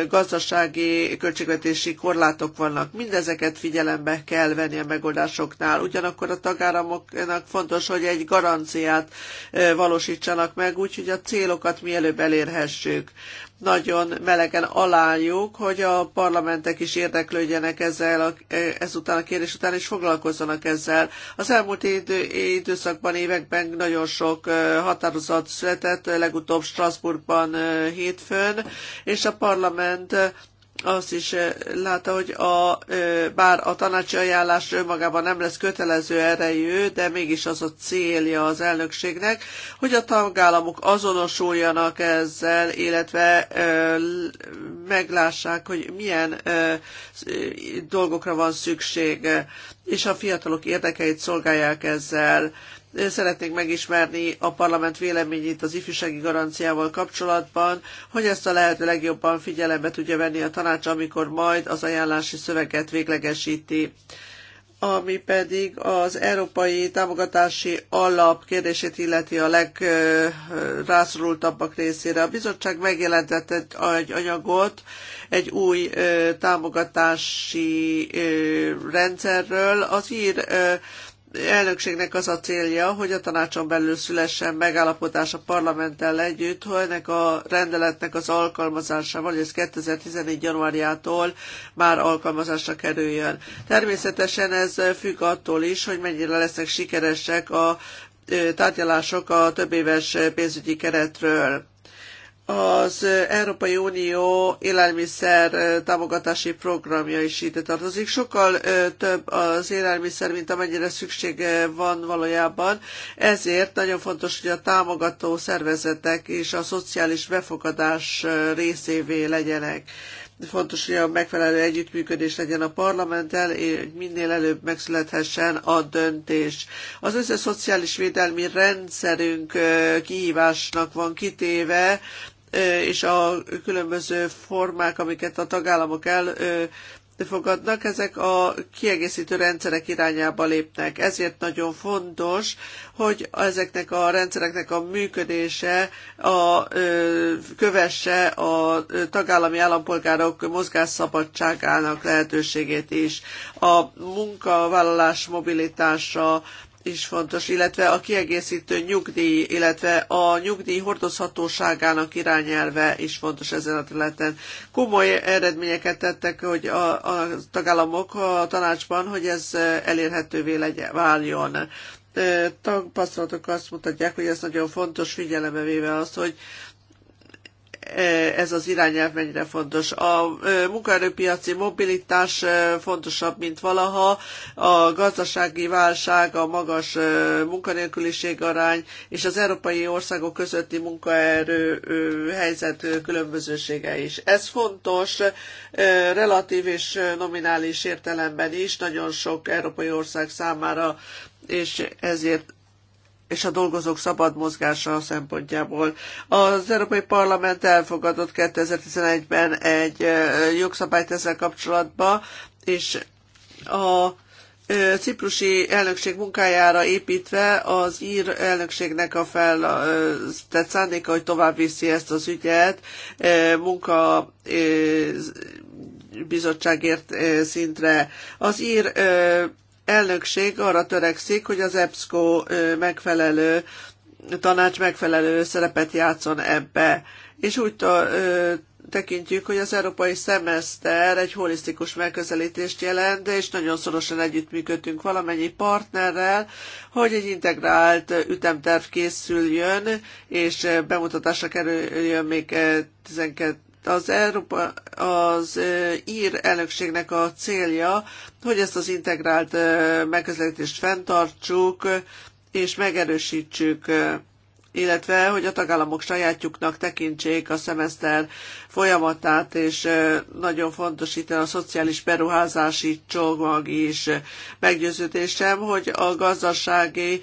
gazdasági költségvetési korlátok vannak. Mindezeket figyelembe kell venni a megoldásoknál. Ugyanakkor a tagállamok tagállamoknak fontos, hogy egy garanciát valósítsanak meg, úgyhogy a célokat mielőbb elérhessük. Nagyon melegen aláljuk, hogy a parlamentek is érdeklődjenek ezzel a, ezután a kérdés után, és foglalkozzanak ezzel. Az elmúlt idő, időszakban, években nagyon sok határozat született, legutóbb Strasbourgban hétfőn, és a parlament azt is eh, látta, hogy a, eh, bár a tanácsi ajánlás önmagában nem lesz kötelező erejű, de mégis az a célja az elnökségnek, hogy a tagállamok azonosuljanak ezzel, illetve eh, meglássák, hogy milyen dolgokra van szükség, és a fiatalok érdekeit szolgálják ezzel. Szeretnénk megismerni a parlament véleményét az ifjúsági garanciával kapcsolatban, hogy ezt a lehető legjobban figyelembe tudja venni a tanács, amikor majd az ajánlási szöveget véglegesíti ami pedig az európai támogatási alap kérdését illeti a legrászorultabbak részére. A bizottság megjelentett egy anyagot egy új támogatási rendszerről. Az ír elnökségnek az a célja, hogy a tanácson belül szülessen megállapodás a parlamenttel együtt, hogy ennek a rendeletnek az alkalmazásával, hogy ez 2014. januárjától már alkalmazásra kerüljön. Természetesen ez függ attól is, hogy mennyire lesznek sikeresek a tárgyalások a többéves pénzügyi keretről az Európai Unió élelmiszer támogatási programja is ide tartozik. Sokkal több az élelmiszer, mint amennyire szüksége van valójában. Ezért nagyon fontos, hogy a támogató szervezetek és a szociális befogadás részévé legyenek. Fontos, hogy a megfelelő együttműködés legyen a parlamenttel, és minél előbb megszülethessen a döntés. Az összes szociális védelmi rendszerünk kihívásnak van kitéve, és a különböző formák, amiket a tagállamok el fogadnak, ezek a kiegészítő rendszerek irányába lépnek. Ezért nagyon fontos, hogy ezeknek a rendszereknek a működése a, kövesse a tagállami állampolgárok mozgásszabadságának lehetőségét is. A munkavállalás mobilitása, is fontos, illetve a kiegészítő nyugdíj, illetve a nyugdíj hordozhatóságának irányelve is fontos ezen a területen. Komoly eredményeket tettek, hogy a, a tagállamok a tanácsban, hogy ez elérhetővé legyen, váljon. Tapasztalatok azt mutatják, hogy ez nagyon fontos figyelembe véve az, hogy ez az irányelv mennyire fontos. A munkaerőpiaci mobilitás fontosabb, mint valaha, a gazdasági válság, a magas munkanélküliség arány és az európai országok közötti munkaerő helyzet különbözősége is. Ez fontos relatív és nominális értelemben is nagyon sok európai ország számára és ezért és a dolgozók szabad mozgása szempontjából. Az Európai Parlament elfogadott 2011-ben egy jogszabályt ezzel kapcsolatban, és a ciprusi elnökség munkájára építve az ír elnökségnek a fel, tehát szándéka, hogy tovább viszi ezt az ügyet munka bizottságért szintre. Az ír elnökség arra törekszik, hogy az EBSCO megfelelő tanács megfelelő szerepet játszon ebbe. És úgy tekintjük, hogy az európai szemeszter egy holisztikus megközelítést jelent, és nagyon szorosan együttműködtünk valamennyi partnerrel, hogy egy integrált ütemterv készüljön, és bemutatásra kerüljön még 12 az, Európa, az ír elnökségnek a célja, hogy ezt az integrált megközelítést fenntartsuk és megerősítsük illetve hogy a tagállamok sajátjuknak tekintsék a szemeszter folyamatát, és nagyon fontos itt a szociális beruházási csomag is meggyőződésem, hogy a gazdasági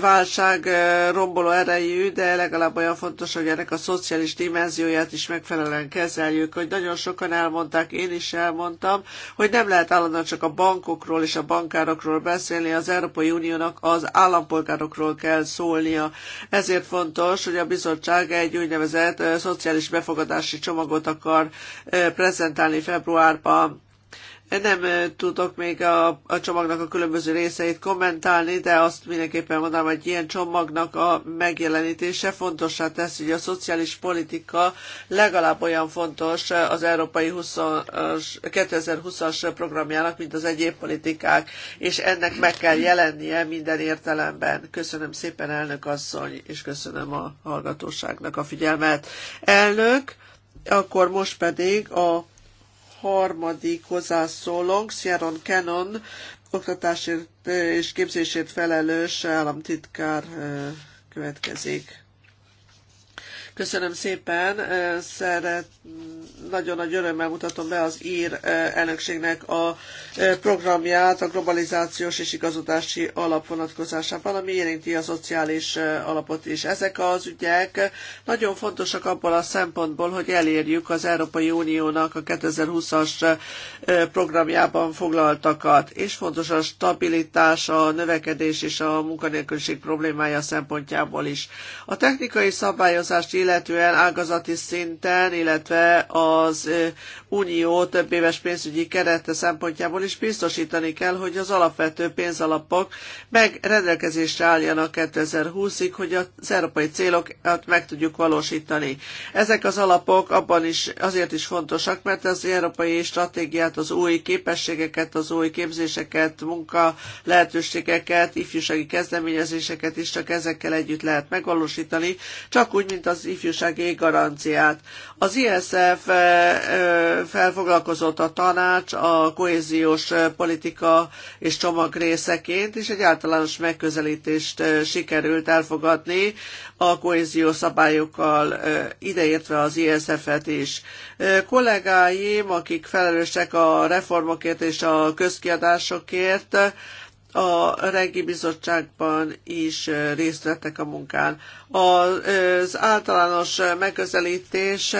válság romboló erejű, de legalább olyan fontos, hogy ennek a szociális dimenzióját is megfelelően kezeljük, hogy nagyon sokan elmondták, én is elmondtam, hogy nem lehet állandóan csak a bankokról és a bankárokról beszélni, az Európai Uniónak az állampolgárokról kell szólnia. Ezért fontos, hogy a bizottság egy úgynevezett szociális befogadási csomag csomagot akar eh, prezentálni februárban. Nem eh, tudok még a, a csomagnak a különböző részeit kommentálni, de azt mindenképpen mondanám, hogy ilyen csomagnak a megjelenítése fontossá teszi, hogy a szociális politika legalább olyan fontos az Európai 20, 2020-as programjának, mint az egyéb politikák, és ennek meg kell jelennie minden értelemben. Köszönöm szépen, elnök asszony, és köszönöm a hallgatóságnak a figyelmet. Elnök! Akkor most pedig a harmadik hozzászólónk, Sharon Cannon, oktatásért és képzésért felelős államtitkár következik. Köszönöm szépen, szeret, nagyon nagy örömmel mutatom be az ír eh, elnökségnek a eh, programját a globalizációs és igazodási alap vonatkozásában, ami érinti a szociális eh, alapot is. Ezek az ügyek nagyon fontosak abból a szempontból, hogy elérjük az Európai Uniónak a 2020-as programjában foglaltakat, és fontos a stabilitás, a növekedés és a munkanélküliség problémája szempontjából is. A technikai szabályozást illetően illetően ágazati szinten, illetve az Unió több éves pénzügyi kerete szempontjából is biztosítani kell, hogy az alapvető pénzalapok meg rendelkezésre álljanak 2020-ig, hogy az európai célokat meg tudjuk valósítani. Ezek az alapok abban is azért is fontosak, mert az európai stratégiát, az új képességeket, az új képzéseket, munka lehetőségeket, ifjúsági kezdeményezéseket is csak ezekkel együtt lehet megvalósítani, csak úgy, mint az ifjúsági garanciát. Az ISF eh, eh, felfoglalkozott a tanács a kohéziós eh, politika és csomag részeként, és egy általános megközelítést sikerült elfogadni a kohézió szabályokkal, ideértve az ISF-et is. Kollégáim, akik felelősek a reformokért és a közkiadásokért, a regi bizottságban is részt vettek a munkán. Az általános megközelítés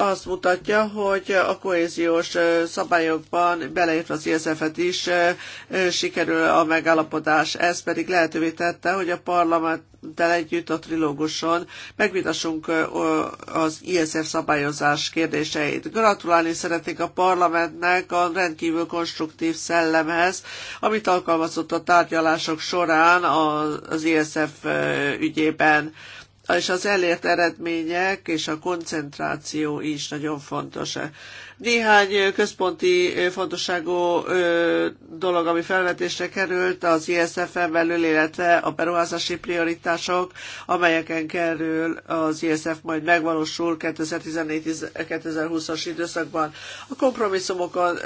azt mutatja, hogy a kohéziós szabályokban, beleértve az ISF-et is, sikerül a megállapodás. Ez pedig lehetővé tette, hogy a parlamenttel együtt a trilóguson megvitassunk az ISF szabályozás kérdéseit. Gratulálni szeretnék a parlamentnek a rendkívül konstruktív szellemhez, amit alkalmazott a tárgyalások során az ISF ügyében és az elért eredmények és a koncentráció is nagyon fontos. Néhány központi fontosságú dolog, ami felvetésre került az ISF-en belül, illetve a beruházási prioritások, amelyeken kerül az ISF majd megvalósul 2014-2020-as időszakban. A kompromisszumokon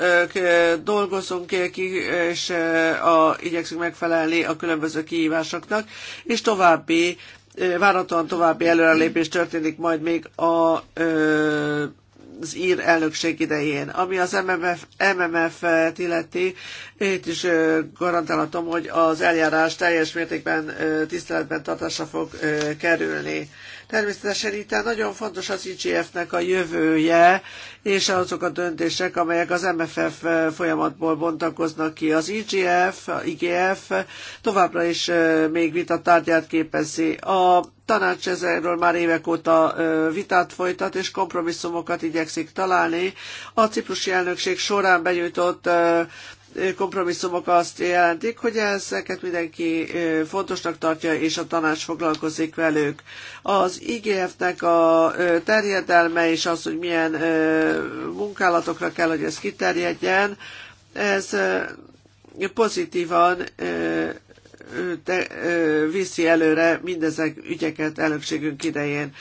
dolgozunk ki, és a, igyekszünk megfelelni a különböző kihívásoknak, és további várhatóan további előrelépés történik majd még a az ír elnökség idején. Ami az MMF, MMF-et illeti, én is garantálhatom, hogy az eljárás teljes mértékben tiszteletben tartásra fog kerülni. Természetesen itt nagyon fontos az IGF-nek a jövője, és azok a döntések, amelyek az MFF folyamatból bontakoznak ki. Az IGF, IGF továbbra is még vita tárgyát képezi. A tanács ezerről már évek óta vitát folytat, és kompromisszumokat igyekszik találni. A ciprusi elnökség során benyújtott kompromisszumok azt jelentik, hogy ezeket mindenki fontosnak tartja, és a tanács foglalkozik velük. Az IGF-nek a terjedelme és az, hogy milyen munkálatokra kell, hogy ez kiterjedjen, ez pozitívan te, viszi előre mindezek ügyeket elnökségünk idején.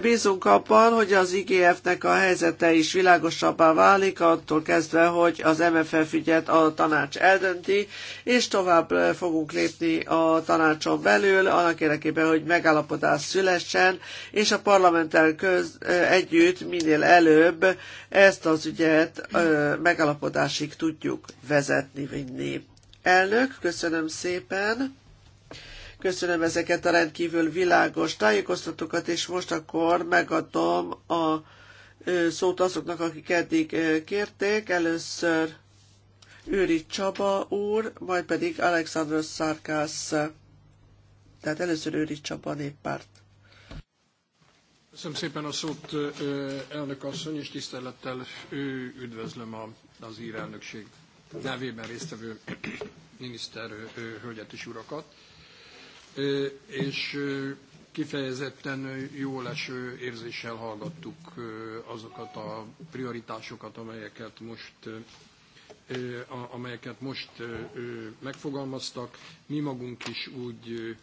Bízunk abban, hogy az IGF-nek a helyzete is világosabbá válik, attól kezdve, hogy az MFF ügyet a tanács eldönti, és tovább fogunk lépni a tanácson belül, annak érdekében, hogy megállapodás szülessen, és a parlamenttel köz, együtt minél előbb ezt az ügyet megállapodásig tudjuk vezetni, vinni. Elnök, köszönöm szépen. Köszönöm ezeket a rendkívül világos tájékoztatókat, és most akkor megadom a szót azoknak, akik eddig kérték. Először Őri Csaba úr, majd pedig Alexandros Szarkász. Tehát először Őri Csaba néppárt. Köszönöm szépen a szót, elnök asszony, és tisztelettel üdvözlöm az írelnökség nevében résztvevő miniszter hölgyet és urakat. És kifejezetten jó leső érzéssel hallgattuk azokat a prioritásokat, amelyeket most amelyeket most megfogalmaztak. Mi magunk is úgy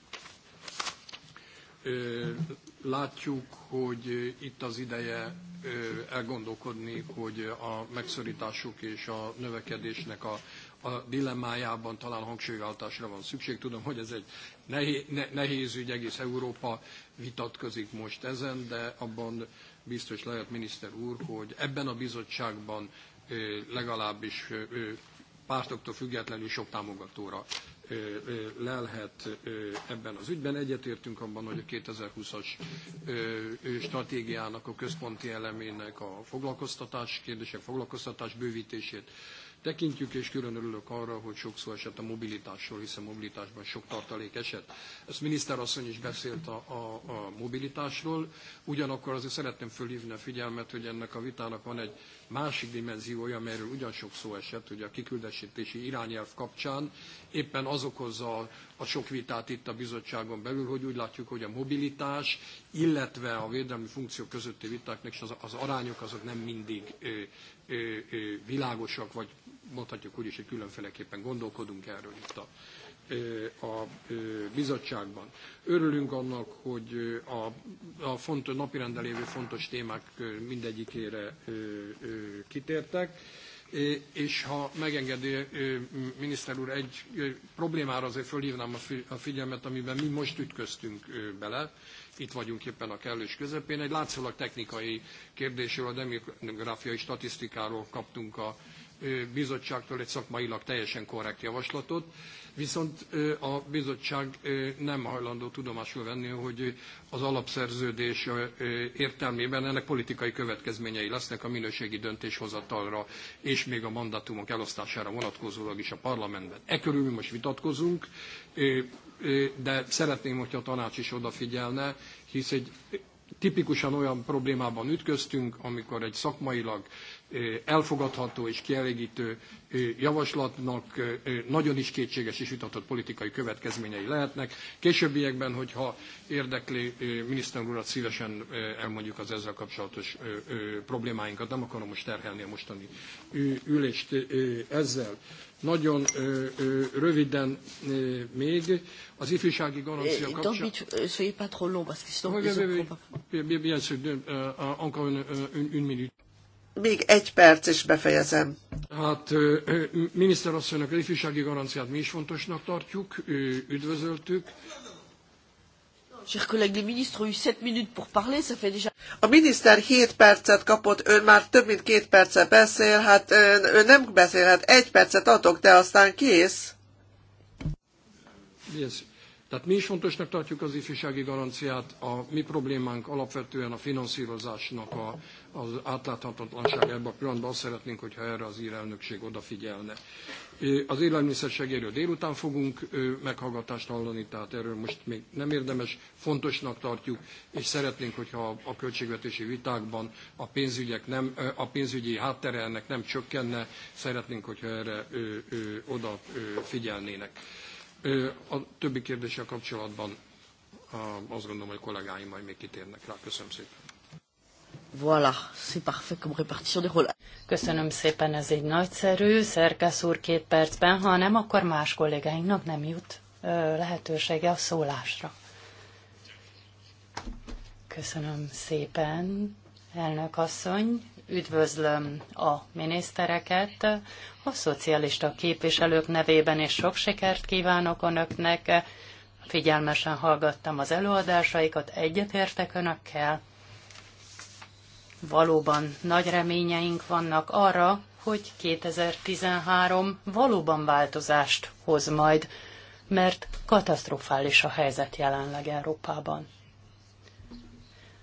látjuk, hogy itt az ideje elgondolkodni, hogy a megszorítások és a növekedésnek a, a dilemmájában talán hangsúlyváltásra van szükség. Tudom, hogy ez egy nehéz, ügy, egész Európa vitatkozik most ezen, de abban biztos lehet miniszter úr, hogy ebben a bizottságban legalábbis pártoktól függetlenül sok támogatóra lelhet ebben az ügyben. Egyetértünk abban, hogy a 2020-as stratégiának a központi elemének a foglalkoztatás kérdések, foglalkoztatás bővítését tekintjük, és külön örülök arra, hogy sok szó esett a mobilitásról, hiszen mobilitásban sok tartalék esett. Ezt miniszterasszony is beszélt a, a, a mobilitásról, ugyanakkor azért szeretném fölhívni a figyelmet, hogy ennek a vitának van egy másik dimenziója, amelyről ugyan sok szó esett, hogy a kiküldesítési irányelv kapcsán éppen az okozza a, a sok vitát itt a bizottságon belül, hogy úgy látjuk, hogy a mobilitás, illetve a védelmi funkció közötti vitáknak és az, az arányok azok nem mindig ö, ö, ö, világosak, vagy mondhatjuk úgy is, hogy különféleképpen gondolkodunk erről itt a, a bizottságban. Örülünk annak, hogy a, a fontos, napirenden lévő fontos témák mindegyikére kitértek. És ha megengedi, miniszter úr, egy problémára azért fölhívnám a figyelmet, amiben mi most ütköztünk bele, itt vagyunk éppen a kellős közepén, egy látszólag technikai kérdésről, a demográfiai statisztikáról kaptunk a bizottságtól egy szakmailag teljesen korrekt javaslatot, viszont a bizottság nem hajlandó tudomásul venni, hogy az alapszerződés értelmében ennek politikai következményei lesznek a minőségi döntéshozatalra és még a mandátumok elosztására vonatkozólag is a parlamentben. E körül mi most vitatkozunk, de szeretném, hogyha a tanács is odafigyelne, hisz egy tipikusan olyan problémában ütköztünk, amikor egy szakmailag elfogadható és kielégítő javaslatnak nagyon is kétséges és vitatott politikai következményei lehetnek. Későbbiekben, hogyha érdekli miniszter urat, szívesen elmondjuk az ezzel kapcsolatos problémáinkat. Nem akarom most terhelni a mostani ülést ezzel. Nagyon röviden még az ifjúsági garancia eh, eh, kapcsán... Euh, bien sûr, euh, euh, encore une, une minute még egy perc, és befejezem. Hát miniszterasszonynak az ifjúsági garanciát mi is fontosnak tartjuk, üdvözöltük. A miniszter 7 percet kapott, ön már több mint két perce beszél, hát ön, nem beszélhet, egy percet adok, de aztán kész. Yes. Tehát mi is fontosnak tartjuk az ifjúsági garanciát, a mi problémánk alapvetően a finanszírozásnak a, az átláthatatlanság ebben a pillanatban. Azt szeretnénk, hogyha erre az írelnökség odafigyelne. Az élelmiszer segélyről délután fogunk meghallgatást hallani, tehát erről most még nem érdemes, fontosnak tartjuk, és szeretnénk, hogyha a költségvetési vitákban a, pénzügyek nem, a pénzügyi háttere ennek nem csökkenne, szeretnénk, hogyha erre odafigyelnének. A többi kérdéssel kapcsolatban azt gondolom, hogy kollégáim majd még kitérnek rá. Köszönöm szépen. Voilà, c'est parfait comme répartition des rôles. Köszönöm szépen, ez egy nagyszerű, szerkesz úr két percben, ha nem, akkor más kollégáinknak nem jut lehetősége a szólásra. Köszönöm szépen, elnök asszony üdvözlöm a minisztereket, a szocialista képviselők nevében, és sok sikert kívánok önöknek. Figyelmesen hallgattam az előadásaikat, egyetértek önökkel. Valóban nagy reményeink vannak arra, hogy 2013 valóban változást hoz majd, mert katasztrofális a helyzet jelenleg Európában.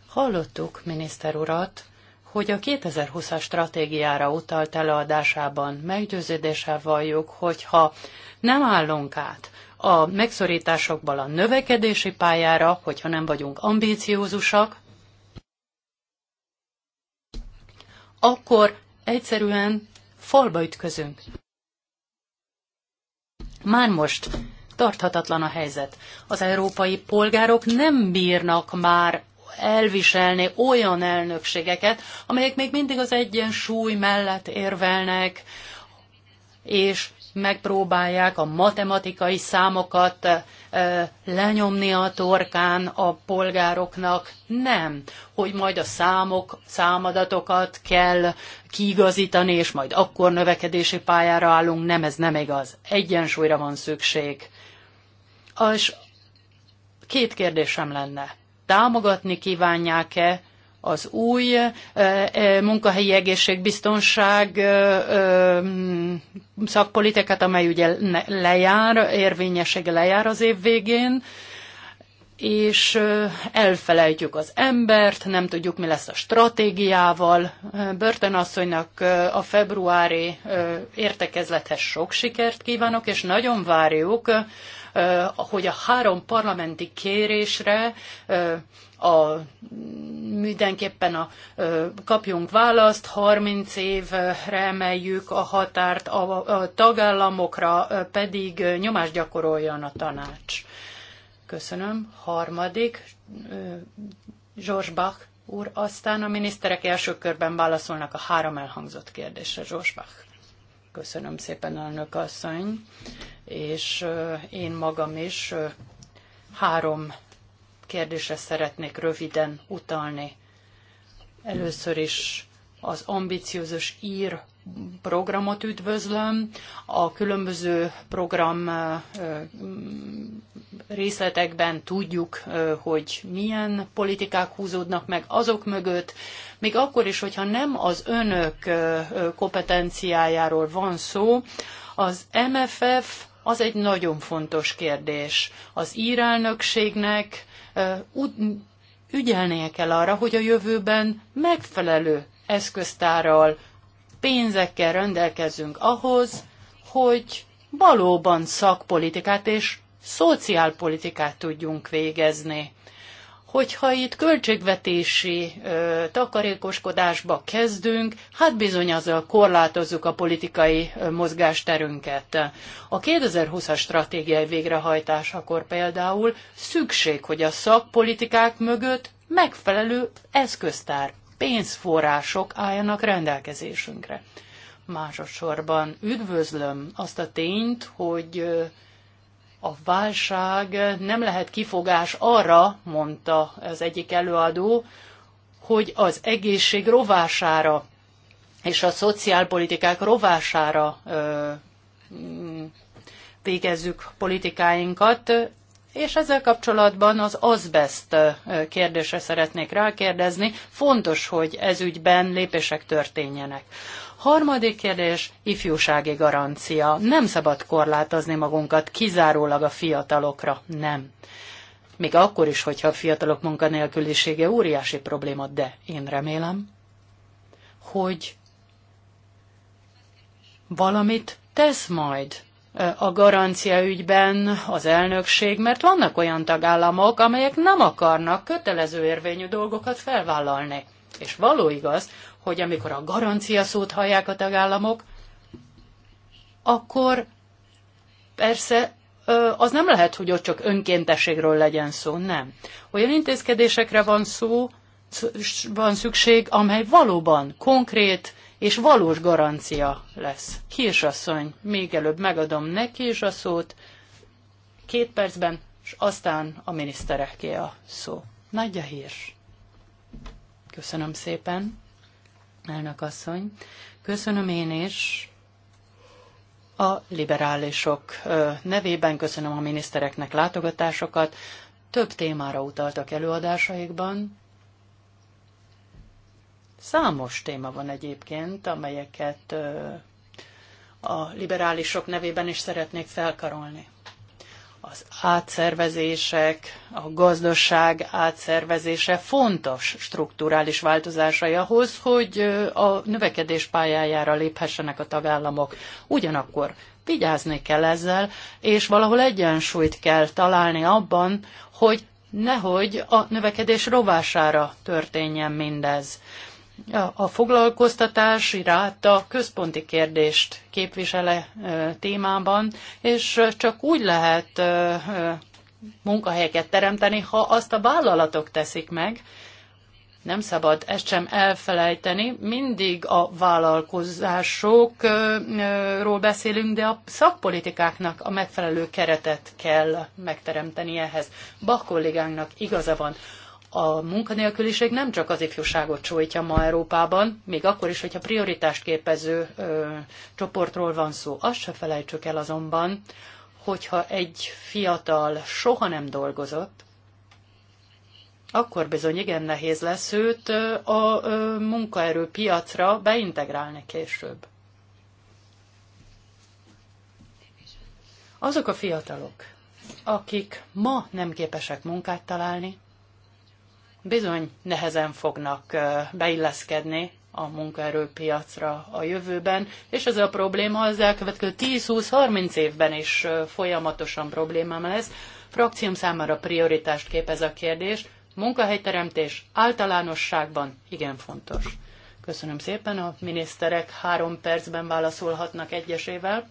Hallottuk miniszter urat, hogy a 2020-as stratégiára utalt előadásában meggyőződéssel valljuk, hogyha nem állunk át a megszorításokból a növekedési pályára, hogyha nem vagyunk ambíciózusak, akkor egyszerűen falba ütközünk. Már most tarthatatlan a helyzet. Az európai polgárok nem bírnak már elviselni olyan elnökségeket, amelyek még mindig az egyensúly mellett érvelnek, és megpróbálják a matematikai számokat lenyomni a torkán a polgároknak. Nem, hogy majd a számok, számadatokat kell kiigazítani, és majd akkor növekedési pályára állunk. Nem, ez nem igaz. Egyensúlyra van szükség. És két kérdésem lenne támogatni kívánják-e az új munkahelyi egészségbiztonság szakpolitikát, amely ugye lejár, érvényessége lejár az év végén, és elfelejtjük az embert, nem tudjuk, mi lesz a stratégiával. Börtönasszonynak a februári értekezlethez sok sikert kívánok, és nagyon várjuk hogy a három parlamenti kérésre a, mindenképpen a, kapjunk választ, 30 évre emeljük a határt, a, a tagállamokra pedig nyomást gyakoroljon a tanács. Köszönöm. Harmadik, Zsors Bach úr, aztán a miniszterek első körben válaszolnak a három elhangzott kérdésre, Zsors Bach. Köszönöm szépen, elnök asszony, és én magam is három kérdésre szeretnék röviden utalni. Először is az ambiciózus ír programot üdvözlöm, a különböző program részletekben tudjuk, hogy milyen politikák húzódnak meg azok mögött, még akkor is, hogyha nem az önök kompetenciájáról van szó, az MFF az egy nagyon fontos kérdés. Az írelnökségnek ügyelnie kell arra, hogy a jövőben megfelelő eszköztárral, pénzekkel rendelkezzünk ahhoz, hogy valóban szakpolitikát és szociálpolitikát tudjunk végezni. Hogyha itt költségvetési ö, takarékoskodásba kezdünk, hát bizony azzal korlátozzuk a politikai ö, mozgásterünket. A 2020-as stratégiai végrehajtásakor például szükség, hogy a szakpolitikák mögött megfelelő eszköztár, pénzforrások álljanak rendelkezésünkre. Másodszorban üdvözlöm azt a tényt, hogy a válság nem lehet kifogás arra, mondta az egyik előadó, hogy az egészség rovására és a szociálpolitikák rovására ö, mm, végezzük politikáinkat, és ezzel kapcsolatban az azbest kérdésre szeretnék rákérdezni. Fontos, hogy ez ügyben lépések történjenek. Harmadik kérdés, ifjúsági garancia. Nem szabad korlátozni magunkat kizárólag a fiatalokra. Nem. Még akkor is, hogyha a fiatalok munkanélkülisége óriási probléma, de én remélem, hogy valamit tesz majd a garancia ügyben az elnökség, mert vannak olyan tagállamok, amelyek nem akarnak kötelező érvényű dolgokat felvállalni. És való igaz, hogy amikor a garancia szót hallják a tagállamok, akkor persze az nem lehet, hogy ott csak önkéntességről legyen szó, nem. Olyan intézkedésekre van szó, van szükség, amely valóban konkrét és valós garancia lesz. Kisasszony, még előbb megadom neki is a szót, két percben, és aztán a minisztereké a szó. a hír. Köszönöm szépen elnök asszony. Köszönöm én is a liberálisok nevében, köszönöm a minisztereknek látogatásokat. Több témára utaltak előadásaikban. Számos téma van egyébként, amelyeket a liberálisok nevében is szeretnék felkarolni az átszervezések, a gazdaság átszervezése fontos strukturális változásai ahhoz, hogy a növekedés pályájára léphessenek a tagállamok. Ugyanakkor vigyázni kell ezzel, és valahol egyensúlyt kell találni abban, hogy nehogy a növekedés rovására történjen mindez a foglalkoztatási ráta központi kérdést képvisele témában, és csak úgy lehet munkahelyeket teremteni, ha azt a vállalatok teszik meg, nem szabad ezt sem elfelejteni, mindig a vállalkozásokról beszélünk, de a szakpolitikáknak a megfelelő keretet kell megteremteni ehhez. Bach kollégánknak igaza van. A munkanélküliség nem csak az ifjúságot sújtja ma Európában, még akkor is, hogyha prioritást képező ö, csoportról van szó. Azt se felejtsük el azonban, hogyha egy fiatal soha nem dolgozott, akkor bizony igen nehéz lesz őt a munkaerőpiacra beintegrálni később. Azok a fiatalok, akik ma nem képesek munkát találni, bizony nehezen fognak beilleszkedni a munkaerőpiacra a jövőben, és ez a probléma az elkövetkező 10-20-30 évben is folyamatosan problémám lesz. Frakcióm számára prioritást képez a kérdés, munkahelyteremtés általánosságban igen fontos. Köszönöm szépen, a miniszterek három percben válaszolhatnak egyesével.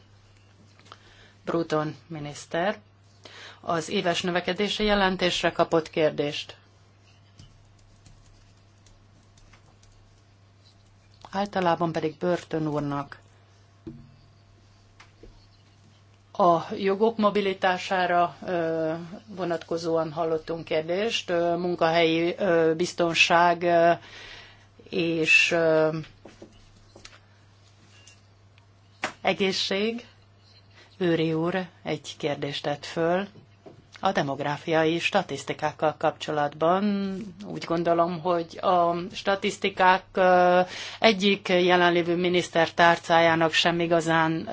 Bruton miniszter az éves növekedési jelentésre kapott kérdést. általában pedig börtönúrnak. a jogok mobilitására vonatkozóan hallottunk kérdést, munkahelyi biztonság és egészség. Őri úr egy kérdést tett föl a demográfiai statisztikákkal kapcsolatban. Úgy gondolom, hogy a statisztikák egyik jelenlévő miniszter tárcájának sem igazán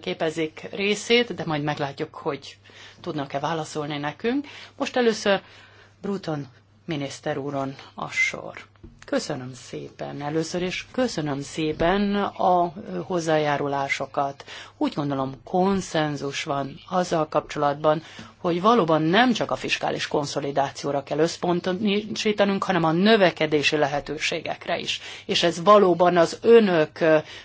képezik részét, de majd meglátjuk, hogy tudnak-e válaszolni nekünk. Most először Bruton miniszter úron a sor. Köszönöm szépen először, és köszönöm szépen a hozzájárulásokat. Úgy gondolom, konszenzus van azzal kapcsolatban, hogy valóban nem csak a fiskális konszolidációra kell összpontosítanunk, hanem a növekedési lehetőségekre is. És ez valóban az önök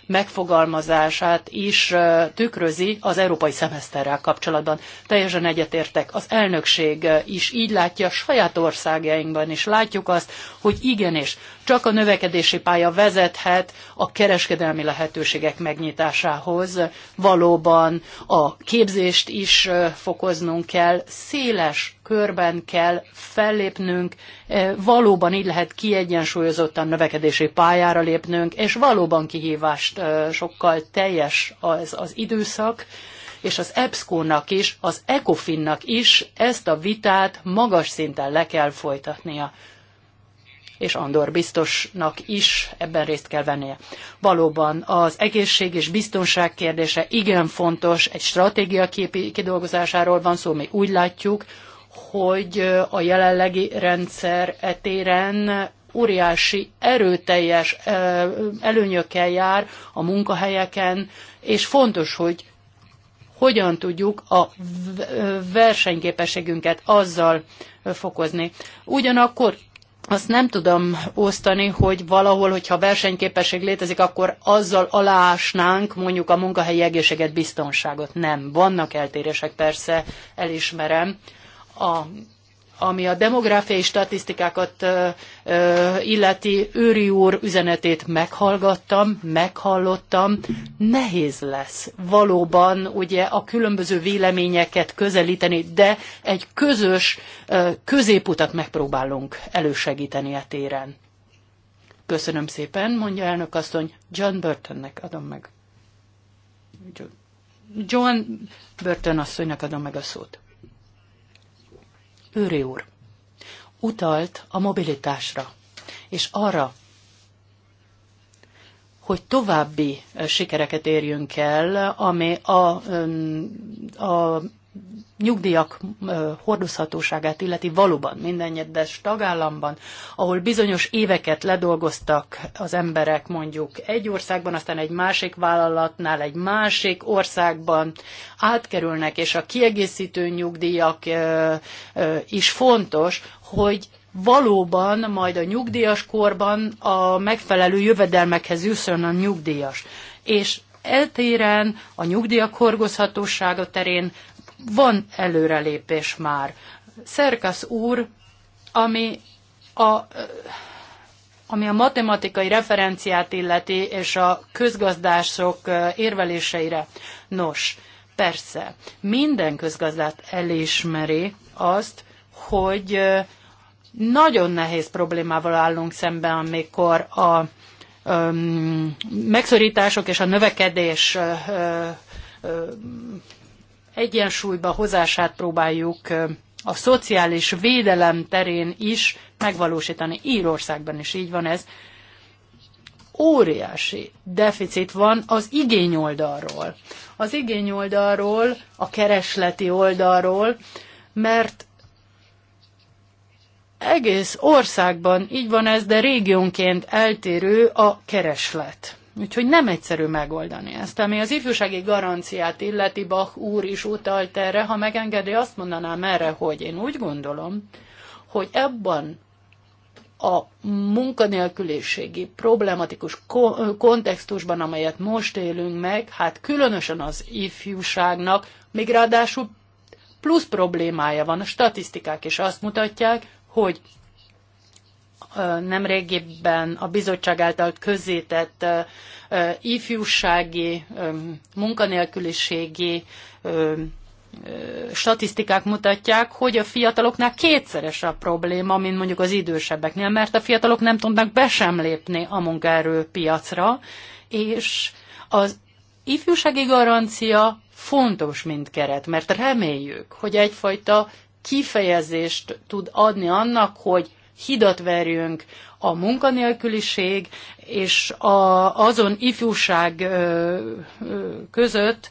megfogalmazását is tükrözi az európai szemeszterrel kapcsolatban. Teljesen egyetértek, az elnökség is így látja, saját országjainkban is látjuk azt, hogy igenis növekedés. Csak a növekedési pálya vezethet a kereskedelmi lehetőségek megnyitásához. Valóban a képzést is fokoznunk kell, széles körben kell fellépnünk, valóban így lehet kiegyensúlyozottan növekedési pályára lépnünk, és valóban kihívást sokkal teljes az, az időszak, és az EBSCO-nak is, az ECOFIN-nak is ezt a vitát magas szinten le kell folytatnia és Andor biztosnak is ebben részt kell vennie. Valóban az egészség és biztonság kérdése igen fontos, egy stratégia kidolgozásáról van szó, mi úgy látjuk, hogy a jelenlegi rendszer etéren óriási, erőteljes előnyökkel jár a munkahelyeken, és fontos, hogy hogyan tudjuk a versenyképességünket azzal fokozni. Ugyanakkor azt nem tudom osztani, hogy valahol, hogyha versenyképesség létezik, akkor azzal aláásnánk mondjuk a munkahelyi egészséget, biztonságot. Nem. Vannak eltérések, persze, elismerem. A ami a demográfiai statisztikákat illeti őri úr üzenetét meghallgattam, meghallottam. Nehéz lesz valóban ugye a különböző véleményeket közelíteni, de egy közös középutat megpróbálunk elősegíteni a e téren. Köszönöm szépen, mondja elnök asszony, John Burtonnek adom meg. John Burton asszonynak adom meg a szót. Őri úr utalt a mobilitásra, és arra, hogy további sikereket érjünk el, ami a, a nyugdíjak hordozhatóságát illeti valóban minden egyes tagállamban, ahol bizonyos éveket ledolgoztak az emberek mondjuk egy országban, aztán egy másik vállalatnál, egy másik országban átkerülnek, és a kiegészítő nyugdíjak is fontos, hogy valóban majd a nyugdíjas korban a megfelelő jövedelmekhez jusson a nyugdíjas. És eltéren, a nyugdíjak horgozhatósága terén van előrelépés már. Szerkasz úr, ami a ami a matematikai referenciát illeti, és a közgazdások érveléseire. Nos, persze, minden közgazdát elismeri azt, hogy nagyon nehéz problémával állunk szemben, amikor a um, megszorítások és a növekedés egyensúlyba hozását próbáljuk a szociális védelem terén is megvalósítani. Írországban is így van ez. Óriási deficit van az igény oldalról. Az igény oldalról, a keresleti oldalról, mert egész országban így van ez, de régiónként eltérő a kereslet. Úgyhogy nem egyszerű megoldani ezt. Ami az ifjúsági garanciát illeti, Bach úr is utalt erre, ha megengedi, azt mondanám erre, hogy én úgy gondolom, hogy ebben a munkanélküliségi problematikus kontextusban, amelyet most élünk meg, hát különösen az ifjúságnak, még ráadásul plusz problémája van. A statisztikák is azt mutatják, hogy nemrégiben a bizottság által közzétett ifjúsági, munkanélküliségi statisztikák mutatják, hogy a fiataloknál kétszeres a probléma, mint mondjuk az idősebbeknél, mert a fiatalok nem tudnak be sem lépni a munkaerőpiacra, és az ifjúsági garancia fontos, mint keret, mert reméljük, hogy egyfajta kifejezést tud adni annak, hogy hidat verjünk a munkanélküliség és a, azon ifjúság között,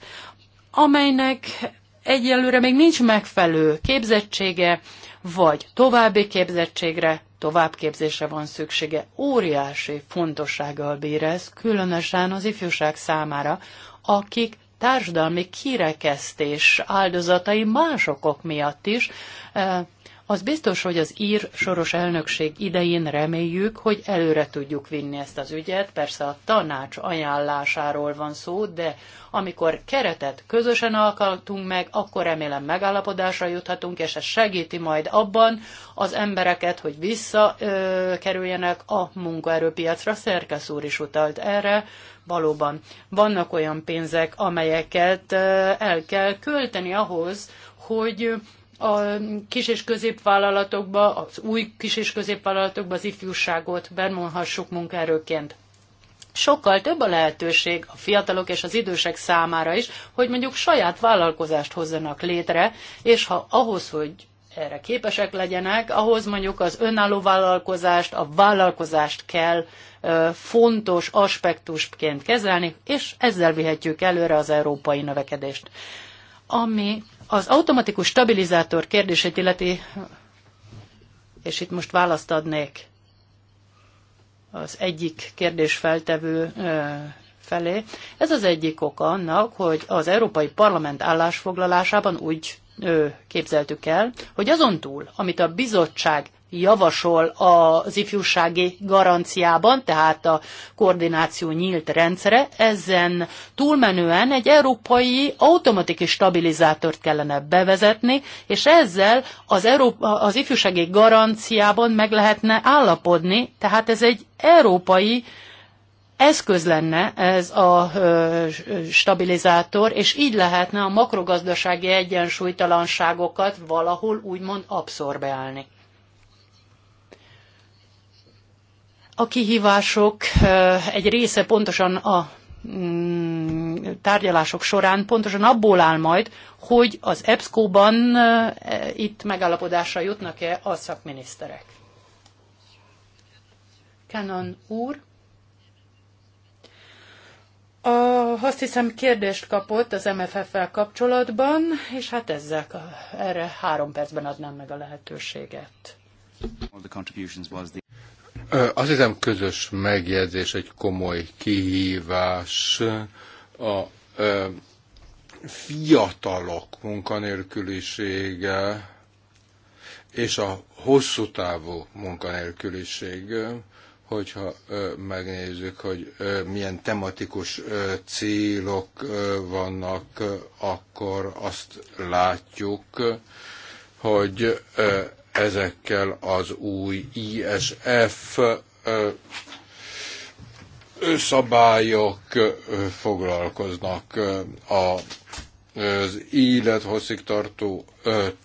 amelynek egyelőre még nincs megfelelő képzettsége, vagy további képzettségre, továbbképzésre van szüksége. Óriási fontossággal bír ez, különösen az ifjúság számára, akik társadalmi kirekesztés áldozatai másokok miatt is, az biztos, hogy az ír soros elnökség idején reméljük, hogy előre tudjuk vinni ezt az ügyet. Persze a tanács ajánlásáról van szó, de amikor keretet közösen alkaltunk meg, akkor remélem megállapodásra juthatunk, és ez segíti majd abban az embereket, hogy visszakerüljenek a munkaerőpiacra. Szerkesz úr is utalt erre, valóban vannak olyan pénzek, amelyeket el kell költeni ahhoz, hogy a kis- és középvállalatokba, az új kis- és középvállalatokba az ifjúságot bemonhassuk munkaerőként sokkal több a lehetőség a fiatalok és az idősek számára is, hogy mondjuk saját vállalkozást hozzanak létre, és ha ahhoz, hogy erre képesek legyenek, ahhoz mondjuk az önálló vállalkozást, a vállalkozást kell ö, fontos aspektusként kezelni, és ezzel vihetjük előre az európai növekedést. Ami az automatikus stabilizátor kérdését illeti, és itt most választ adnék az egyik kérdésfeltevő felé. Ez az egyik oka annak, hogy az Európai Parlament állásfoglalásában úgy képzeltük el, hogy azon túl, amit a bizottság javasol az ifjúsági garanciában, tehát a koordináció nyílt rendszere, ezen túlmenően egy európai automatikus stabilizátort kellene bevezetni, és ezzel az, Európa, az ifjúsági garanciában meg lehetne állapodni, tehát ez egy európai eszköz lenne ez a stabilizátor, és így lehetne a makrogazdasági egyensúlytalanságokat valahol úgymond abszorbálni. A kihívások egy része pontosan a mm, tárgyalások során pontosan abból áll majd, hogy az EBSCO-ban e, itt megállapodásra jutnak-e a szakminiszterek. Kanon úr. A, azt hiszem kérdést kapott az mff vel kapcsolatban, és hát ezzel erre három percben adnám meg a lehetőséget. Azt hiszem közös megjegyzés egy komoly kihívás a fiatalok munkanélkülisége és a hosszú távú munkanélküliség, hogyha megnézzük, hogy milyen tematikus célok vannak, akkor azt látjuk, hogy ezekkel az új ISF szabályok foglalkoznak a az élethosszig tartó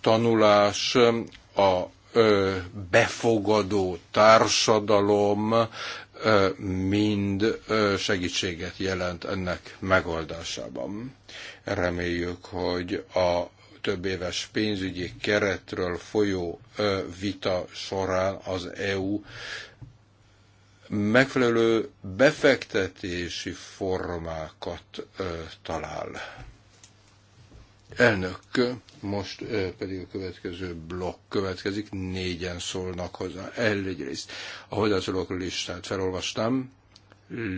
tanulás, a befogadó társadalom mind segítséget jelent ennek megoldásában. Reméljük, hogy a több éves pénzügyi keretről folyó vita során az EU megfelelő befektetési formákat talál. Elnök, most pedig a következő blokk következik, négyen szólnak hozzá. Egyrészt a hozzászólók listát felolvastam,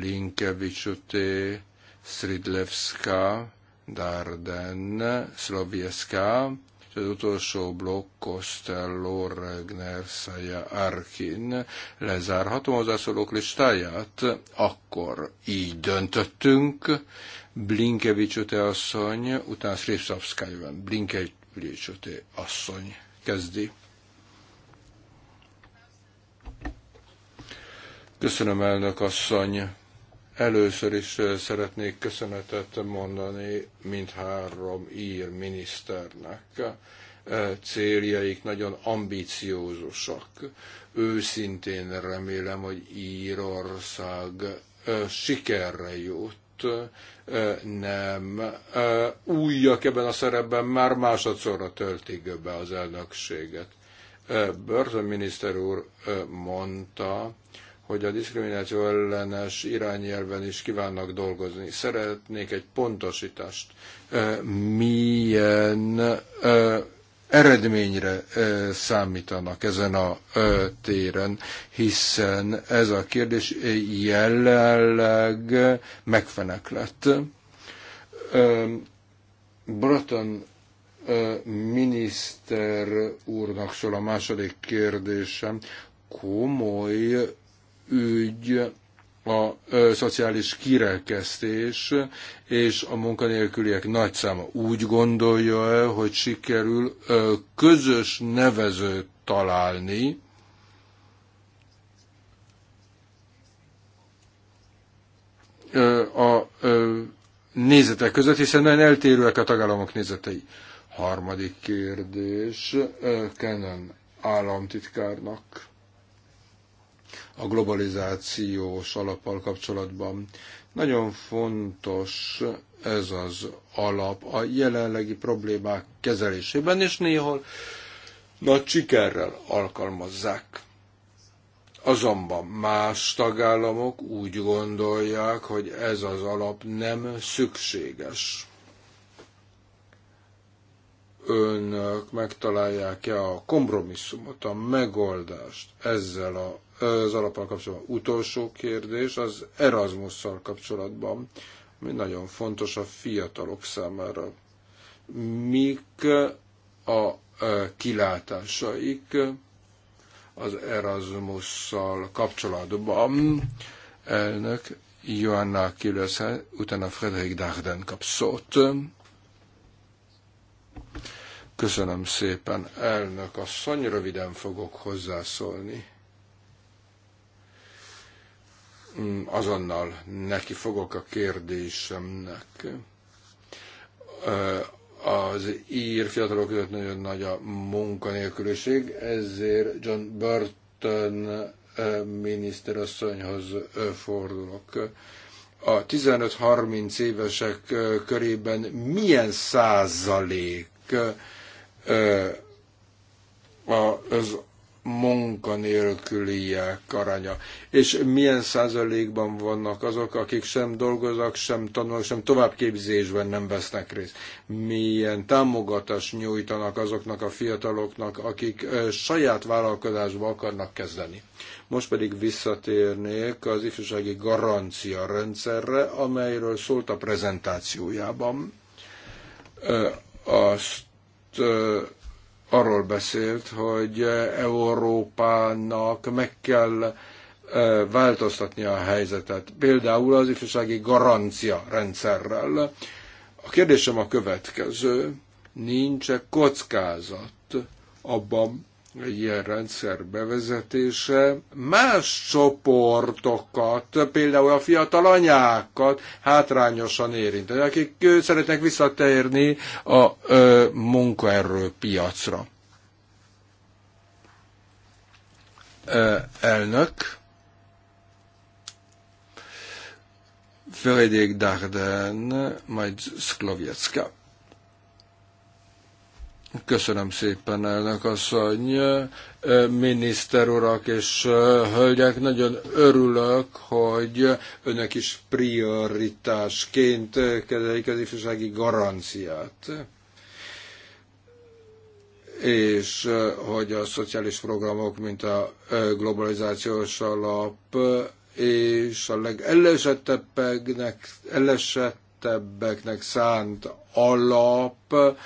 Linkevicsuté, Sridlevská. Darden, Slobieska, és az utolsó blokk Costello, Regner, Szaja, Arkin. lezárható hozzászólók listáját? Akkor így döntöttünk. Blinkevics asszony, utána Srivszavszkáj van. Blinkevics asszony kezdi. Köszönöm, elnök asszony. Először is szeretnék köszönetet mondani mindhárom ír miniszternek. Céljaik nagyon ambiciózusak. Őszintén remélem, hogy Írország sikerre jut, nem újjak ebben a szerepben, már másodszorra töltik be az elnökséget. miniszter úr mondta, hogy a diszkrimináció ellenes irányelven is kívánnak dolgozni. Szeretnék egy pontosítást. Milyen eredményre számítanak ezen a téren, hiszen ez a kérdés jelenleg lett. Braton miniszter úrnak szól a második kérdésem. Komoly ügy a ö, szociális kirekesztés és a munkanélküliek nagy száma. Úgy gondolja -e, hogy sikerül ö, közös nevezőt találni, a nézetek között, hiszen nagyon eltérőek a tagállamok nézetei. Harmadik kérdés kenen államtitkárnak a globalizációs alappal kapcsolatban. Nagyon fontos ez az alap a jelenlegi problémák kezelésében, és néhol nagy sikerrel alkalmazzák. Azonban más tagállamok úgy gondolják, hogy ez az alap nem szükséges. Önök megtalálják-e a kompromisszumot, a megoldást ezzel a az alapal kapcsolatban. Utolsó kérdés az Erasmusszal kapcsolatban, ami nagyon fontos a fiatalok számára. Mik a e, kilátásaik az Erasmusszal kapcsolatban? Elnök Joanna Kilösze, utána Frederik Darden kap szót. Köszönöm szépen, elnök asszony, röviden fogok hozzászólni Mm, azonnal neki fogok a kérdésemnek. Az ír fiatalok között nagyon nagy a munkanélküliség, ezért John Burton miniszterasszonyhoz fordulok. A 15-30 évesek körében milyen százalék az munkanélküliek aránya. És milyen százalékban vannak azok, akik sem dolgoznak, sem tanulnak, sem továbbképzésben nem vesznek részt? Milyen támogatást nyújtanak azoknak a fiataloknak, akik saját vállalkozásba akarnak kezdeni? Most pedig visszatérnék az ifjúsági garancia rendszerre, amelyről szólt a prezentációjában. Azt arról beszélt, hogy Európának meg kell változtatnia a helyzetet. Például az ifjúsági garancia rendszerrel. A kérdésem a következő. Nincs-e kockázat abban, egy ilyen rendszer bevezetése más csoportokat, például a fiatal anyákat hátrányosan érinteni, akik szeretnek visszatérni a ö, munkaerőpiacra. elnök, Földék Darden, majd Szklovjecka. Köszönöm szépen, elnök asszony, miniszter urak és hölgyek. Nagyon örülök, hogy önök is prioritásként kezelik az ifjúsági garanciát és hogy a szociális programok, mint a globalizációs alap, és a legellesettebbeknek szánt alap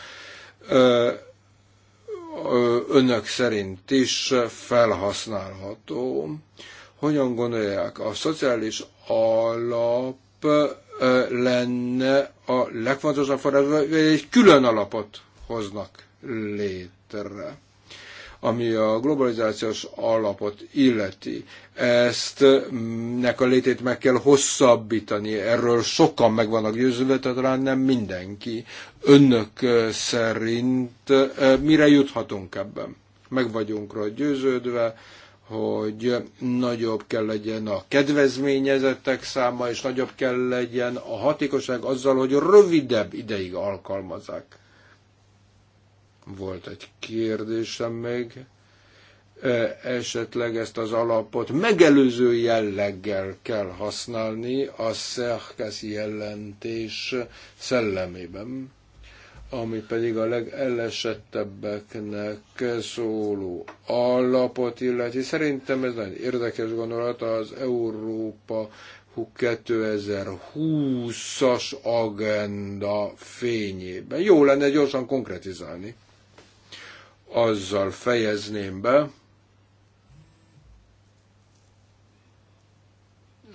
önök szerint is felhasználható. Hogyan gondolják, a szociális alap lenne a legfontosabb forrás, vagy egy külön alapot hoznak létre? Ami a globalizációs alapot illeti, ezt mm, nek a létét meg kell hosszabbítani, erről sokan meg vannak győződve, tehát talán nem mindenki. Önök szerint mire juthatunk ebben? Meg vagyunk rá győződve, hogy nagyobb kell legyen a kedvezményezettek száma, és nagyobb kell legyen a hatékosság azzal, hogy rövidebb ideig alkalmazzák volt egy kérdésem még, e, esetleg ezt az alapot megelőző jelleggel kell használni a szerkesz jelentés szellemében, ami pedig a legelesettebbeknek szóló alapot illeti. Szerintem ez nagyon érdekes gondolat az Európa 2020-as agenda fényében. Jó lenne gyorsan konkretizálni azzal fejezném be,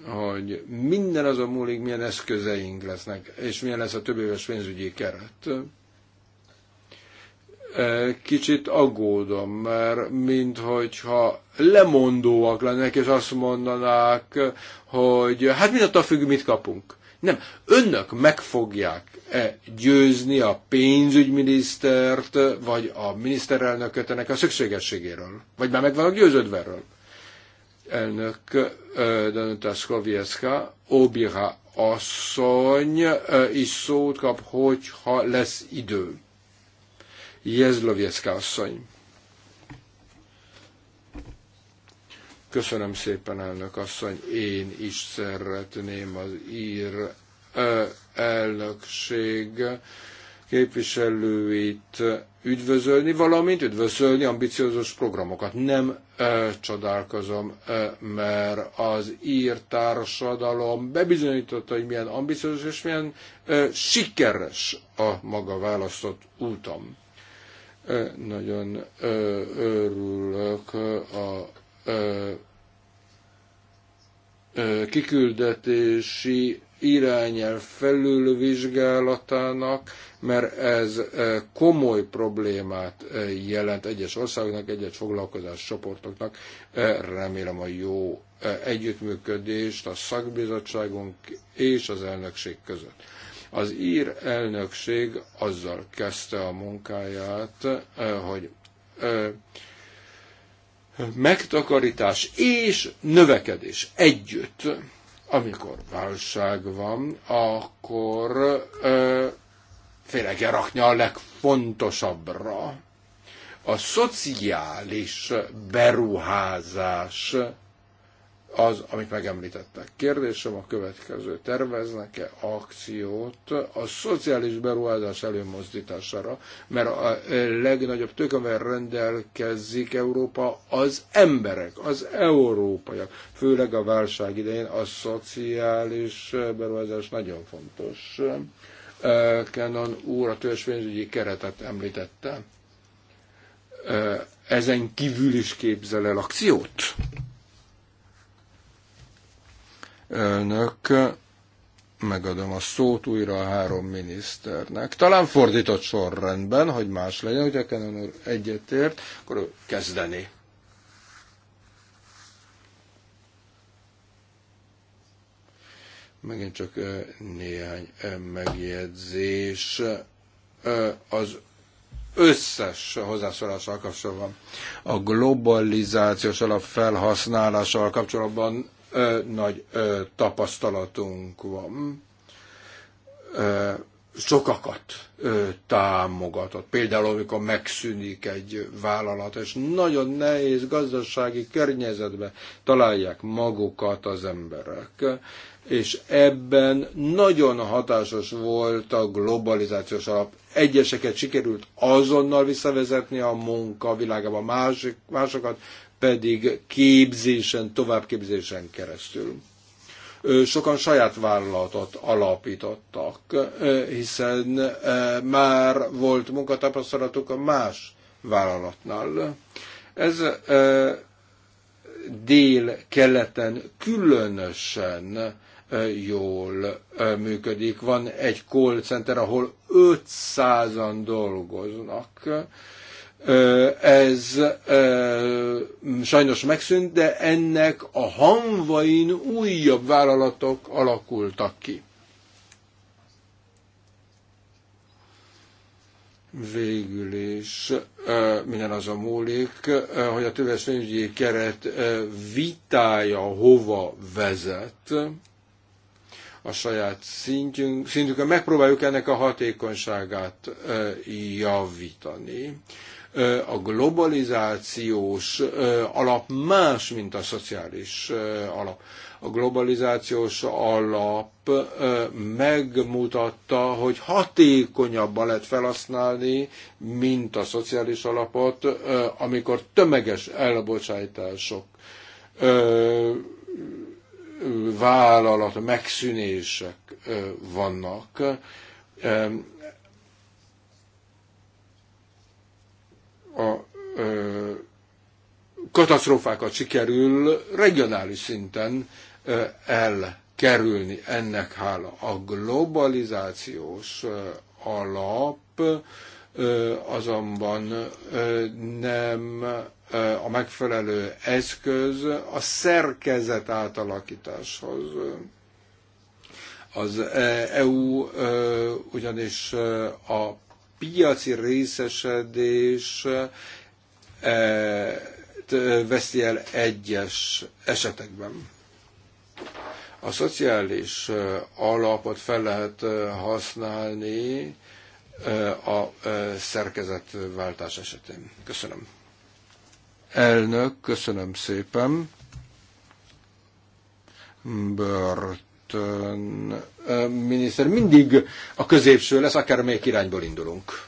hogy minden azon múlik, milyen eszközeink lesznek, és milyen lesz a több éves pénzügyi keret. E, kicsit aggódom, mert minthogyha lemondóak lennek, és azt mondanák, hogy hát mind függ, mit kapunk. Nem, önök meg fogják -e győzni a pénzügyminisztert, eh, vagy a miniszterelnököt ennek a szükségességéről? Vagy már meg vannak győződve erről? Elnök eh, Danuta Szkovieska, Obira asszony is szót kap, hogyha lesz idő. Jezlovieska asszony. Köszönöm szépen, elnök asszony. Én is szeretném az ír elnökség képviselőit üdvözölni, valamint üdvözölni ambiciózus programokat. Nem ö, csodálkozom, ö, mert az ír társadalom bebizonyította, hogy milyen ambiciózus és milyen ö, sikeres a maga választott úton. Ö, nagyon ö, örülök a kiküldetési irányel felülvizsgálatának, mert ez komoly problémát jelent egyes országoknak, egyes foglalkozás csoportoknak. Remélem a jó együttműködést a szakbizottságunk és az elnökség között. Az ír elnökség azzal kezdte a munkáját, hogy megtakarítás és növekedés együtt. Amikor válság van, akkor ö, kell rakni a legfontosabbra. A szociális beruházás az, amit megemlítettek. Kérdésem a következő. Terveznek-e akciót a szociális beruházás előmozdítására? Mert a legnagyobb tök, amivel rendelkezik Európa, az emberek, az európaiak. Főleg a válság idején a szociális beruházás nagyon fontos. Kenon úr a törzsvényügyi keretet említette. Ezen kívül is képzel el akciót? Elnök, megadom a szót újra a három miniszternek. Talán fordított sorrendben, hogy más legyen, hogyha Kenan úr egyetért, akkor kezdeni. Megint csak néhány megjegyzés az összes hozzászólással kapcsolatban. A globalizációs alap felhasználással kapcsolatban nagy tapasztalatunk van. Sokakat támogatott. Például, amikor megszűnik egy vállalat, és nagyon nehéz gazdasági környezetben találják magukat az emberek és ebben nagyon hatásos volt a globalizációs alap. Egyeseket sikerült azonnal visszavezetni a munka világába, másik, másokat pedig képzésen, továbbképzésen keresztül. Sokan saját vállalatot alapítottak, hiszen már volt munkatapasztalatuk a más vállalatnál. Ez dél-keleten különösen jól működik. Van egy call center, ahol 500-an dolgoznak, ez sajnos megszűnt, de ennek a hanvain újabb vállalatok alakultak ki. végül is minden az a múlik, hogy a többes keret vitája hova vezet a saját szintünk, szintünkön megpróbáljuk ennek a hatékonyságát javítani a globalizációs alap más, mint a szociális alap. A globalizációs alap megmutatta, hogy hatékonyabban lehet felhasználni, mint a szociális alapot, amikor tömeges elbocsátások vállalat megszűnések vannak a ö, katasztrófákat sikerül regionális szinten ö, elkerülni. Ennek hála a globalizációs ö, alap ö, azonban ö, nem ö, a megfelelő eszköz a szerkezet átalakításhoz. Az EU ugyanis a piaci részesedés eh, veszi el egyes esetekben. A szociális eh, alapot fel lehet eh, használni a szerkezetváltás esetén. Köszönöm. Elnök, köszönöm szépen. Bört Ashton miniszter mindig a középső lesz, akár melyik irányból indulunk.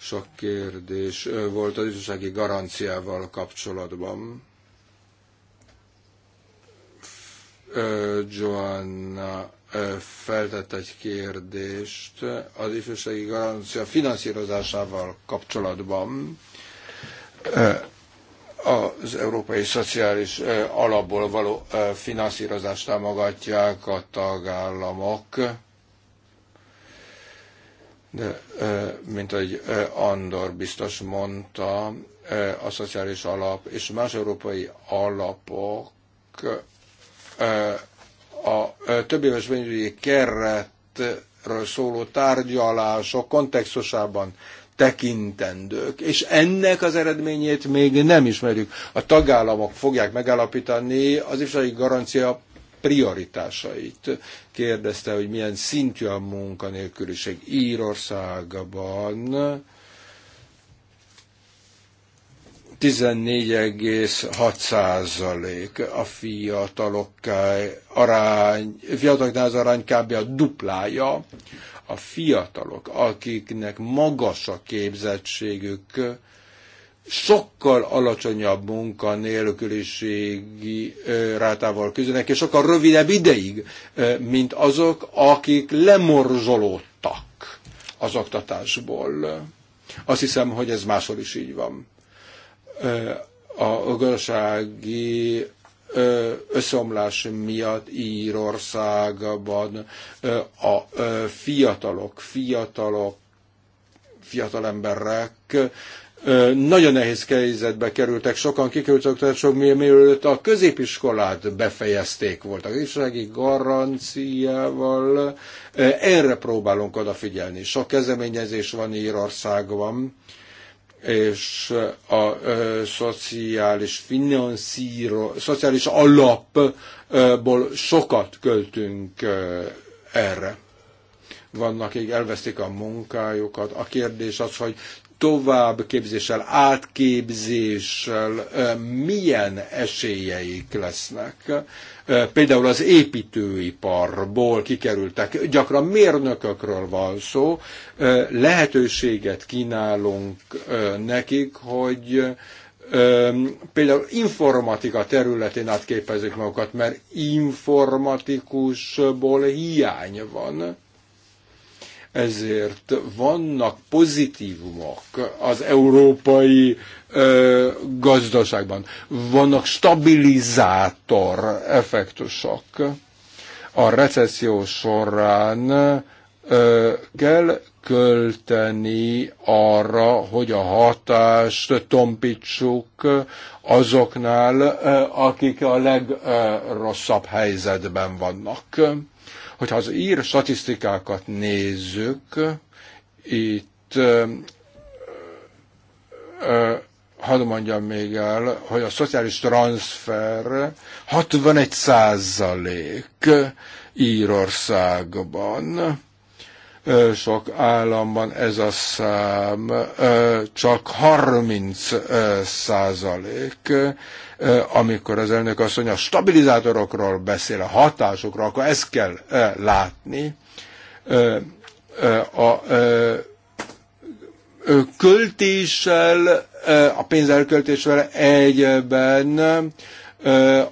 Sok kérdés volt az ifjúsági garanciával kapcsolatban. Joanna feltett egy kérdést az ifjúsági garancia finanszírozásával kapcsolatban az európai szociális alapból való finanszírozást támogatják a tagállamok, de mint ahogy Andor biztos mondta, a szociális alap és más európai alapok a több éves pénzügyi keretről szóló tárgyalások kontextusában tekintendők, és ennek az eredményét még nem ismerjük. A tagállamok fogják megállapítani az ifjúsági garancia prioritásait. Kérdezte, hogy milyen szintű a munkanélküliség Írországban. 14,6 a fiatalok arány, fiataloknál az arány kb. a duplája a fiatalok, akiknek magas a képzettségük, sokkal alacsonyabb munkanélküliségi rátával küzdenek, és sokkal rövidebb ideig, mint azok, akik lemorzsolódtak az oktatásból. Azt hiszem, hogy ez máshol is így van. A gazdasági összeomlás miatt Írországban a fiatalok, fiatalok, fiatal emberek nagyon nehéz helyzetbe kerültek, sokan kikerültek, sok mielőtt a középiskolát befejezték voltak. Ifjúsági garanciával erre próbálunk odafigyelni. Sok kezdeményezés van Írországban, és a ö, szociális finanszíro, szociális alapból sokat költünk ö, erre. Vannak, akik elvesztik a munkájukat. A kérdés az, hogy továbbképzéssel, átképzéssel milyen esélyeik lesznek. Például az építőiparból kikerültek, gyakran mérnökökről van szó, lehetőséget kínálunk nekik, hogy például informatika területén átképezik magukat, mert informatikusból hiány van ezért vannak pozitívumok az európai ö, gazdaságban, vannak stabilizátor effektusok. A recesszió során ö, kell költeni arra, hogy a hatást tompítsuk azoknál, akik a legrosszabb helyzetben vannak Hogyha az ír statisztikákat nézzük, itt ö, ö, hadd mondjam még el, hogy a szociális transfer 61 százalék Írországban sok államban ez a szám csak 30 százalék, amikor az elnök mondja, a stabilizátorokról beszél, a hatásokról, akkor ezt kell látni. A költéssel, a pénzelköltéssel egyben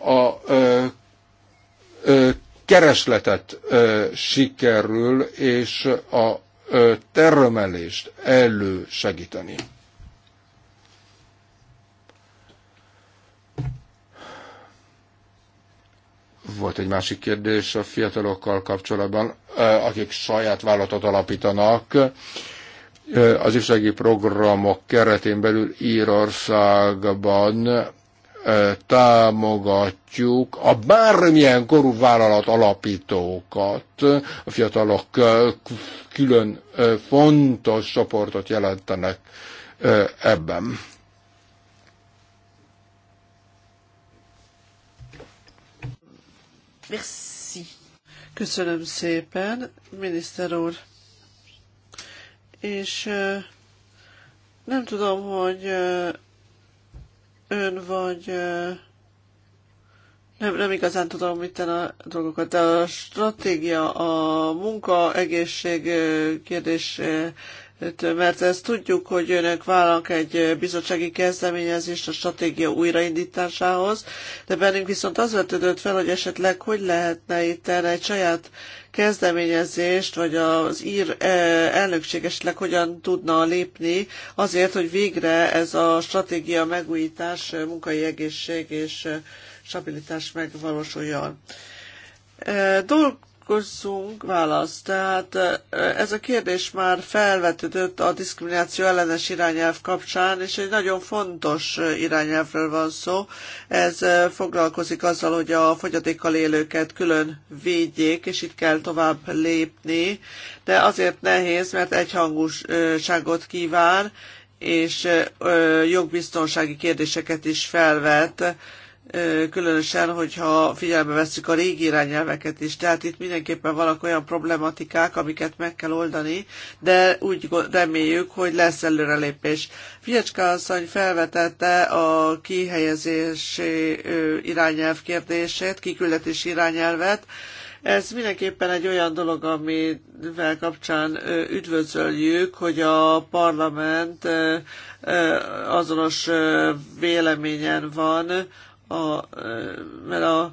a keresletet sikerül, és a termelést elősegíteni. Volt egy másik kérdés a fiatalokkal kapcsolatban, akik saját vállalatot alapítanak. Az ifjúsági programok keretén belül Írországban támogatjuk a bármilyen korú vállalat alapítókat, a fiatalok külön fontos csoportot jelentenek ebben. Merci. Köszönöm szépen, miniszter úr. És nem tudom, hogy ön vagy nem, nem igazán tudom itt a dolgokat, de a stratégia, a munka, egészség kérdés mert ezt tudjuk, hogy önök vállalnak egy bizottsági kezdeményezést a stratégia újraindításához, de bennünk viszont az vetődött fel, hogy esetleg hogy lehetne itt egy saját kezdeményezést, vagy az ír e, elnökség esetleg hogyan tudna lépni azért, hogy végre ez a stratégia megújítás, munkai egészség és stabilitás megvalósuljon. E, dolg, foglalkozzunk, válasz. Tehát ez a kérdés már felvetődött a diszkrimináció ellenes irányelv kapcsán, és egy nagyon fontos irányelvről van szó. Ez foglalkozik azzal, hogy a fogyatékkal élőket külön védjék, és itt kell tovább lépni, de azért nehéz, mert egyhangúságot kíván, és jogbiztonsági kérdéseket is felvet különösen, hogyha figyelme vesszük a régi irányelveket is. Tehát itt mindenképpen vannak olyan problematikák, amiket meg kell oldani, de úgy reméljük, hogy lesz előrelépés. Fiecska asszony felvetette a kihelyezési irányelv kérdését, kiküldetés irányelvet, ez mindenképpen egy olyan dolog, amivel kapcsán üdvözöljük, hogy a parlament azonos véleményen van, a, mert a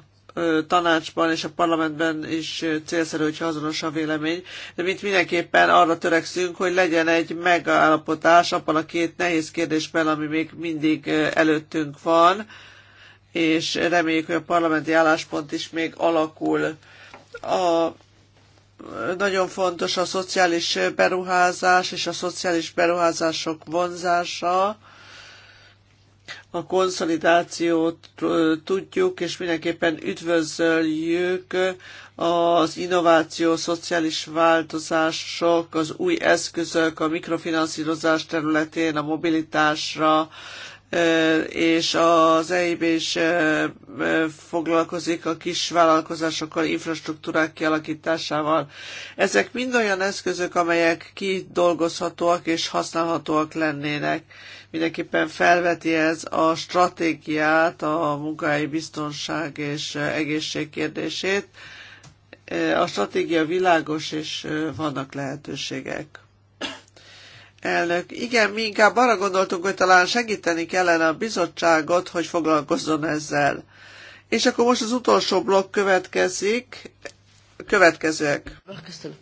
tanácsban és a parlamentben is célszerű, hogyha azonos a vélemény, de mint mindenképpen arra törekszünk, hogy legyen egy megállapotás abban a két nehéz kérdésben, ami még mindig előttünk van, és reméljük, hogy a parlamenti álláspont is még alakul. A, nagyon fontos a szociális beruházás és a szociális beruházások vonzása, a konszolidációt tudjuk, és mindenképpen üdvözöljük az innováció, szociális változások, az új eszközök a mikrofinanszírozás területén, a mobilitásra, és az EIB is foglalkozik a kis vállalkozásokkal, infrastruktúrák kialakításával. Ezek mind olyan eszközök, amelyek kidolgozhatóak és használhatóak lennének mindenképpen felveti ez a stratégiát, a munkahelyi biztonság és egészség kérdését. A stratégia világos, és vannak lehetőségek. Elnök, igen, mi inkább arra gondoltunk, hogy talán segíteni kellene a bizottságot, hogy foglalkozzon ezzel. És akkor most az utolsó blokk következik, következőek. Köszönöm.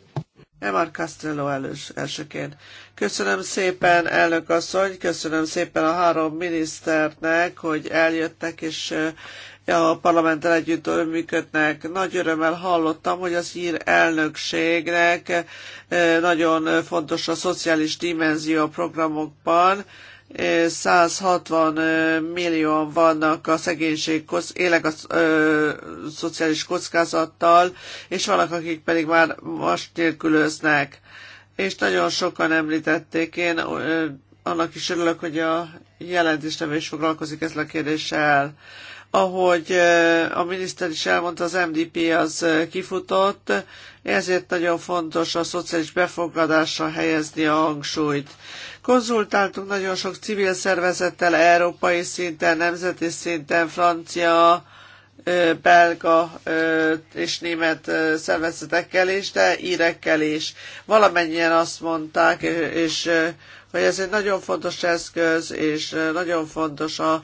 Emar Castello elős, elsőként. Köszönöm szépen, elnök asszony, köszönöm szépen a három miniszternek, hogy eljöttek és eh, a parlamenttel együtt működnek. Nagy örömmel hallottam, hogy az ír elnökségnek eh, nagyon fontos a szociális dimenzió a programokban, 160 millióan vannak a szegénység, élek a ö, szociális kockázattal, és vannak, akik pedig már most nélkülöznek. És nagyon sokan említették, én ö, annak is örülök, hogy a jelentéstevő is foglalkozik ezzel a kérdéssel. Ö, ahogy eh, a miniszter is elmondta, az MDP az eh, kifutott, ezért nagyon fontos a szociális befogadásra helyezni a hangsúlyt. Konzultáltunk nagyon sok civil szervezettel, európai szinten, nemzeti szinten, francia, eh, belga és német szervezetekkel is, de írekkel is. Valamennyien azt mondták, és hogy ez egy nagyon fontos eszköz, és nagyon fontos a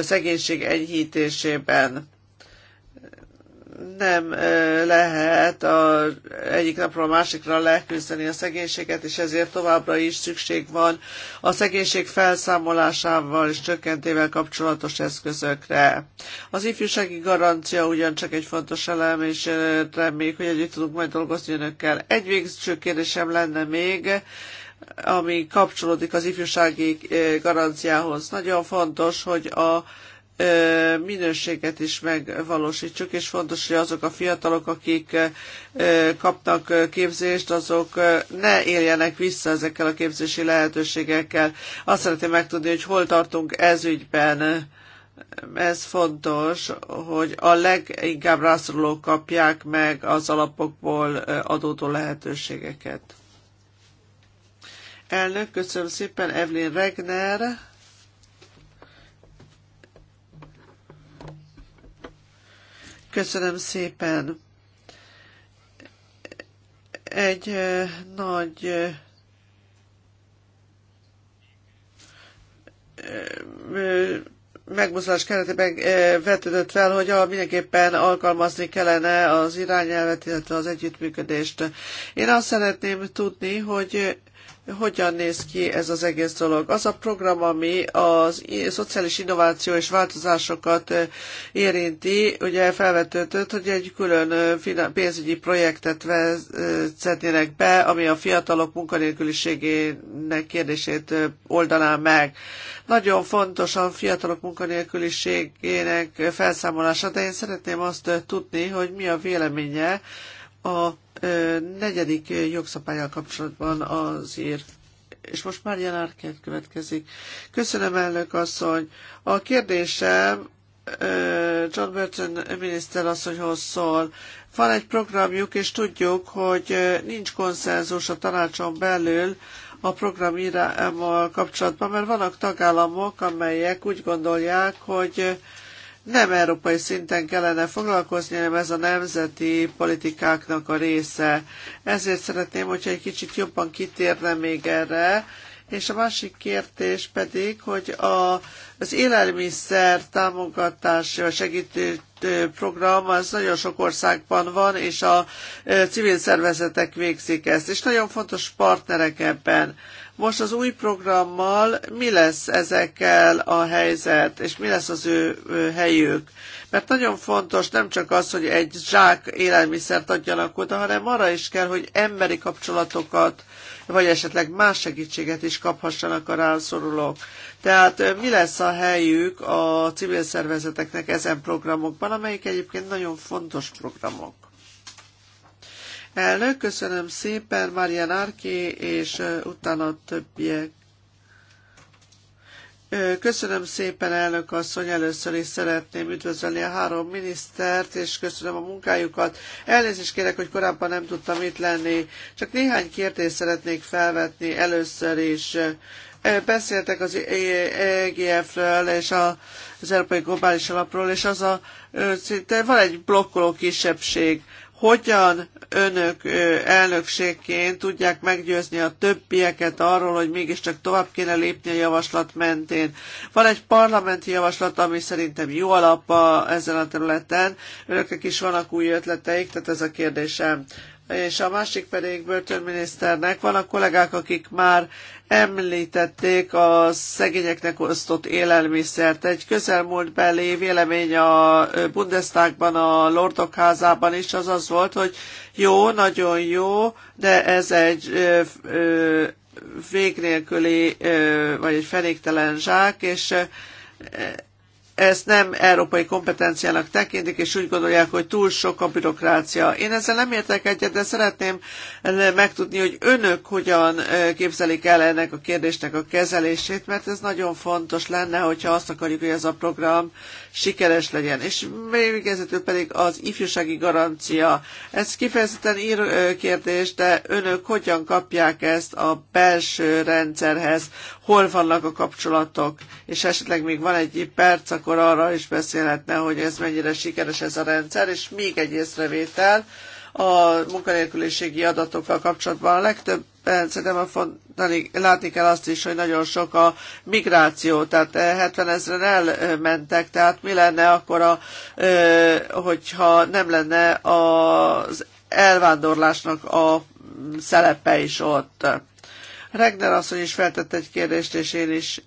szegénység enyhítésében nem lehet a, egyik napról a másikra leküzdeni a szegénységet, és ezért továbbra is szükség van a szegénység felszámolásával és csökkentével kapcsolatos eszközökre. Az ifjúsági garancia ugyancsak egy fontos elem, és reméljük, hogy együtt tudunk majd dolgozni önökkel. Egy végső kérdésem lenne még, ami kapcsolódik az ifjúsági garanciához. Nagyon fontos, hogy a minőséget is megvalósítsuk, és fontos, hogy azok a fiatalok, akik kapnak képzést, azok ne éljenek vissza ezekkel a képzési lehetőségekkel. Azt szeretném megtudni, hogy hol tartunk ez ügyben. Ez fontos, hogy a leginkább rászorulók kapják meg az alapokból adódó lehetőségeket. Elnök, köszönöm szépen, Evelyn Regner. Köszönöm szépen. Egy nagy megmozdulás keretében vetődött fel, hogy a, mindenképpen alkalmazni kellene az irányelvet, illetve az együttműködést. Én azt szeretném tudni, hogy hogyan néz ki ez az egész dolog. Az a program, ami az szociális innováció és változásokat érinti, ugye felvetődött, hogy egy külön pénzügyi projektet szednének be, ami a fiatalok munkanélküliségének kérdését oldaná meg. Nagyon fontos a fiatalok munkanélküliségének felszámolása, de én szeretném azt tudni, hogy mi a véleménye, a negyedik jogszabályjal kapcsolatban az ír és most már Janárként következik. Köszönöm, elnök asszony. A kérdésem John Burton miniszter asszonyhoz szól. Van egy programjuk, és tudjuk, hogy nincs konszenzus a tanácson belül a program irányával kapcsolatban, mert vannak tagállamok, amelyek úgy gondolják, hogy nem európai szinten kellene foglalkozni, hanem ez a nemzeti politikáknak a része. Ezért szeretném, hogyha egy kicsit jobban kitérne még erre, és a másik kérdés pedig, hogy a, az élelmiszer támogatás, a segítő program, az nagyon sok országban van, és a civil szervezetek végzik ezt, és nagyon fontos partnerek ebben. Most az új programmal mi lesz ezekkel a helyzet, és mi lesz az ő helyük? Mert nagyon fontos nem csak az, hogy egy zsák élelmiszert adjanak oda, hanem arra is kell, hogy emberi kapcsolatokat, vagy esetleg más segítséget is kaphassanak a rászorulók. Tehát mi lesz a helyük a civil szervezeteknek ezen programokban, amelyik egyébként nagyon fontos programok? Elnök, köszönöm szépen, Marian Arki, és utána többiek. Köszönöm szépen, elnök asszony, először is szeretném üdvözölni a három minisztert, és köszönöm a munkájukat. Elnézést kérek, hogy korábban nem tudtam itt lenni. Csak néhány kérdést szeretnék felvetni először is. Beszéltek az EGF-ről e és az Európai Globális Alapról, és az a, van egy blokkoló kisebbség hogyan önök elnökségként tudják meggyőzni a többieket arról, hogy mégiscsak tovább kéne lépni a javaslat mentén. Van egy parlamenti javaslat, ami szerintem jó alap a, ezen a területen. Önöknek is vannak új ötleteik, tehát ez a kérdésem és a másik pedig börtönminiszternek. Vannak kollégák, akik már Említették a szegényeknek osztott élelmiszert. Egy közelmúltbeli vélemény a Bundestagban, a Lordok házában is az az volt, hogy jó, nagyon jó, de ez egy végnélküli vég nélküli, vagy egy fenéktelen zsák, és ezt nem európai kompetenciának tekintik, és úgy gondolják, hogy túl sok a bürokrácia. Én ezzel nem értek egyet, de szeretném megtudni, hogy önök hogyan képzelik el ennek a kérdésnek a kezelését, mert ez nagyon fontos lenne, hogyha azt akarjuk, hogy ez a program sikeres legyen. És végezetül pedig az ifjúsági garancia. Ez kifejezetten ír kérdés, de önök hogyan kapják ezt a belső rendszerhez? Hol vannak a kapcsolatok? És esetleg még van egy perc, akkor arra is beszélhetne, hogy ez mennyire sikeres ez a rendszer. És még egy észrevétel, a munkanélküliségi adatokkal kapcsolatban. A legtöbb eh, szerintem a fontani, látni kell azt is, hogy nagyon sok a migráció, tehát 70 eh, ezeren elmentek, tehát mi lenne akkor, a, eh, hogyha nem lenne az elvándorlásnak a szelepe is ott. Regner asszony is feltett egy kérdést, és én is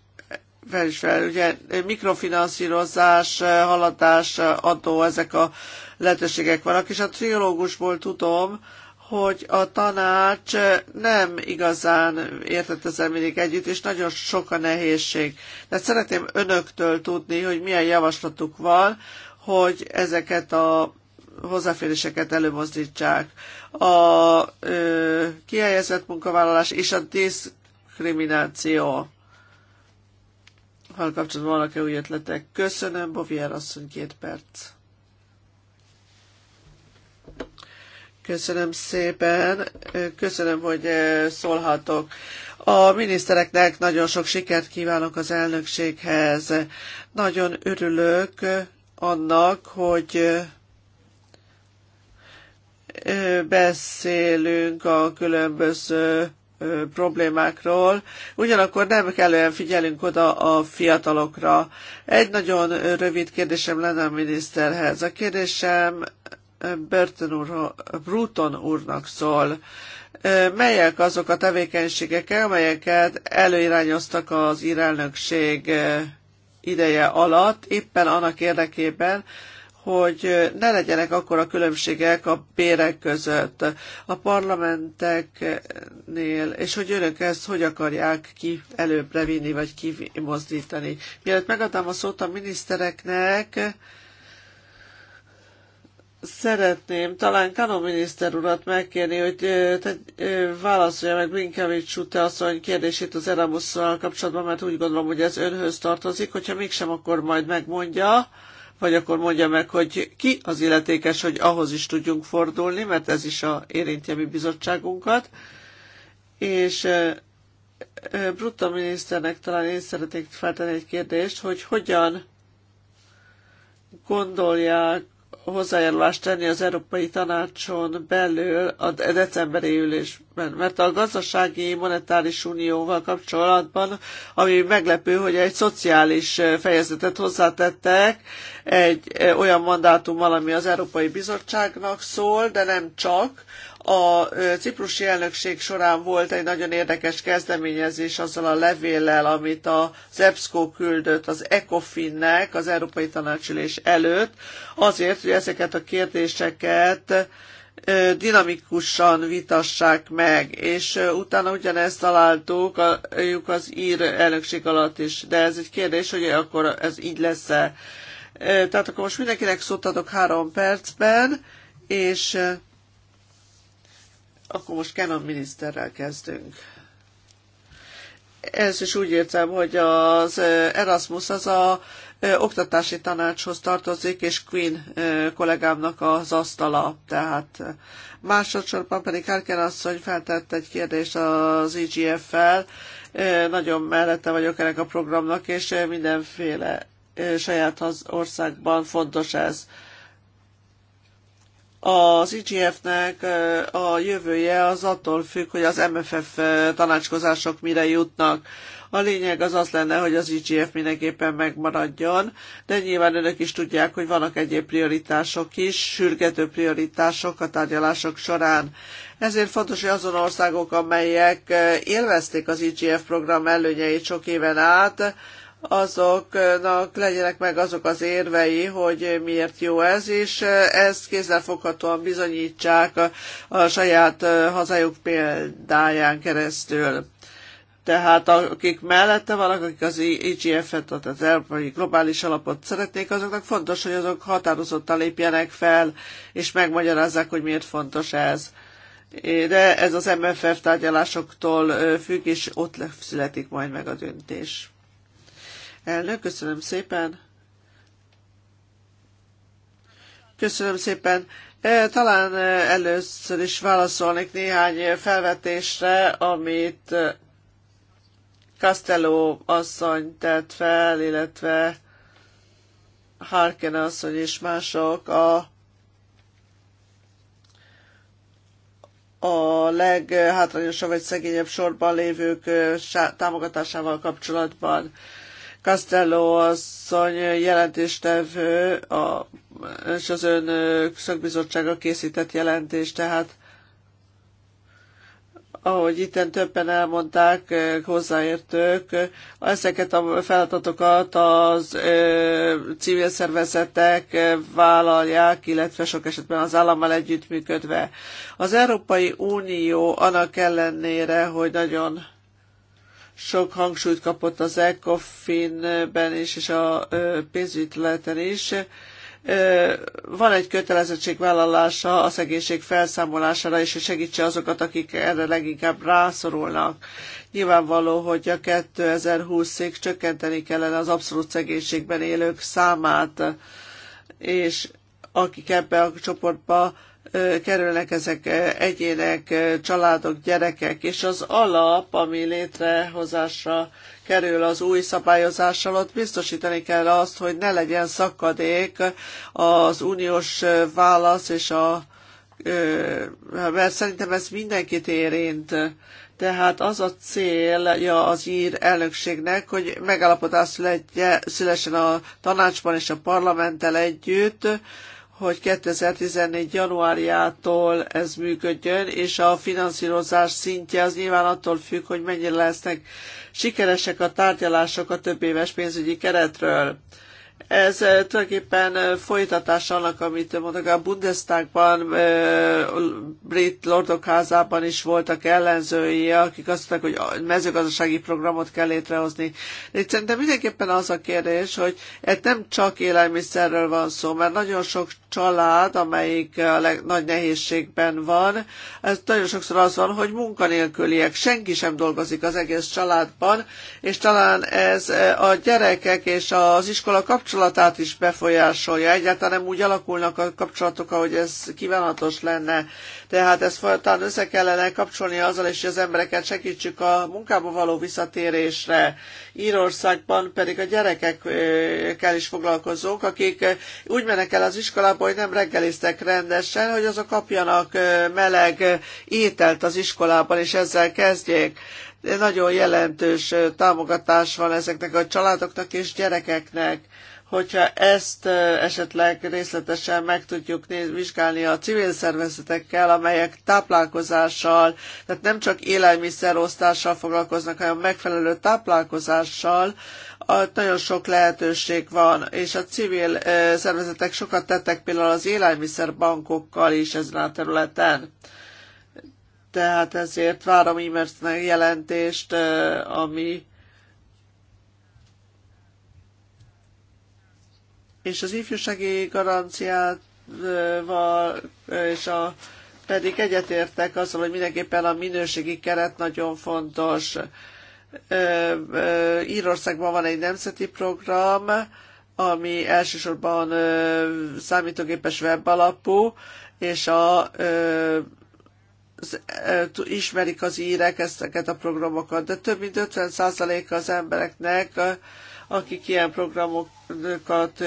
fel is fel. Ugye mikrofinanszírozás, haladás, adó, ezek a lehetőségek vannak, és a triológusból tudom, hogy a tanács nem igazán értett ezzel mindig együtt, és nagyon sok a nehézség. De szeretném önöktől tudni, hogy milyen javaslatuk van, hogy ezeket a hozzáféréseket előmozdítsák. A ö, kihelyezett munkavállalás és a diszkrimináció. Ha kapcsolatban vannak-e új ötletek? Köszönöm, Bovier asszony, két perc. Köszönöm szépen, köszönöm, hogy eh, szólhatok. A minisztereknek nagyon sok sikert kívánok az elnökséghez. Nagyon örülök eh, annak, hogy eh, beszélünk a különböző problémákról, ugyanakkor nem kellően figyelünk oda a fiatalokra. Egy nagyon rövid kérdésem lenne a miniszterhez. A kérdésem Berton úr, Bruton úrnak szól. Melyek azok a tevékenységek, amelyeket előirányoztak az irelnökség ideje alatt, éppen annak érdekében, hogy ne legyenek akkora különbségek a bérek között a parlamenteknél, és hogy önök ezt hogy akarják ki előbbre vinni, vagy kimozdítani. Mielőtt megadtam a szót a minisztereknek, Szeretném talán Kanó miniszter urat megkérni, hogy te, válaszolja meg Brinkevics Ute asszony kérdését az Erasmusszal kapcsolatban, mert úgy gondolom, hogy ez önhöz tartozik, hogyha mégsem, akkor majd megmondja, vagy akkor mondja meg, hogy ki az illetékes, hogy ahhoz is tudjunk fordulni, mert ez is a, érinti a mi bizottságunkat. És Brutta miniszternek talán én szeretnék feltenni egy kérdést, hogy hogyan gondolják hozzájárulást tenni az Európai Tanácson belül a decemberi ülésben, mert a gazdasági monetáris unióval kapcsolatban, ami meglepő, hogy egy szociális fejezetet hozzátettek, egy olyan mandátummal, ami az Európai Bizottságnak szól, de nem csak, a ciprusi elnökség során volt egy nagyon érdekes kezdeményezés azzal a levéllel, amit az EBSCO küldött az ECOFIN-nek az Európai Tanácsülés előtt, azért, hogy ezeket a kérdéseket dinamikusan vitassák meg, és utána ugyanezt találtuk az ír elnökség alatt is, de ez egy kérdés, hogy akkor ez így lesz-e. Tehát akkor most mindenkinek szót adok három percben, és akkor most Canon miniszterrel kezdünk. Ez is úgy értem, hogy az Erasmus az a oktatási tanácshoz tartozik, és Queen kollégámnak az asztala. Tehát másodszorban pedig Harker asszony feltett egy kérdést az IGF-fel. E nagyon mellette vagyok ennek a programnak, és mindenféle saját országban fontos ez. Az IGF-nek a jövője az attól függ, hogy az MFF tanácskozások mire jutnak. A lényeg az az lenne, hogy az IGF mindenképpen megmaradjon, de nyilván önök is tudják, hogy vannak egyéb prioritások is, sürgető prioritások a tárgyalások során. Ezért fontos, hogy azon országok, amelyek élvezték az IGF program előnyeit sok éven át, azoknak legyenek meg azok az érvei, hogy miért jó ez, és ezt kézzelfoghatóan bizonyítsák a, a saját hazájuk példáján keresztül. Tehát akik mellette vannak, akik az IGF-et, tehát az Európai Globális Alapot szeretnék, azoknak fontos, hogy azok határozottan lépjenek fel, és megmagyarázzák, hogy miért fontos ez. De ez az MFF tárgyalásoktól függ, és ott születik majd meg a döntés. Elnök, köszönöm szépen. Köszönöm szépen. E, talán e, először is válaszolnék néhány felvetésre, amit e, Castello asszony tett fel, illetve Harken asszony és mások a a leghátrányosabb vagy szegényebb sorban lévők támogatásával kapcsolatban. Castello asszony jelentéstevő, a, és az ön szakbizottsága készített jelentést, tehát ahogy itten többen elmondták, hozzáértők, ezeket a feladatokat az ö, civil szervezetek vállalják, illetve sok esetben az állammal együttműködve. Az Európai Unió annak ellenére, hogy nagyon sok hangsúlyt kapott az ECOFIN-ben is, és a pénzügyleten is. Van egy kötelezettségvállalása a szegénység felszámolására, és hogy segítse azokat, akik erre leginkább rászorulnak. Nyilvánvaló, hogy a 2020-ig csökkenteni kellene az abszolút szegénységben élők számát, és akik ebbe a csoportba kerülnek ezek egyének, családok, gyerekek, és az alap, ami létrehozásra kerül az új szabályozással, ott biztosítani kell azt, hogy ne legyen szakadék az uniós válasz és a mert szerintem ez mindenkit érint. Tehát az a célja az ír elnökségnek, hogy megállapodás szülessen a tanácsban és a parlamenttel együtt, hogy 2014. januárjától ez működjön, és a finanszírozás szintje az nyilván attól függ, hogy mennyire lesznek sikeresek a tárgyalások a többéves pénzügyi keretről. Ez eh, tulajdonképpen eh, folytatása annak, amit mondok, a Bundestagban, eh, brit lordok házában is voltak ellenzői, akik azt mondták, hogy mezőgazdasági programot kell létrehozni. Itt szerintem mindenképpen az a kérdés, hogy ez nem csak élelmiszerről van szó, mert nagyon sok család, amelyik a leg, nagy nehézségben van, ez nagyon sokszor az van, hogy munkanélküliek, senki sem dolgozik az egész családban, és talán ez a gyerekek és az iskola kapcsolatban kapcsolatát is befolyásolja. Egyáltalán nem úgy alakulnak a kapcsolatok, ahogy ez kívánatos lenne. Tehát ezt folyamatosan össze kellene kapcsolni azzal, és az embereket segítsük a munkába való visszatérésre. Írországban pedig a gyerekekkel is foglalkozunk, akik úgy mennek el az iskolába, hogy nem reggeliztek rendesen, hogy azok kapjanak meleg ételt az iskolában, és ezzel kezdjék nagyon jelentős támogatás van ezeknek a családoknak és gyerekeknek hogyha ezt esetleg részletesen meg tudjuk néz, vizsgálni a civil szervezetekkel, amelyek táplálkozással, tehát nem csak élelmiszerosztással foglalkoznak, hanem megfelelő táplálkozással, nagyon sok lehetőség van, és a civil szervezetek sokat tettek például az élelmiszerbankokkal is ezen a területen. Tehát ezért várom e jelentést, ami és az ifjúsági garanciával és a, pedig egyetértek azzal, hogy mindenképpen a minőségi keret nagyon fontos. Írországban van egy nemzeti program, ami elsősorban számítógépes web alapú, és a az, ismerik az írek ezeket a programokat, de több mint 50% az embereknek akik ilyen programokat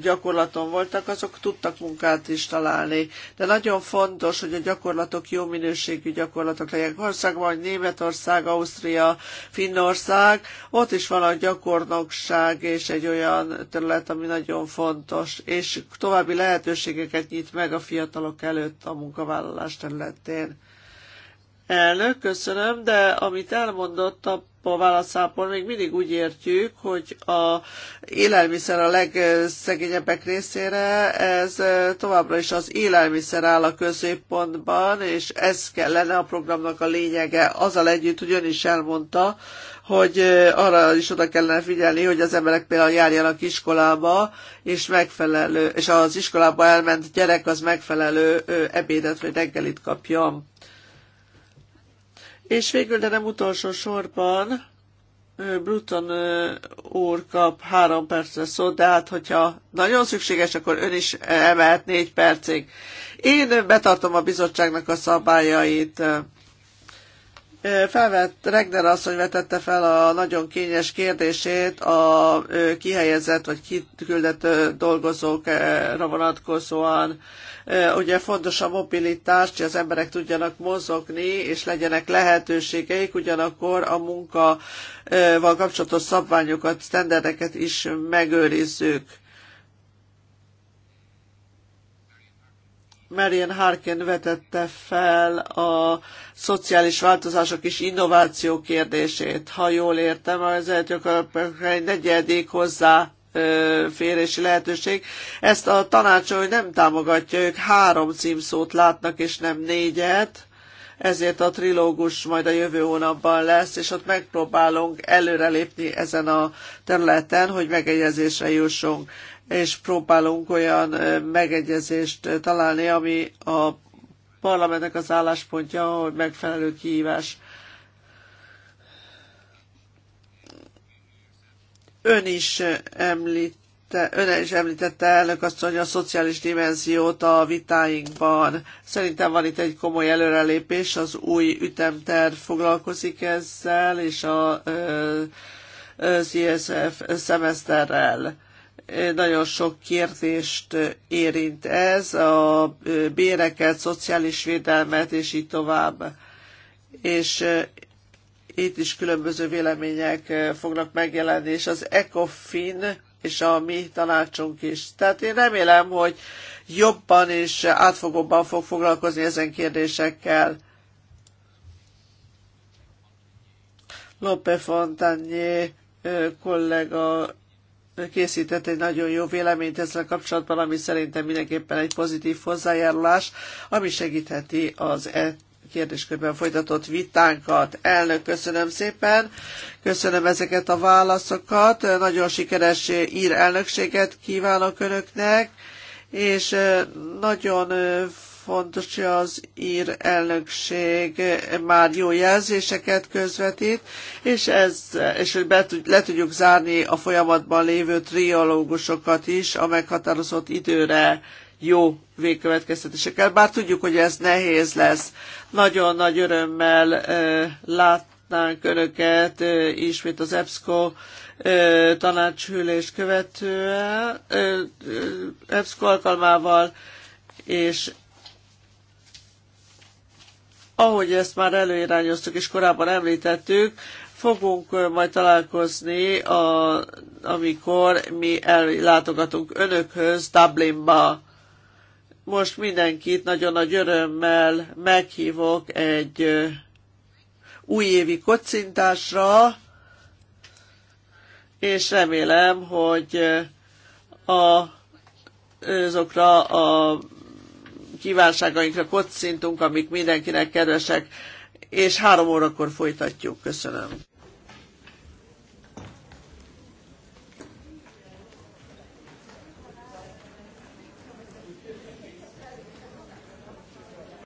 gyakorlaton voltak, azok tudtak munkát is találni. De nagyon fontos, hogy a gyakorlatok jó minőségű gyakorlatok legyenek. Ország, vagy Németország, Ausztria, Finnország, ott is van a gyakornokság és egy olyan terület, ami nagyon fontos, és további lehetőségeket nyit meg a fiatalok előtt a munkavállalás területén. Elnök, köszönöm, de amit elmondott a válaszából még mindig úgy értjük, hogy a élelmiszer a legszegényebbek részére, ez továbbra is az élelmiszer áll a középpontban, és ez kellene a programnak a lényege, azzal együtt, hogy ön is elmondta, hogy arra is oda kellene figyelni, hogy az emberek például járjanak iskolába, és megfelelő, és az iskolába elment gyerek az megfelelő ebédet vagy reggelit kapjon. És végül, de nem utolsó sorban, Bruton úr kap három percre szót, de hát hogyha nagyon szükséges, akkor ön is emelt négy percig. Én betartom a bizottságnak a szabályait. Felvett, Regner asszony vetette fel a nagyon kényes kérdését a kihelyezett vagy kiküldett dolgozókra vonatkozóan. Ugye fontos a mobilitás, hogy az emberek tudjanak mozogni, és legyenek lehetőségeik, ugyanakkor a munkaval kapcsolatos szabványokat, sztenderdeket is megőrizzük Marian Harkin vetette fel a szociális változások és innováció kérdését. Ha jól értem, az egy negyedik hozzá férési lehetőség. Ezt a hogy nem támogatja, ők három címszót látnak, és nem négyet ezért a trilógus majd a jövő hónapban lesz, és ott megpróbálunk előrelépni ezen a területen, hogy megegyezésre jussunk és próbálunk olyan megegyezést találni, ami a parlamentnek az álláspontja, hogy megfelelő kihívás. Ön is említ ön is említette elnök asszony a szociális dimenziót a vitáinkban. Szerintem van itt egy komoly előrelépés, az új ütemterv foglalkozik ezzel, és a, CSF ISF szemeszterrel nagyon sok kérdést érint ez, a béreket, szociális védelmet és így tovább. És itt is különböző vélemények fognak megjelenni, és az ECOFIN és a mi tanácsunk is. Tehát én remélem, hogy jobban és átfogóbban fog foglalkozni ezen kérdésekkel. Lope Fontanyé kollega készített egy nagyon jó véleményt ezzel kapcsolatban, ami szerintem mindenképpen egy pozitív hozzájárulás, ami segítheti az e kérdéskörben folytatott vitánkat. Elnök, köszönöm szépen, köszönöm ezeket a válaszokat, nagyon sikeres ír elnökséget kívánok Önöknek, és nagyon fontos, hogy az ír elnökség már jó jelzéseket közvetít, és, ez, és hogy be, le tudjuk zárni a folyamatban lévő triológusokat is a meghatározott időre jó végkövetkeztetésekkel, bár tudjuk, hogy ez nehéz lesz. Nagyon nagy örömmel ö, látnánk önöket ö, ismét az EBSCO ö, tanácsülés követően, ö, ö, EBSCO alkalmával, és ahogy ezt már előirányoztuk és korábban említettük, fogunk majd találkozni, a, amikor mi ellátogatunk önökhöz Dublinba. Most mindenkit nagyon nagy örömmel meghívok egy újévi kocintásra, és remélem, hogy a azokra a kívánságainkra kocintunk, amik mindenkinek kedvesek, és három órakor folytatjuk. Köszönöm.